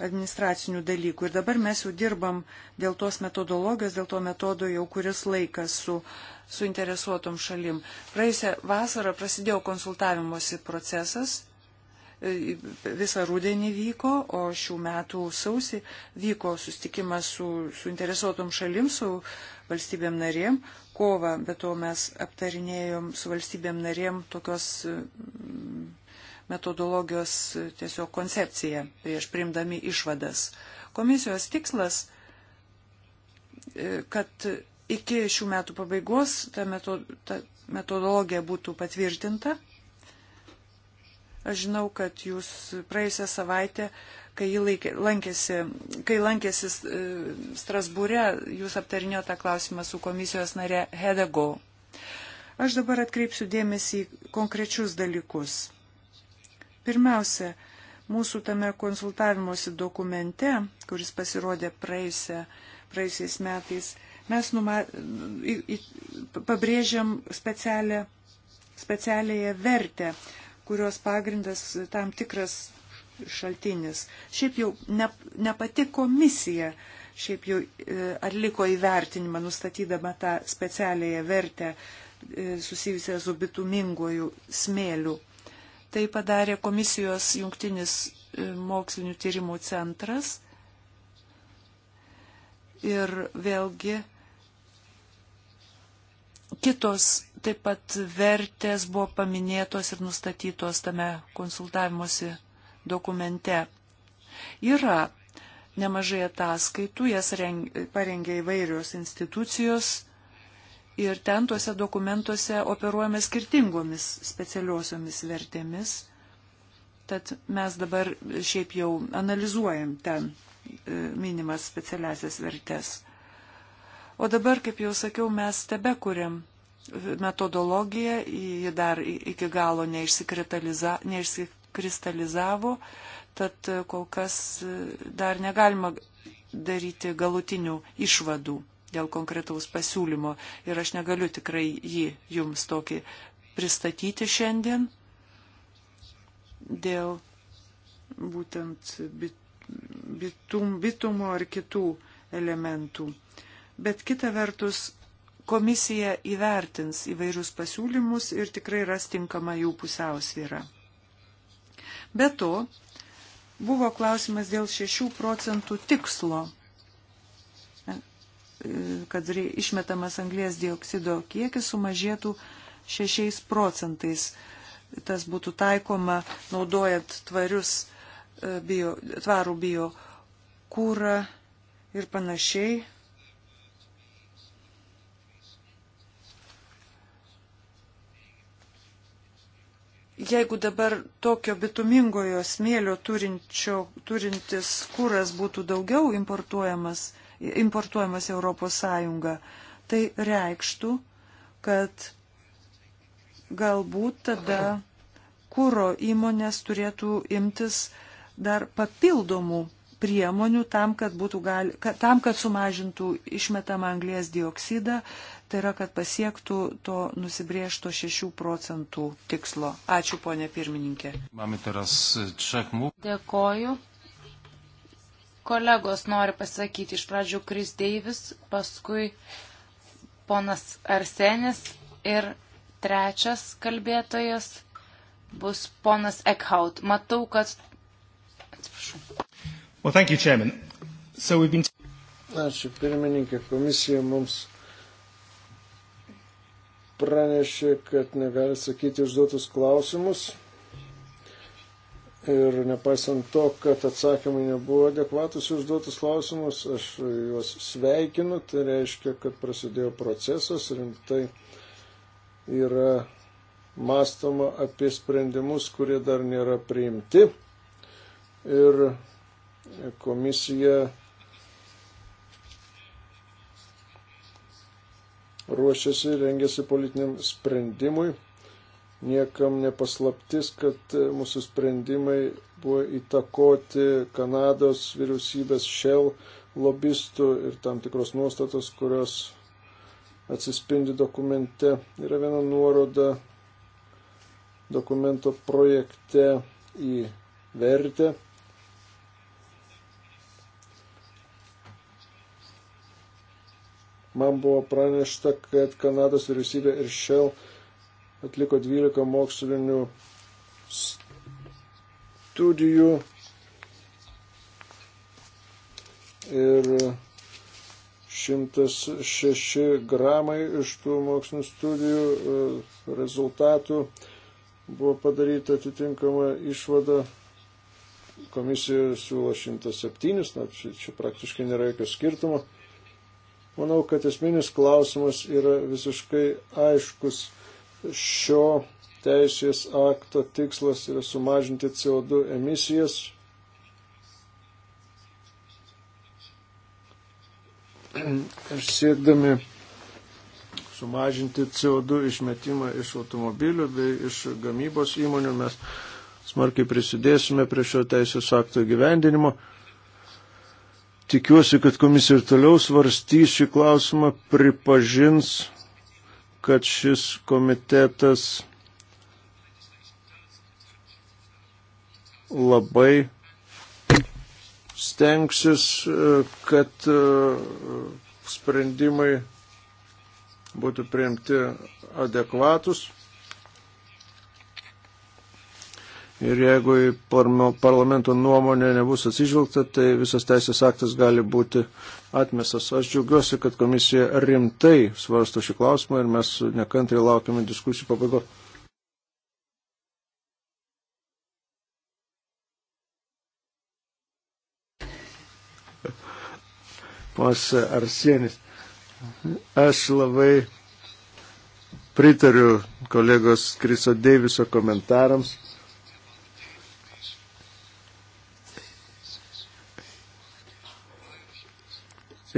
Speaker 2: administracinių dalykų. Ir dabar mes jau dirbam dėl tos metodologijos, dėl to metodo jau kuris laikas su suinteresuotom šalim. Praėjusią vasarą prasidėjo konsultavimosi procesas, e, visą rudenį vyko, o šių metų sausį vyko sustikimas su suinteresuotom šalim, su valstybėm narėm. Kova, bet to mes aptarinėjom su valstybėm narėm tokios metodologijos e, tiesiog koncepciją prieš primdami išvadas. Komisijos tikslas, e, kad iki šių metų pabaigos ta, metod, ta metodologija būtų patvirtinta. Aš žinau, kad jūs praėjusią savaitę, kai, laikė, lankėsi, kai lankėsi e, Strasbūre, jūs aptarinėjo tą klausimą su komisijos nare Hedego. Aš dabar atkreipsiu dėmesį į konkrečius dalykus. Pirmiausia, mūsų tame konsultavimuose dokumente, kuris pasirodė praėjusia, praėjusiais metais, mes numa, į, į, pabrėžiam specialią, specialiąją vertę, kurios pagrindas tam tikras šaltinis. Šiaip jau ne, ne pati komisija šiaip jau e, atliko įvertinimą, nustatydama tą specialiąją vertę e, susijusią su bituminguoju smėliu. Tai padarė komisijos jungtinis e, mokslinių tyrimų centras. Ir vėlgi kitos taip pat vertės buvo paminėtos ir nustatytos tame konsultavimuose dokumente. Yra nemažai ataskaitų, jas reng, parengė įvairios institucijos ir ten tuose dokumentuose operuojame skirtingomis specialiosiomis vertėmis. Tad mes dabar šiaip jau analizuojam ten e, minimas specialiasias vertės. O dabar, kaip jau sakiau, mes tebe kuriam metodologiją, ji dar iki galo neišsikristalizavo, tad e, kol kas e, dar negalima daryti galutinių išvadų dėl konkretaus pasiūlymo ir aš negaliu tikrai jį jums tokį pristatyti šiandien dėl būtent bitum, bitumo ar kitų elementų. Bet kita vertus, komisija įvertins įvairius pasiūlymus ir tikrai ras tinkamą jų pusiausvyrą. Be to, buvo klausimas dėl 6 procentų tikslo kad išmetamas anglės dioksido kiekis sumažėtų 6 procentais. Tas būtų taikoma naudojant tvarius e, bio, tvarų bio kūrą ir panašiai. Jeigu dabar tokio bitumingojo smėlio turinčio, turintis kūras būtų daugiau importuojamas, importuojamas Europos Sąjunga. Tai reikštų, kad galbūt tada kūro įmonės turėtų imtis dar papildomų priemonių tam, kad, gali, kad, tam, kad sumažintų išmetamą anglės dioksidą, tai yra, kad pasiektų to nusibriežto 6 procentų tikslo. Ačiū, ponė pirmininkė.
Speaker 3: E,
Speaker 2: Dėkoju kolegos
Speaker 3: nori pasakyti. Iš pradžių Kris Deivis, paskui ponas Arsenis ir trečias kalbėtojas bus ponas Eckhout. Matau, kad.
Speaker 4: Atsiprašau. Well, thank you, Chairman. So we've been...
Speaker 1: Ačiū pirmininkė, komisija mums pranešė, kad negali sakyti užduotus klausimus. Ir nepaisant to, kad atsakymai nebuvo adekvatus užduotus klausimus, aš juos sveikinu, tai reiškia, kad prasidėjo procesas, rimtai yra mąstoma apie sprendimus, kurie dar nėra priimti. Ir komisija ruošiasi, rengiasi politiniam sprendimui Niekam nepaslaptis, kad e, mūsų sprendimai buvo įtakoti Kanados vyriausybės Shell lobistų ir tam tikros nuostatos, kurios atsispindi dokumente. Yra viena nuoroda dokumento projekte į vertę. Man buvo pranešta, kad Kanados vyriausybė ir Shell atliko 12 mokslinių studijų ir 106 gramai iš tų mokslinių studijų e, rezultatų buvo padaryta atitinkama išvada. Komisija siūlo 107, na, čia praktiškai nėra jokio skirtumo. Manau, kad esminis klausimas yra visiškai aiškus Šio teisės akto tikslas yra sumažinti CO2 emisijas. Ir siekdami sumažinti CO2 išmetimą iš automobilių bei iš gamybos įmonių mes smarkiai prisidėsime prie šio teisės akto gyvendinimo. Tikiuosi, kad komisija ir toliau svarstys šį klausimą, pripažins kad šis komitetas labai stengsis, e, kad e, sprendimai būtų priimti adekvatus ir jeigu į parlamento nuomonę nebus atsižvelgta, tai visas teisės aktas gali būti atmestas. Aš džiaugiuosi, kad komisija rimtai svarsto šį klausimą ir mes nekantriai laukiame diskusijų pabaigos. Ponas Arsienis, aš labai pritariu kolegos Kriso Deiviso komentarams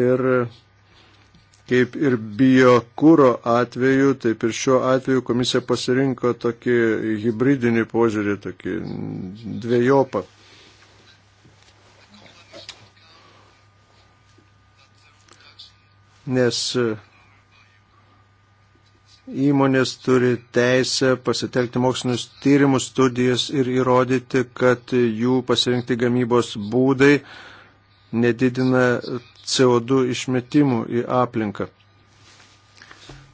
Speaker 1: ir kaip ir biokūro atveju, taip ir šiuo atveju komisija pasirinko tokį hybridinį požiūrį, tokį dviejopą. Nes įmonės turi teisę pasitelkti mokslinius tyrimus, studijas ir įrodyti, kad jų pasirinkti gamybos būdai nedidina CO2 išmetimų į aplinką.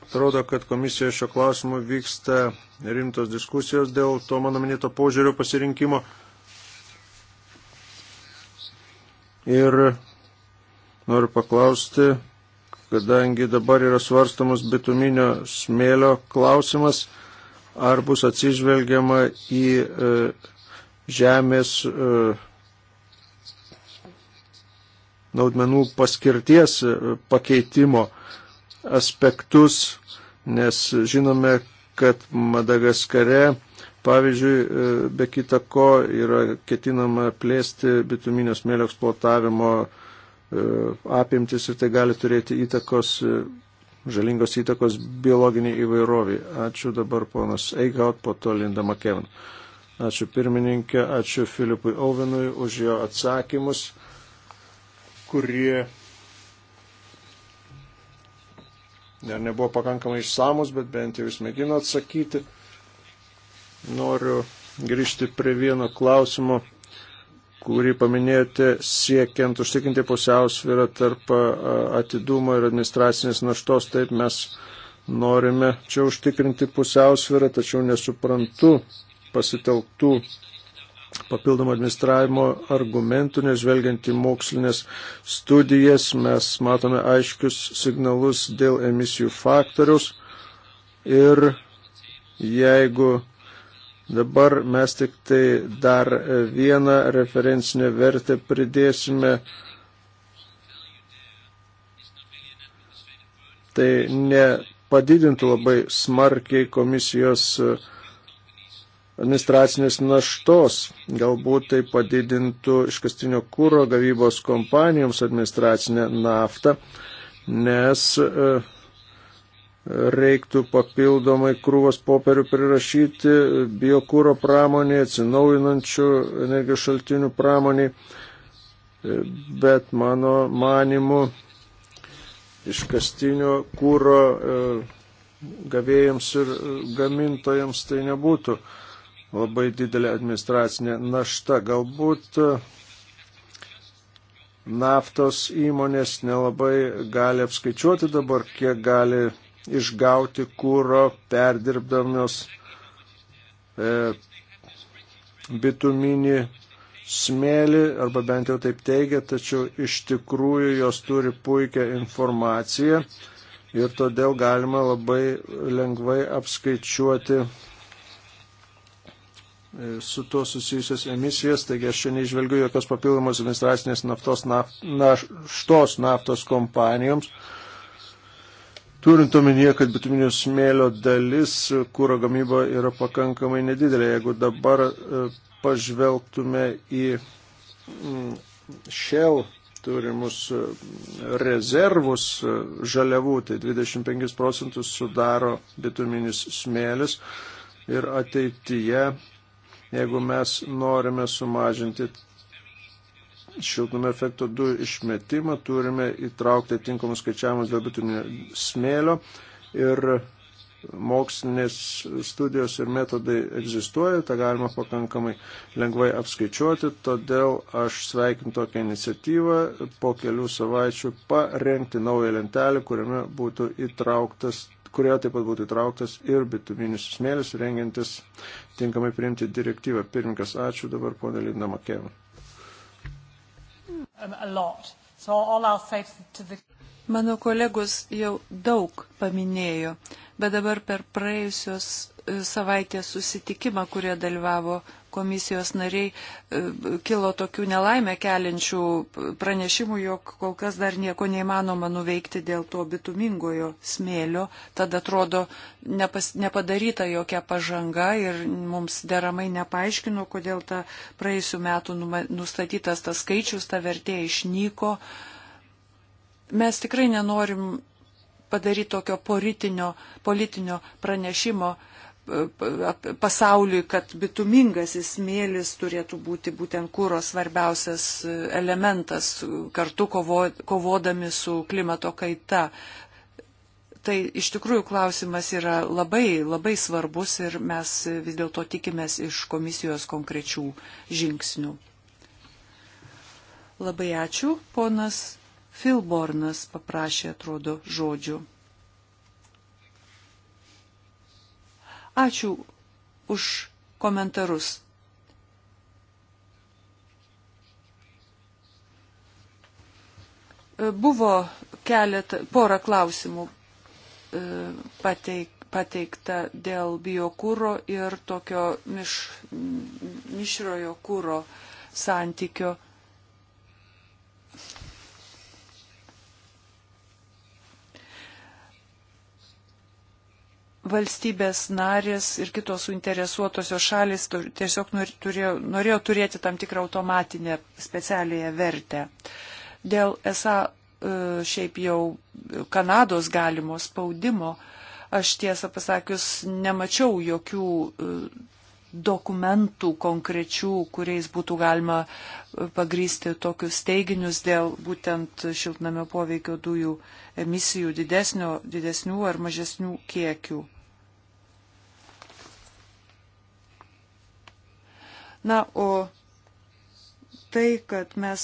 Speaker 1: Atrodo, kad komisijoje šio klausimu vyksta rimtos diskusijos dėl to mano minėto požiūrio pasirinkimo. Ir noriu paklausti, kadangi dabar yra svarstamas bituminio smėlio klausimas, ar bus atsižvelgiama į e, žemės e, naudmenų paskirties e, pakeitimo aspektus, nes žinome, kad Madagaskare, pavyzdžiui, e, be kita ko yra ketinama plėsti bituminio smėlio eksploatavimo e, apimtis ir tai gali turėti įtakos, žalingos įtakos biologiniai įvairoviai. Ačiū dabar ponas Eigaut, po to Linda Makevin. Ačiū pirmininkė, ačiū Filipui Auvinui už jo atsakymus kurie dar nebuvo pakankamai išsamus, bet bent jau jis mėgino atsakyti. Noriu grįžti prie vieno klausimo, kurį paminėjote siekiant užtikrinti pusiausvyrą tarp atidumo ir administracinės naštos. Taip mes norime čia užtikrinti pusiausvyrą, tačiau nesuprantu pasitelktų papildomų administravimo argumentų, nežvelgiant į mokslinės studijas, mes matome aiškius signalus dėl emisijų faktoriaus. Ir jeigu dabar mes tik tai dar vieną referencinę vertę pridėsime, tai nepadidintų labai smarkiai komisijos uh, administracinės naštos. Galbūt tai padidintų iškastinio kūro gavybos kompanijoms administracinę naftą, nes e, reiktų papildomai krūvos popierių prirašyti biokūro pramonėje, atsinaujinančių energijos šaltinių pramonėje, e, bet mano manimu iškastinio kūro e, gavėjams ir gamintojams tai nebūtų labai didelė administracinė našta. Galbūt e, naftos įmonės nelabai gali apskaičiuoti dabar, kiek gali išgauti kūro perdirbdamios e, bituminį smėlį, arba bent jau taip teigia, tačiau iš tikrųjų jos turi puikią informaciją ir todėl galima labai lengvai apskaičiuoti E, su tuo susijusios emisijas, taigi aš čia neižvelgiu jokios papildomos administracinės naftos, naf, naštos naftos kompanijoms. Turint omenyje, kad bituminio smėlio dalis kūro gamyba yra pakankamai nedidelė. Jeigu dabar e, pažvelgtume į mm, Shell turimus e, rezervus žaliavų, tai 25 procentus sudaro bituminis smėlis ir ateityje Jeigu mes norime sumažinti šiltnamio efekto dujų išmetimą, turime įtraukti tinkamus skaičiavimus dėl bituminio smėlio ir mokslinės studijos ir metodai egzistuoja, tą galima pakankamai lengvai apskaičiuoti, todėl aš sveikinu tokią iniciatyvą po kelių savaičių parengti naują lentelę, kuriame būtų įtrauktas kurioje taip pat būtų įtrauktas ir bituminis smėlis, rengiantis tinkamai priimti direktyvą. Pirmininkas, ačiū dabar ponė Lina Makėva.
Speaker 4: Um,
Speaker 2: Mano kolegos jau daug paminėjo, bet dabar per praėjusios savaitės susitikimą, kurie dalyvavo komisijos nariai, e, kilo tokių nelaimę keliančių pranešimų, jog kol kas dar nieko neįmanoma nuveikti dėl to bitumingojo smėlio. Tada atrodo nepas, nepadaryta jokia pažanga ir mums deramai nepaaiškino, kodėl ta praėjusiu metu nustatytas tas skaičius, ta vertė išnyko. Mes tikrai nenorim padaryti tokio politinio, politinio pranešimo, pasauliui, kad bitumingasis mėlis turėtų būti būtent kūro svarbiausias elementas kartu kovo, kovodami su klimato kaita. Tai iš tikrųjų klausimas yra labai, labai svarbus ir mes vis dėlto tikimės iš komisijos konkrečių žingsnių. Labai ačiū, ponas Filbornas paprašė, atrodo, žodžių. Ačiū už komentarus. E, buvo keletą, porą klausimų e, pateik, pateikta dėl biokūro ir tokio miš, mišrojo kūro santykio. valstybės narės ir kitos suinteresuotosios šalis tiesiog turėjo, norėjo turėti tam tikrą automatinę specialiąją vertę. Dėl esą e, šiaip jau Kanados galimo spaudimo aš tiesą pasakius nemačiau jokių e, dokumentų konkrečių, kuriais būtų galima e, pagrysti tokius teiginius dėl būtent šiltnamio poveikio dujų emisijų didesnio, didesnių ar mažesnių kiekių. Na, o tai, kad mes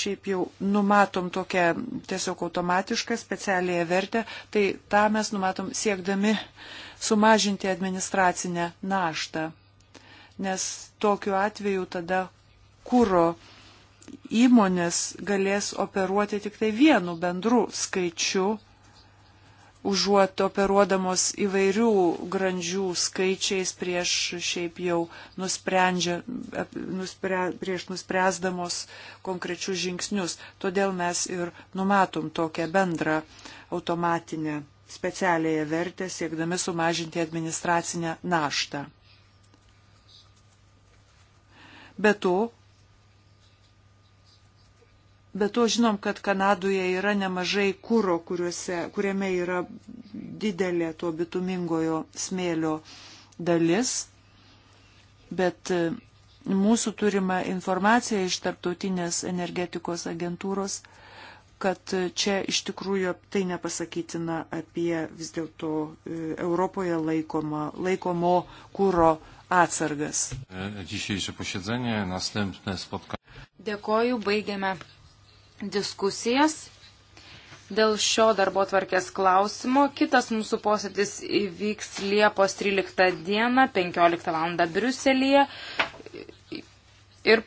Speaker 2: šiaip jau numatom tokią tiesiog automatišką specialiąją vertę, tai tą mes numatom siekdami sumažinti administracinę naštą. Nes tokiu atveju tada kūro įmonės galės operuoti tik tai vienu bendru skaičiu užuot operuodamos įvairių grandžių skaičiais prieš šiaip jau nusprendžia, nuspre, prieš nuspręsdamos konkrečius žingsnius. Todėl mes ir numatom tokią bendrą automatinę specialiąją vertę, siekdami sumažinti administracinę naštą. Be to, Bet to žinom, kad Kanadoje yra nemažai kūro, kuriuose, kuriame yra didelė to bitumingojo smėlio dalis. Bet e, mūsų turima informacija iš tarptautinės energetikos agentūros, kad e, čia iš tikrųjų tai nepasakytina apie vis dėlto e, Europoje laikoma, laikomo kūro atsargas.
Speaker 3: Dėkoju, baigiame diskusijas dėl šio darbo tvarkės klausimo. Kitas mūsų posėdis įvyks Liepos 13 dieną, 15 val. Briuselėje.